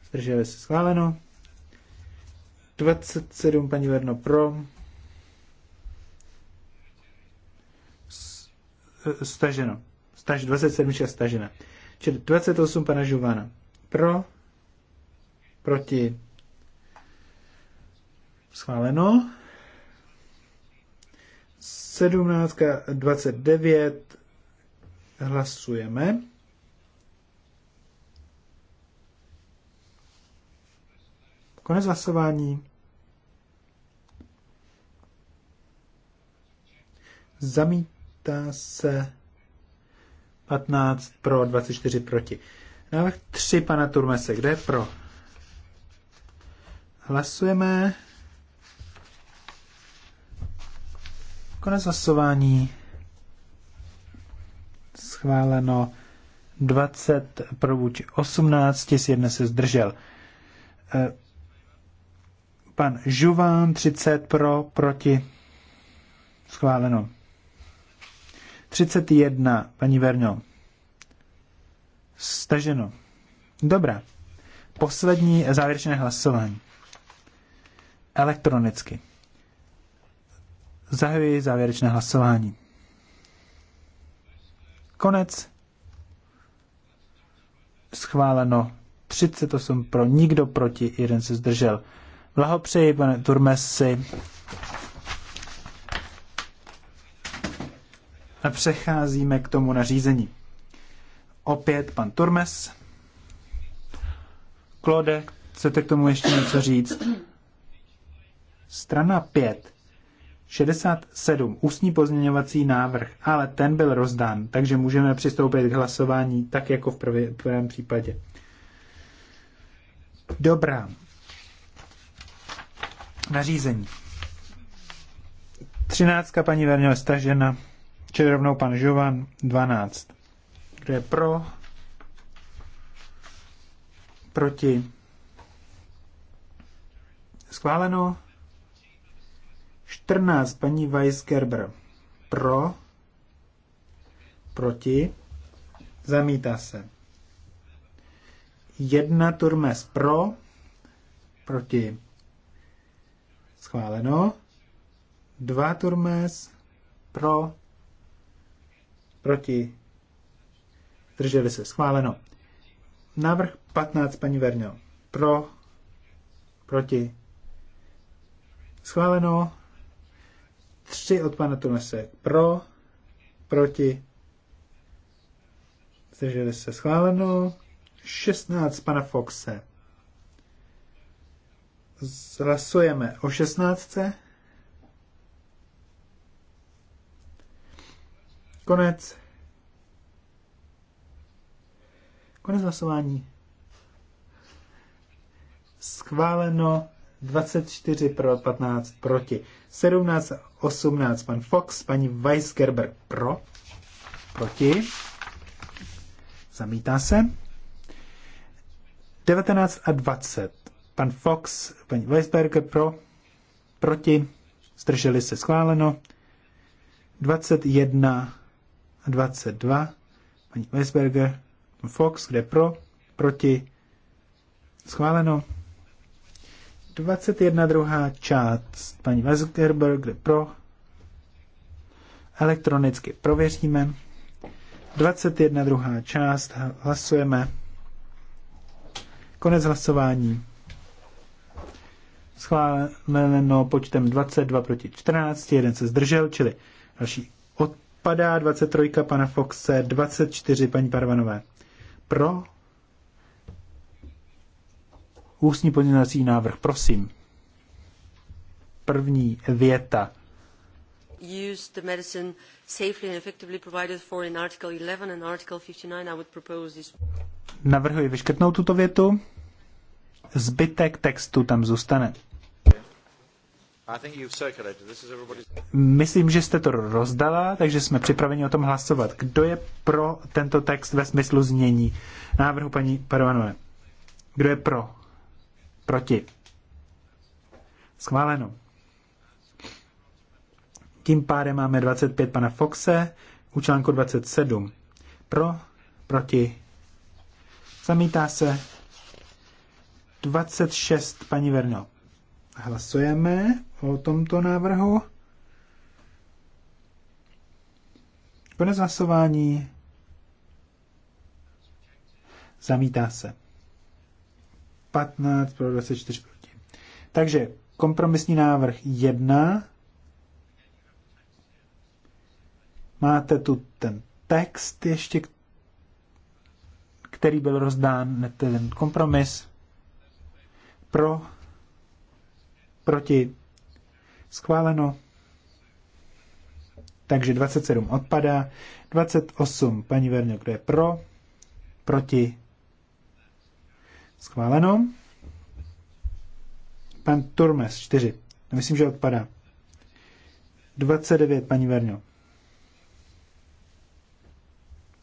[SPEAKER 4] Zdrželi se schváleno. 27 paní Verno pro. Staženo. Staž 27 stažena. Čili 28 pana Žována, pro Proti? Schváleno. 17. 29. Hlasujeme. Konec hlasování. Zamítá se 15 pro, 24 proti. Návrh 3 pana Turmese. Kde je pro? Hlasujeme. Konec hlasování. Schváleno 20 pro vůči 18, si jedne se zdržel. Eh, pan Žuván 30 pro, proti. Schváleno. 31, paní Verňo. Staženo. Dobrá. Poslední závěrečné hlasování elektronicky. Zahajuji závěrečné hlasování. Konec. Schváleno 38 pro, nikdo proti, jeden se zdržel. Blahopřeji, pane Turmesi. A přecházíme k tomu nařízení. Opět pan Turmes. Klode, chcete k tomu ještě něco říct? Strana 5, 67, ústní pozměňovací návrh, ale ten byl rozdán, takže můžeme přistoupit k hlasování tak jako v prvém případě. Dobrá. Nařízení. Třináctka paní Verňo stažena, čili rovnou pan Žovan, 12. Kdo je pro? Proti? Schváleno. 14, paní Weisgerber. Pro, proti, zamítá se. 1 turmes pro, proti, schváleno. 2 turmes pro, proti, Drželi se, schváleno. Návrh 15, paní Verňo. Pro, proti, schváleno tři od pana Tunese pro, proti, zdrželi se schváleno, 16 pana Foxe. Zhlasujeme o 16. Konec. Konec hlasování. Schváleno 24 pro 15 proti. 17 18, pan Fox, paní Weisgerber pro, proti, zamítá se. 19 a 20, pan Fox, paní Weisberger pro, proti, zdrželi se schváleno. 21 a 22, paní Weisberger, pan Fox, kde pro, proti, schváleno. 21. druhá část paní Weisgerber, kde pro. Elektronicky prověříme. 21. druhá část hlasujeme. Konec hlasování. Schváleno počtem 22 proti 14, jeden se zdržel, čili další odpadá, 23 pana Foxe, 24 paní Parvanové. Pro Ústní pozměňovací návrh, prosím. První věta.
[SPEAKER 3] Use the medicine safely and effectively provided for in Article 11 and Article 59. I would propose this.
[SPEAKER 4] Navrhuji vyškrtnout tuto větu. Zbytek textu tam zůstane.
[SPEAKER 2] I think you've circulated. This is
[SPEAKER 4] Myslím, že jste to rozdala, takže jsme připraveni o tom hlasovat. Kdo je pro tento text ve smyslu znění návrhu paní Parvanové? Kdo je pro? Proti. Schváleno. Tím pádem máme 25 pana Foxe u článku 27. Pro, proti, zamítá se 26 paní Verno. Hlasujeme o tomto návrhu. Konec hlasování. Zamítá se. 15 pro 24 proti. Takže kompromisní návrh 1. Máte tu ten text ještě, který byl rozdán, ten kompromis pro, proti, schváleno. Takže 27 odpadá. 28, paní Verňo, kdo je pro, proti, Schváleno. Pan Turmes 4. Myslím, že odpadá. 29, paní Verňo.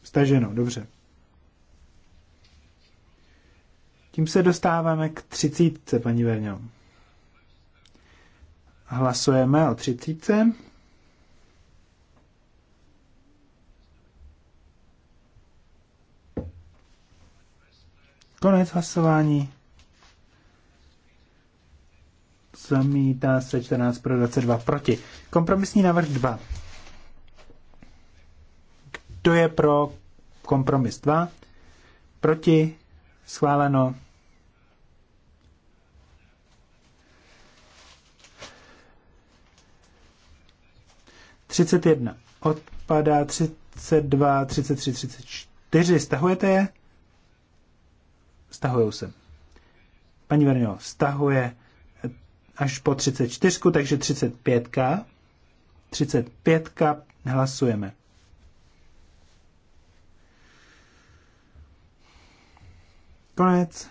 [SPEAKER 4] Staženo, dobře. Tím se dostáváme k třicítce, paní Verňo. Hlasujeme o třicítce. Konec hlasování. Zamítá se 14 pro 22 proti. Kompromisní návrh 2. Kdo je pro kompromis 2? Proti? Schváleno. Třicet jedna odpadá, třicet dva, třicet tři, třicet čtyři. Stahujete je? Stahujou se. Paní Verňo, stahuje až po 34, takže 35. 35 hlasujeme. Konec.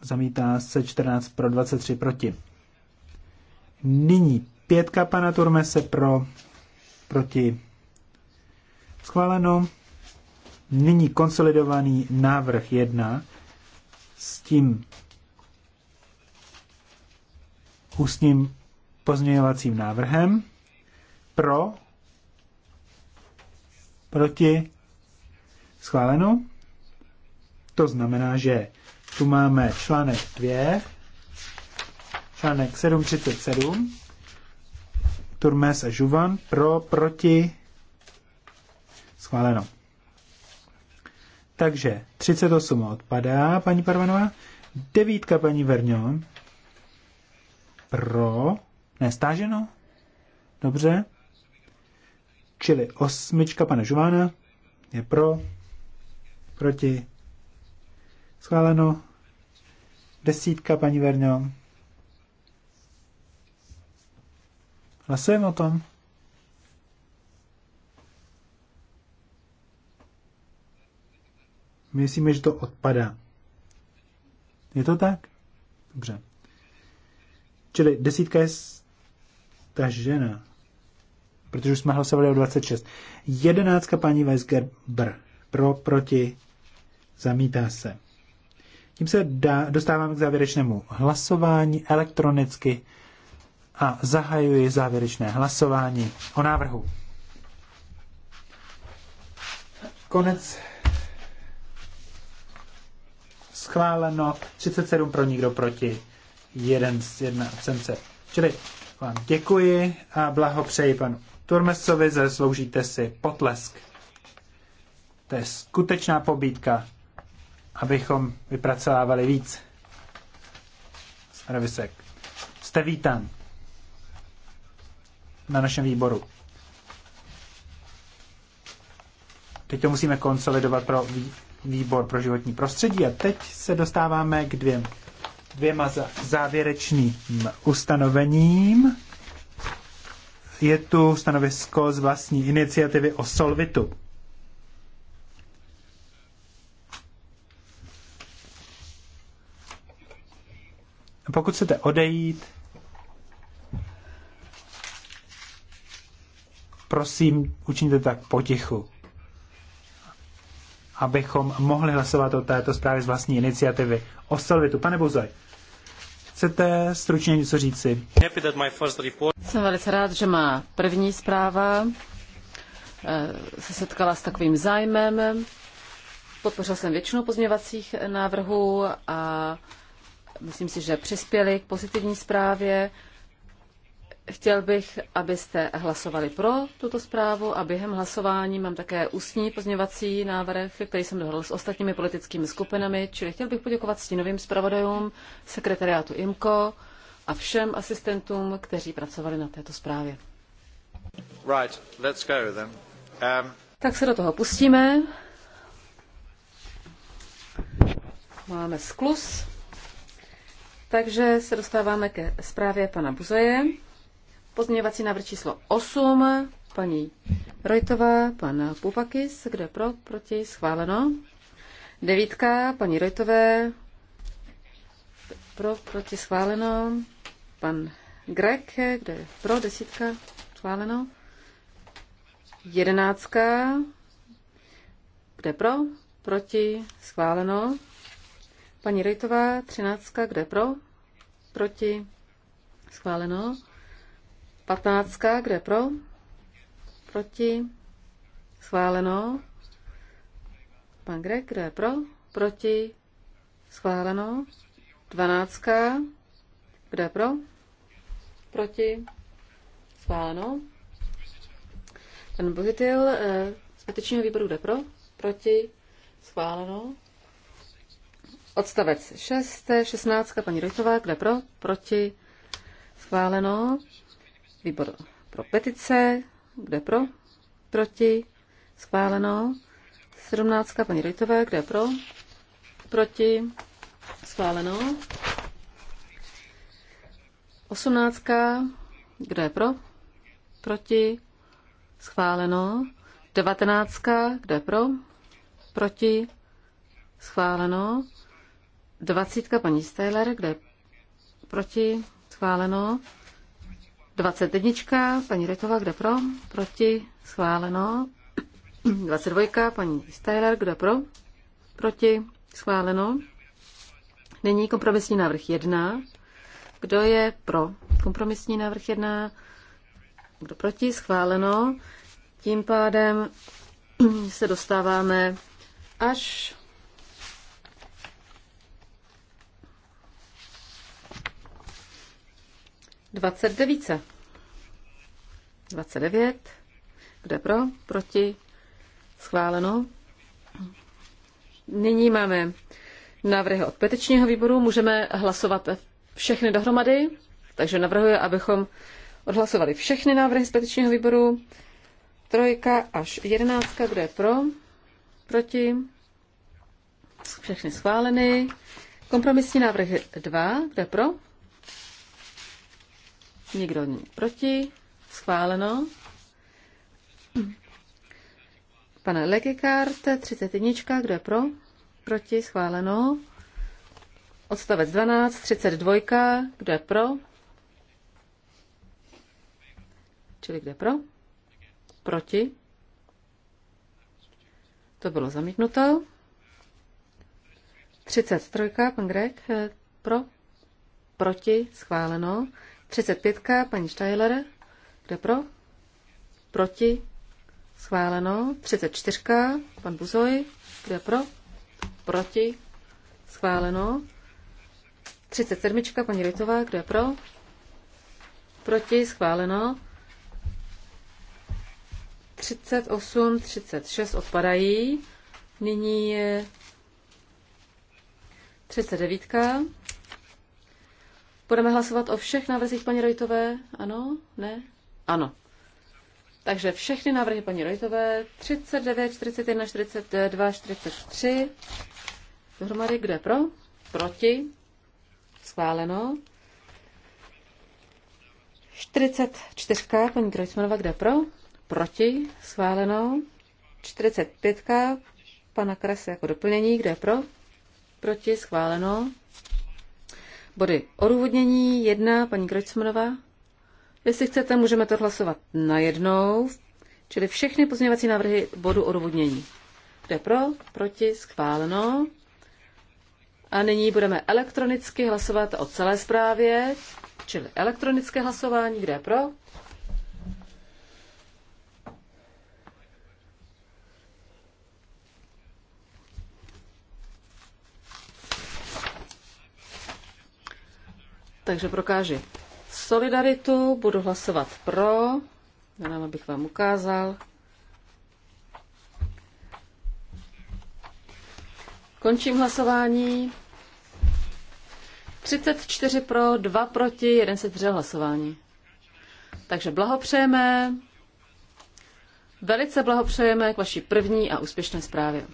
[SPEAKER 4] Zamítá se 14 pro 23 proti. Nyní pětka pana Turmese pro proti. Schváleno. Nyní konsolidovaný návrh 1 s tím ústním pozměňovacím návrhem pro, proti, schváleno. To znamená, že tu máme článek 2, článek 737, Turmes a Žuvan, pro, proti, schváleno. Takže 38 odpadá, paní Parvanová. Devítka, paní Verňo. Pro. Nestáženo. Dobře. Čili osmička pane Žována je pro. Proti. Schváleno. Desítka, paní Verňo. Hlasujeme o tom. Myslíme, že to odpadá. Je to tak? Dobře. Čili desítka je žena, Protože jsme hlasovali o 26. Jedenáctka paní Weisgerber. Pro, proti, zamítá se. Tím se dá, dostáváme k závěrečnému hlasování elektronicky a zahajuji závěrečné hlasování o návrhu. Konec schváleno, 37 pro nikdo proti, jeden z jedna absence. Čili vám děkuji a blahopřeji panu Turmesovi, zasloužíte si potlesk. To je skutečná pobídka, abychom vypracovávali víc. Revisek, jste vítán na našem výboru. Teď to musíme konsolidovat pro výbor pro životní prostředí. A teď se dostáváme k dvě, dvěma závěrečným ustanovením. Je tu stanovisko z vlastní iniciativy o Solvitu. Pokud chcete odejít, prosím, učiňte tak potichu abychom mohli hlasovat o této zprávě z vlastní iniciativy. O Solvitu. Pane Buzoj, chcete stručně něco říci?
[SPEAKER 3] Jsem velice rád, že má první zpráva eh, se setkala s takovým zájmem. Podpořil jsem většinu pozměvacích návrhů a myslím si, že přispěli k pozitivní zprávě. Chtěl bych, abyste hlasovali pro tuto zprávu a během hlasování mám také ústní pozměvací návrh, který jsem dohodl s ostatními politickými skupinami, čili chtěl bych poděkovat stínovým zpravodajům, sekretariátu IMCO a všem asistentům, kteří pracovali na této zprávě.
[SPEAKER 2] Right, let's go then. Um... Tak se do
[SPEAKER 3] toho pustíme. Máme sklus. Takže se dostáváme ke zprávě pana Buzoje. Pozměňovací návrh číslo 8, paní Rojtová, pan Pupakis, kde pro, proti, schváleno. Devítka, paní Rojtové, pro, proti, schváleno. Pan Grek, kde pro, desítka, schváleno. Jedenáctka, kde pro, proti, schváleno. Paní Rejtová, třináctka, kde pro, proti, schváleno. 15, kde pro? Proti? Schváleno. Pan Greg, kde pro? Proti? Schváleno. 12, kde pro? Proti? Schváleno. Ten pozitil eh, z petičního výboru jde pro? Proti? Schváleno. Odstavec 6, 16, paní Rojtová, kde pro? Proti? Schváleno. Výbor pro petice, kde pro, proti, schváleno. 17. paní Rejtové, kde pro, proti, schváleno. 18. Kdo je pro? Proti? Schváleno. 19. Kdo je pro? Proti? Schváleno. 20. Paní Styler, kde proti? Schváleno. 21. Paní Retová, kde pro? Proti. Schváleno. 22. *clears throat* Paní Styler, kde pro? Proti. Schváleno. Nyní kompromisní návrh 1. Kdo je pro kompromisní návrh 1? Kdo proti? Schváleno. Tím pádem *clears throat* se dostáváme až 29. 29. Kdo je pro? Proti? Schváleno. Nyní máme návrhy od petičního výboru. Můžeme hlasovat všechny dohromady, takže navrhuji, abychom odhlasovali všechny návrhy z petičního výboru. Trojka až jedenáctka, kdo je pro? Proti? Všechny schváleny. Kompromisní návrh 2, kdo je pro? Nikdo není proti. Schváleno. Pane Legekart, 31. Kdo je pro? Proti. Schváleno. Odstavec 12, 32. Kdo je pro? Čili kde pro? Proti. To bylo zamítnuto. 33. Pan Greg. Pro? Proti. Schváleno. 35. paní Steiler. Kde pro? Proti? Schváleno. 34. pan Buzoj. Kde pro? Proti? Schváleno. 37. paní Rytová. Kde pro? Proti? Schváleno. 38, 36 odpadají. Nyní je 39. Budeme hlasovat o všech návrzích paní Rojtové? Ano? Ne? Ano. Takže všechny návrhy paní Rojtové 39, 41, 42, 43. Dohromady kde pro? Proti? Schváleno. 44. paní Krojcmanova kde pro? Proti? Schváleno. 45. pana Krasy jako doplnění kde pro? Proti? Schváleno. Body odůvodnění jedna, paní Krojcmanová. Jestli chcete, můžeme to hlasovat najednou, čili všechny pozměňovací návrhy bodu odůvodnění. Kde pro, proti, schváleno. A nyní budeme elektronicky hlasovat o celé zprávě, čili elektronické hlasování, kde pro, Takže prokáži solidaritu, budu hlasovat pro, jenom abych vám ukázal. Končím hlasování. 34 pro, 2 proti, 1 se zdržel hlasování. Takže blahopřejeme. Velice blahopřejeme k vaší první a úspěšné zprávě.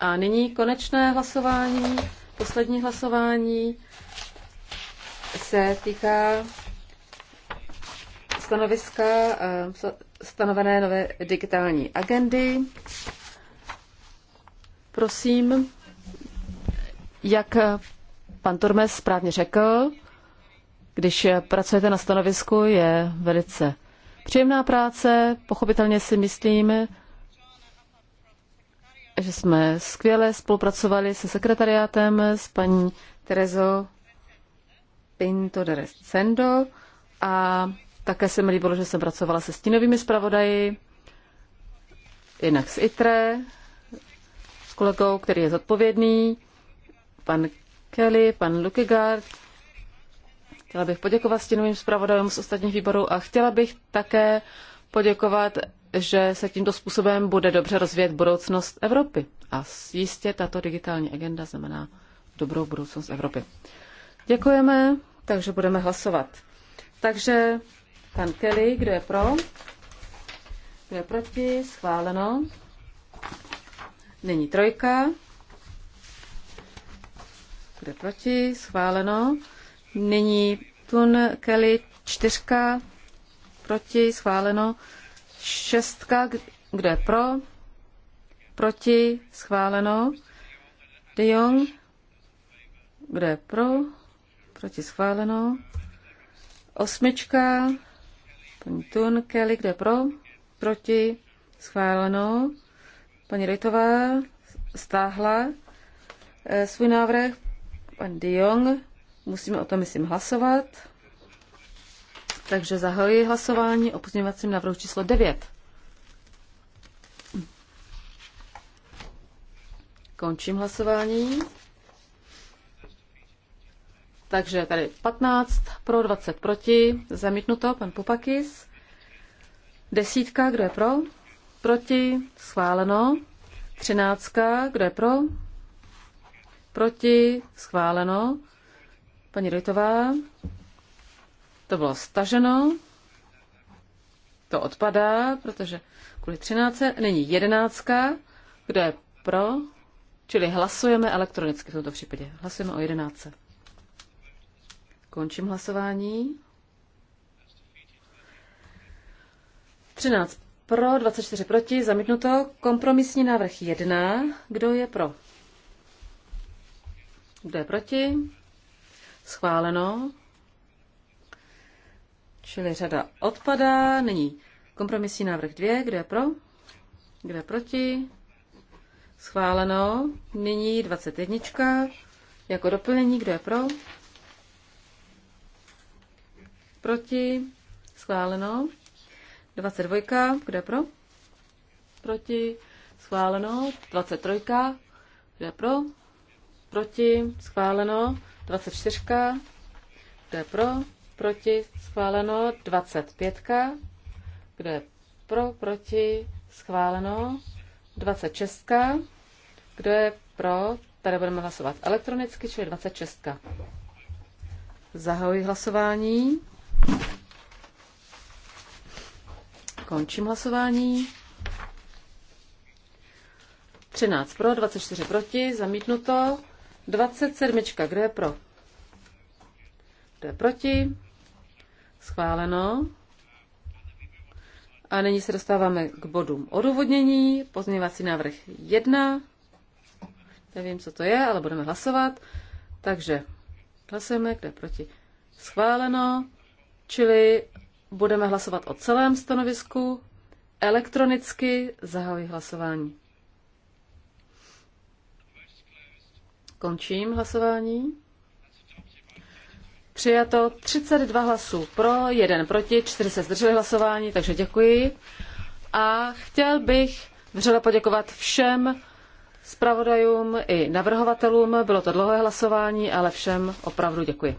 [SPEAKER 3] A nyní konečné hlasování. Poslední hlasování se týká stanoviska eh, stanovené nové digitální agendy. Prosím, jak pan Tormes správně řekl, když pracujete na stanovisku, je velice příjemná práce. Pochopitelně si myslím, že jsme skvěle spolupracovali se sekretariátem, s paní Terezo Pinto de Rescendo a také se mi líbilo, že jsem pracovala se stínovými zpravodaji, jinak s ITRE, s kolegou, který je zodpovědný, pan Kelly, pan Lukegard. Chtěla bych poděkovat stínovým zpravodajům z ostatních výborů a chtěla bych také poděkovat že se tímto způsobem bude dobře rozvíjet budoucnost Evropy. A jistě tato digitální agenda znamená dobrou budoucnost Evropy. Děkujeme, takže budeme hlasovat. Takže pan Kelly, kdo je pro? Kdo je proti? Schváleno. Není trojka. Kdo je proti? Schváleno. Není Tun Kelly čtyřka. Proti? Schváleno. Šestka, kdo je pro? Proti? Schváleno. De Jong, kdo je pro? Proti? Schváleno. Osmička, paní Tun, Kelly, kdo je pro? Proti? Schváleno. Paní Rejtová stáhla eh, svůj návrh. Pan De Jong, musíme o tom, myslím, hlasovat. Takže zahajuji hlasování o pozměňovacím návrhu číslo 9. Končím hlasování. Takže tady 15 pro, 20 proti, zamítnuto, pan Pupakis. Desítka, kdo je pro? Proti, schváleno. Třináctka, kdo je pro? Proti, schváleno. Paní Rojtová, to bylo staženo. To odpadá, protože kvůli 13. Není 11. Kdo je pro? Čili hlasujeme elektronicky v tomto případě. Hlasujeme o 11. Končím hlasování. 13 pro, 24 proti, zamítnuto. Kompromisní návrh 1. Kdo je pro? Kdo je proti? Schváleno. Čili řada odpadá. Nyní kompromisní návrh 2. Kdo je pro? Kdo je proti? Schváleno. Nyní 21. Jako doplnění, kdo je pro? Proti? Schváleno. 22. Kdo je pro? Proti? Schváleno. 23. Kdo je pro? Proti? Schváleno. 24. Kdo je pro? proti, schváleno 25. Kdo je pro, proti, schváleno 26. Kdo je pro, tady budeme hlasovat elektronicky, čili 26. Zahajuji hlasování. Končím hlasování. 13 pro, 24 proti, zamítnuto. 27. Kdo je pro? Kdo je proti? Schváleno. A nyní se dostáváme k bodům odůvodnění. Pozměňovací návrh 1. Nevím, co to je, ale budeme hlasovat. Takže hlasujeme, kde proti. Schváleno. Čili budeme hlasovat o celém stanovisku. Elektronicky zahajuji hlasování. Končím hlasování. Přijato 32 hlasů pro, jeden proti, čtyři se zdrželi hlasování, takže děkuji. A chtěl bych vřele poděkovat všem zpravodajům i navrhovatelům. Bylo to dlouhé hlasování, ale všem opravdu děkuji.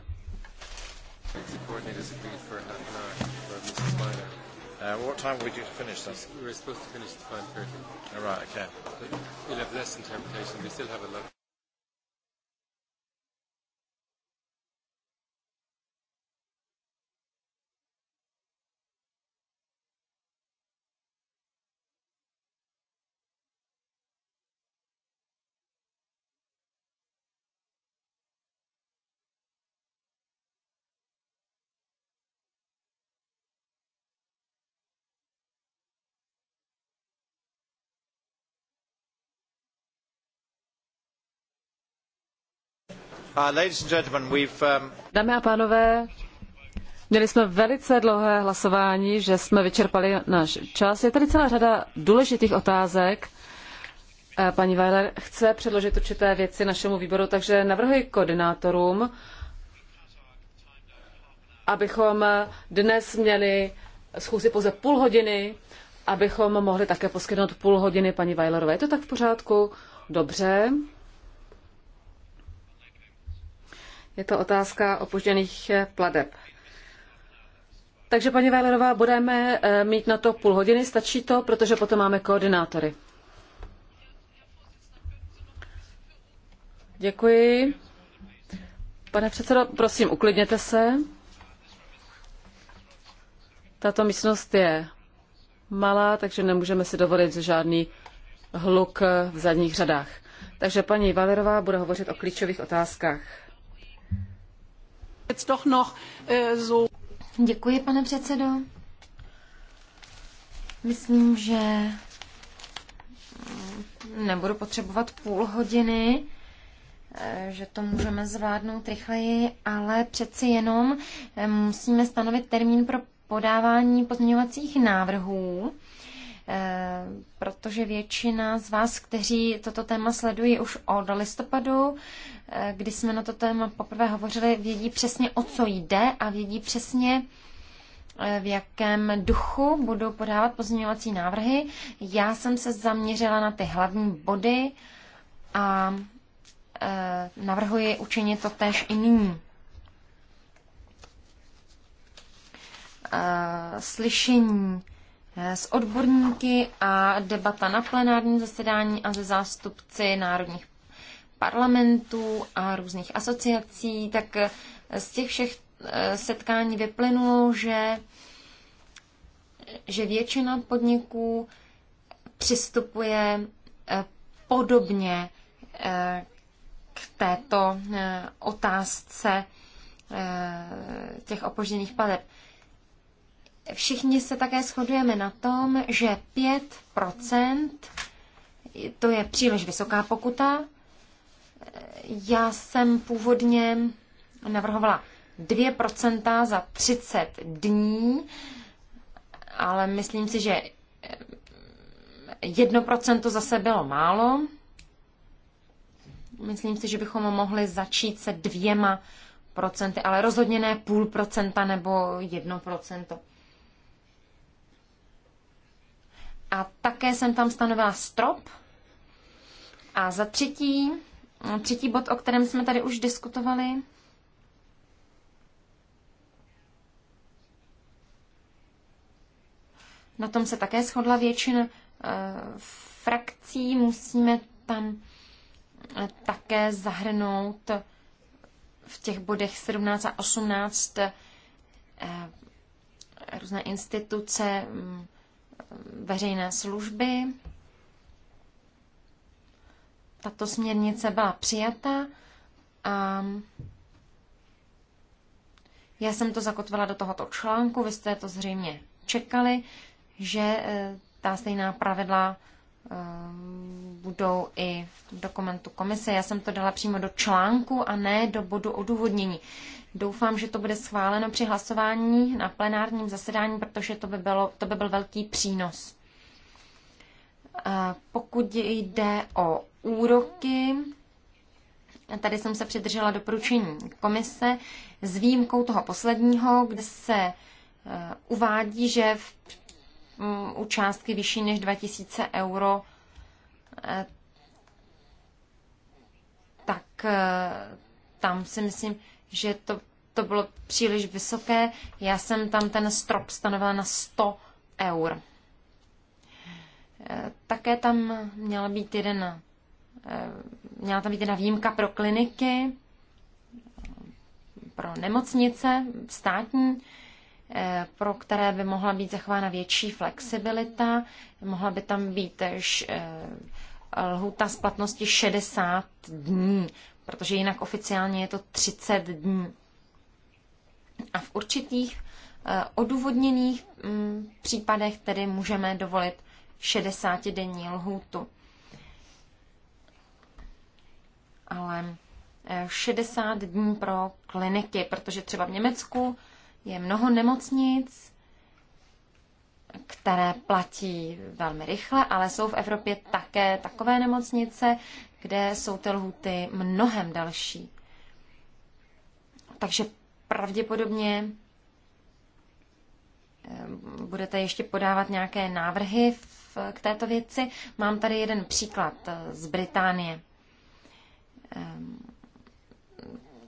[SPEAKER 2] Uh, Uh, um,
[SPEAKER 3] Dámy a pánové, měli jsme velice dlouhé hlasování, že jsme vyčerpali náš čas. Je tady celá řada důležitých otázek. Eh, paní Weiler chce předložit určité věci našemu výboru, takže navrhuji koordinátorům, abychom dnes měli schůzi pouze půl hodiny, abychom mohli také poskytnout půl hodiny paní Weilerové. Je to tak v pořádku? Dobře. Je to otázka opožděných eh, pladeb. Takže, paní Vajlerová, budeme eh, mít na to půl hodiny, stačí to, protože potom máme koordinátory. Děkuji. Pane předsedo, prosím, uklidněte se. Tato místnost je malá, takže nemůžeme si dovolit žádný hluk v zadních řadách. Takže paní Valerová bude hovořit o klíčových otázkách.
[SPEAKER 1] Äh, Děkuji, pane předsedo. Myslím, že nebudu potřebovat půl hodiny, eh, že to můžeme zvládnout rychleji, ale přeci jenom eh, musíme stanovit termín pro podávání pozměňovacích návrhů. Eh, protože většina z vás, kteří toto téma sledují už od listopadu, eh, kdy jsme na to téma poprvé hovořili, vědí přesně, o co jde a vědí přesně, eh, v jakém duchu budu podávat pozměňovací návrhy. Já jsem se zaměřila na ty hlavní body a navrhuji učinit to též i nyní. slyšení s odborníky a debata na plenárním zasedání a ze zástupci národních parlamentů a různých asociací, tak z těch všech eh, setkání vyplynulo, že, že většina podniků přistupuje eh, podobně eh, k této otázce těch opožděných plateb. Všichni se také shodujeme na tom, že 5% to je příliš vysoká pokuta. Já jsem původně navrhovala 2% za 30 dní, ale myslím si, že 1% zase bylo málo. Myslím si, že bychom mohli začít se dvěma procenty, ale rozhodně ne půl procenta nebo jedno procento. A také jsem tam stanovila strop. A za třetí, třetí bod, o kterém jsme tady už diskutovali, na tom se také shodla většina e, frakcí. Musíme tam eh, také zahrnout v těch bodech 17 a 18 eh, různé instituce, mm, veřejné služby. Tato směrnice byla přijata a já jsem to zakotvila do tohoto článku, vy jste to zřejmě čekali, že eh, ta stejná pravidla Eh, budou i v dokumentu komise. Já jsem to dala přímo do článku a ne do bodu odůvodnění. Doufám, že to bude schváleno při hlasování na plenárním zasedání, protože to by, bylo, to by byl velký přínos. Eh, pokud jde o úroky, tady jsem se přidržela doporučení komise s výjimkou toho posledního, kde se eh, uvádí, že v Mm, u částky vyšší než 2000 euro, eh, tak eh, tam si myslím, že to, to bylo příliš vysoké. Já jsem tam ten strop stanovila na 100 eur. Eh, také tam měla být jeden, měla tam být jedna výjimka pro kliniky, pro nemocnice státní, Eh, pro které by mohla být zachována větší flexibilita, mohla by tam být tež eh, eh, lhuta splatnosti 60 dní, protože jinak oficiálně je to 30 dní. A v určitých odůvodněných mm, případech tedy můžeme dovolit 60-denní lhůtu. Ale 60 dní pro kliniky, protože třeba v Německu je mnoho nemocnic, které platí velmi rychle, ale jsou v Evropě také takové nemocnice, kde jsou ty lhuty mnohem další. Takže pravděpodobně eh, budete ještě podávat nějaké návrhy v, k této věci. Mám tady jeden příklad eh, z Británie. Ehm,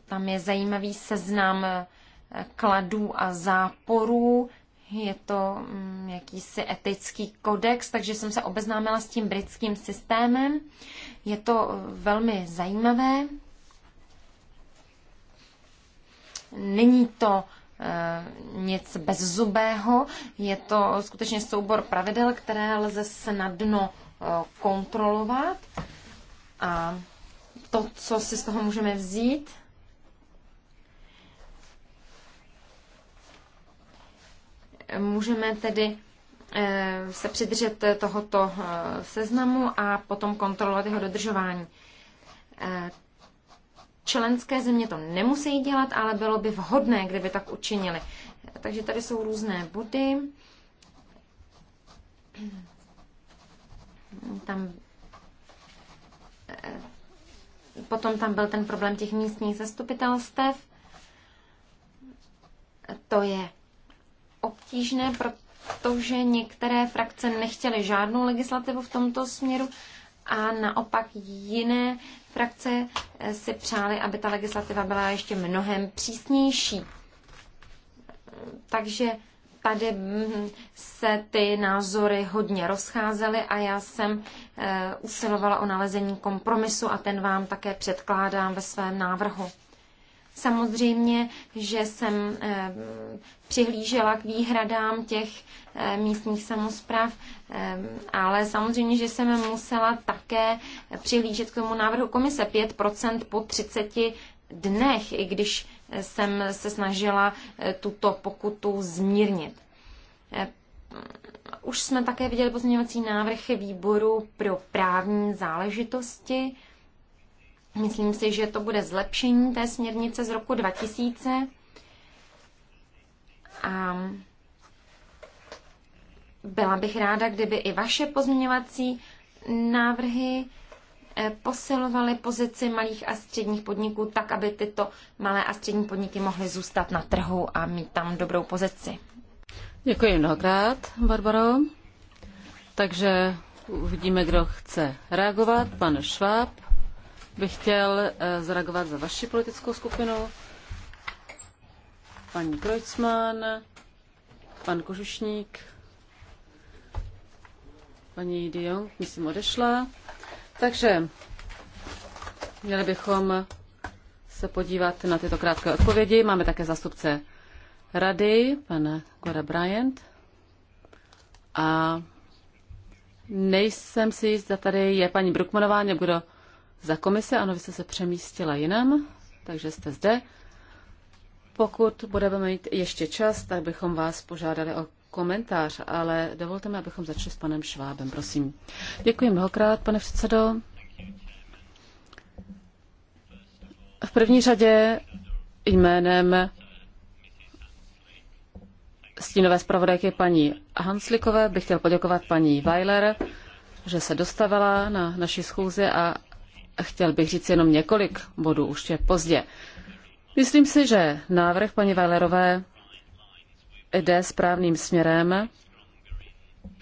[SPEAKER 1] tam je zajímavý seznam eh, kladů a záporů. Je to mm, jakýsi etický kodex, takže jsem se obeznámila s tím britským systémem. Je to eh, velmi zajímavé. Není to eh, nic zubého je to skutečně soubor pravidel, které lze snadno eh, kontrolovat. A to, co si z toho můžeme vzít, Můžeme tedy eh, se přidržet tohoto eh, seznamu a potom kontrolovat jeho dodržování. Eh, členské země to nemusí dělat, ale bylo by vhodné, kdyby tak učinili. Takže tady jsou různé body. Tam Potom tam byl ten problém těch místních zastupitelstev. To je obtížné, protože některé frakce nechtěly žádnou legislativu v tomto směru a naopak jiné frakce eh, si přály, aby ta legislativa byla ještě mnohem přísnější. Takže tady mm, se ty názory hodně rozcházely a já jsem eh, usilovala o nalezení kompromisu a ten vám také předkládám ve svém návrhu. Samozřejmě, že jsem eh, přihlížela k výhradám těch eh, místních samozpráv, eh, ale samozřejmě, že jsem musela také přihlížet k tomu návrhu komise 5% po 30 dnech, i když jsem se snažila tuto pokutu zmírnit. Už jsme také viděli pozměňovací návrhy výboru pro právní záležitosti, Myslím si, že to bude zlepšení té směrnice z roku 2000. A byla bych ráda, kdyby i vaše pozměňovací návrhy eh, posilovaly pozici malých a středních podniků tak, aby tyto malé a střední podniky mohly zůstat na trhu a mít tam dobrou pozici.
[SPEAKER 3] Děkuji mnohokrát, Barbaro. Takže uvidíme, kdo chce reagovat. Pan Šváb bych chtěl eh, zareagovat za vaši politickou skupinu. Paní Krojcman, pan Kožušník, paní De Jong, myslím, odešla. Takže měli bychom se podívat na tyto krátké odpovědi. Máme také zastupce rady, pana Gora Bryant. A nejsem si jistá, tady je paní Brukmanová, nebo za komise. Ano, vy jste se přemístila jinam, takže jste zde. Pokud budeme mít ještě čas, tak bychom vás požádali o komentář, ale dovolte mi, abychom začali s panem Švábem, prosím. Děkuji mnohokrát, pane předsedo. V první řadě jménem stínové zpravodajky paní Hanslikové bych chtěl poděkovat paní Weiler, že se dostavila na naši schůzi a Chtěl bych říct jenom několik bodů, už je pozdě. Myslím si, že návrh paní Valerové jde správným směrem.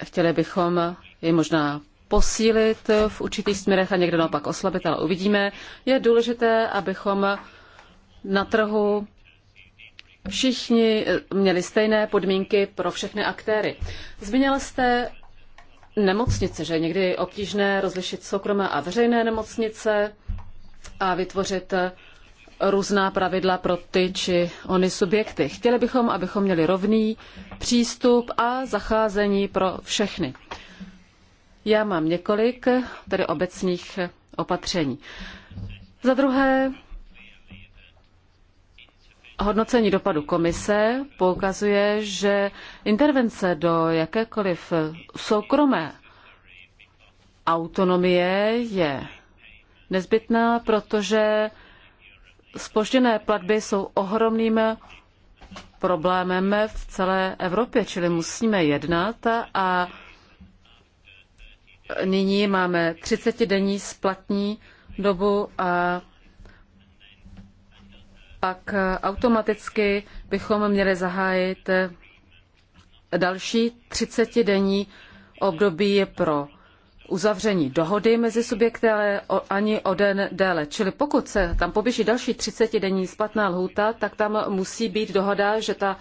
[SPEAKER 3] Chtěli bychom je možná posílit v určitých směrech a někde naopak oslabit, ale uvidíme. Je důležité, abychom na trhu všichni měli stejné podmínky pro všechny aktéry. Zmínila jste nemocnice, že někdy je obtížné rozlišit soukromé a veřejné nemocnice a vytvořit eh, různá pravidla pro ty či ony subjekty. Chtěli bychom, abychom měli rovný přístup a zacházení pro všechny. Já mám několik eh, tedy obecných eh, opatření. Za druhé, Hodnocení dopadu komise poukazuje, že intervence do jakékoliv soukromé autonomie je nezbytná, protože spožděné platby jsou ohromným problémem v celé Evropě, čili musíme jednat a nyní máme 30-denní splatní dobu a pak eh, automaticky bychom měli zahájit eh, další 30-denní období pro uzavření dohody mezi subjekty, ale ani o den déle. Čili pokud se tam poběží další 30-denní splatná lhůta, tak tam musí být dohoda, že ta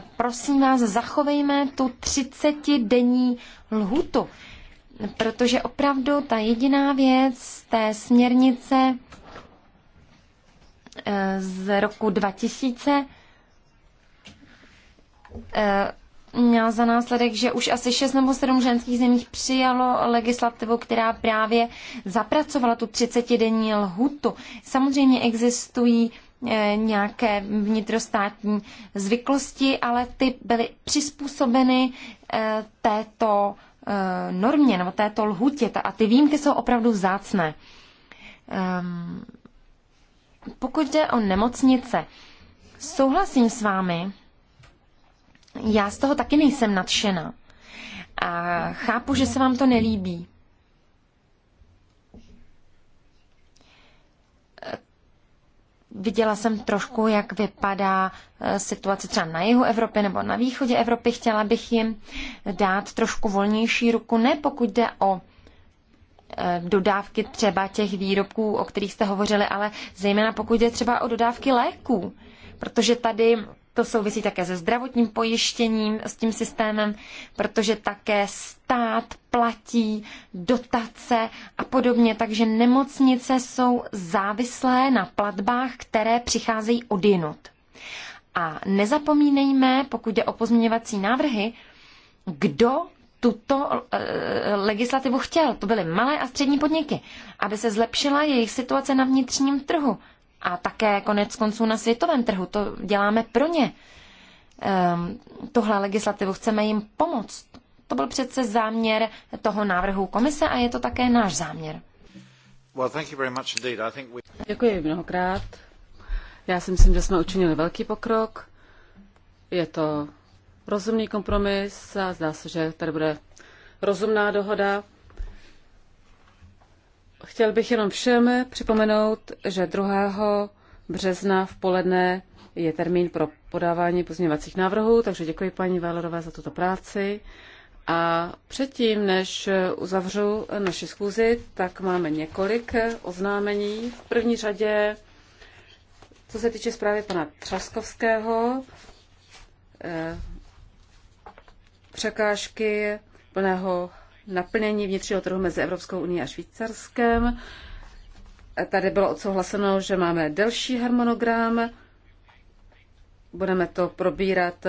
[SPEAKER 1] prosím vás, zachovejme tu 30-denní lhutu, protože opravdu ta jediná věc té směrnice eh, z roku 2000 eh, měla za následek, že už asi 6 nebo 7 ženských zemích přijalo legislativu, která právě zapracovala tu 30-denní lhutu. Samozřejmě existují Eh, nějaké vnitrostátní zvyklosti, ale ty byly přizpůsobeny eh, této eh, normě nebo této lhutě. A ty výjimky jsou opravdu vzácné. Ehm, pokud jde o nemocnice, souhlasím s vámi, já z toho taky nejsem nadšena. A chápu, že se vám to nelíbí. Viděla jsem trošku, jak vypadá eh, situace třeba na jihu Evropy nebo na východě Evropy. Chtěla bych jim dát trošku volnější ruku, ne pokud jde o eh, dodávky třeba těch výrobků, o kterých jste hovořili, ale zejména pokud jde třeba o dodávky léků, protože tady to souvisí také se zdravotním pojištěním, s tím systémem, protože také stát platí dotace a podobně, takže nemocnice jsou závislé na platbách, které přicházejí od jinut. A nezapomínejme, pokud jde o pozměňovací návrhy, kdo tuto e, legislativu chtěl. To byly malé a střední podniky, aby se zlepšila jejich situace na vnitřním trhu a také konec konců na světovém trhu. To děláme pro ně. Um, tohle legislativu chceme jim pomoct. To byl přece záměr toho návrhu komise a je to také náš záměr.
[SPEAKER 2] Well, we...
[SPEAKER 3] Děkuji mnohokrát. Já si myslím, že jsme učinili velký pokrok. Je to rozumný kompromis a zdá se, že tady bude rozumná dohoda. Chtěl bych jenom všem připomenout, že 2. března v poledne je termín pro podávání pozměňovacích návrhů, takže děkuji paní Válerové za tuto práci. A předtím, než uzavřu naši schůzi, tak máme několik oznámení. V první řadě, co se týče zprávy pana Třaskovského, eh, překážky plného naplnění vnitřního trhu mezi Evropskou unii a Švýcarskem. Tady bylo odsouhlaseno, že máme delší harmonogram. Budeme to probírat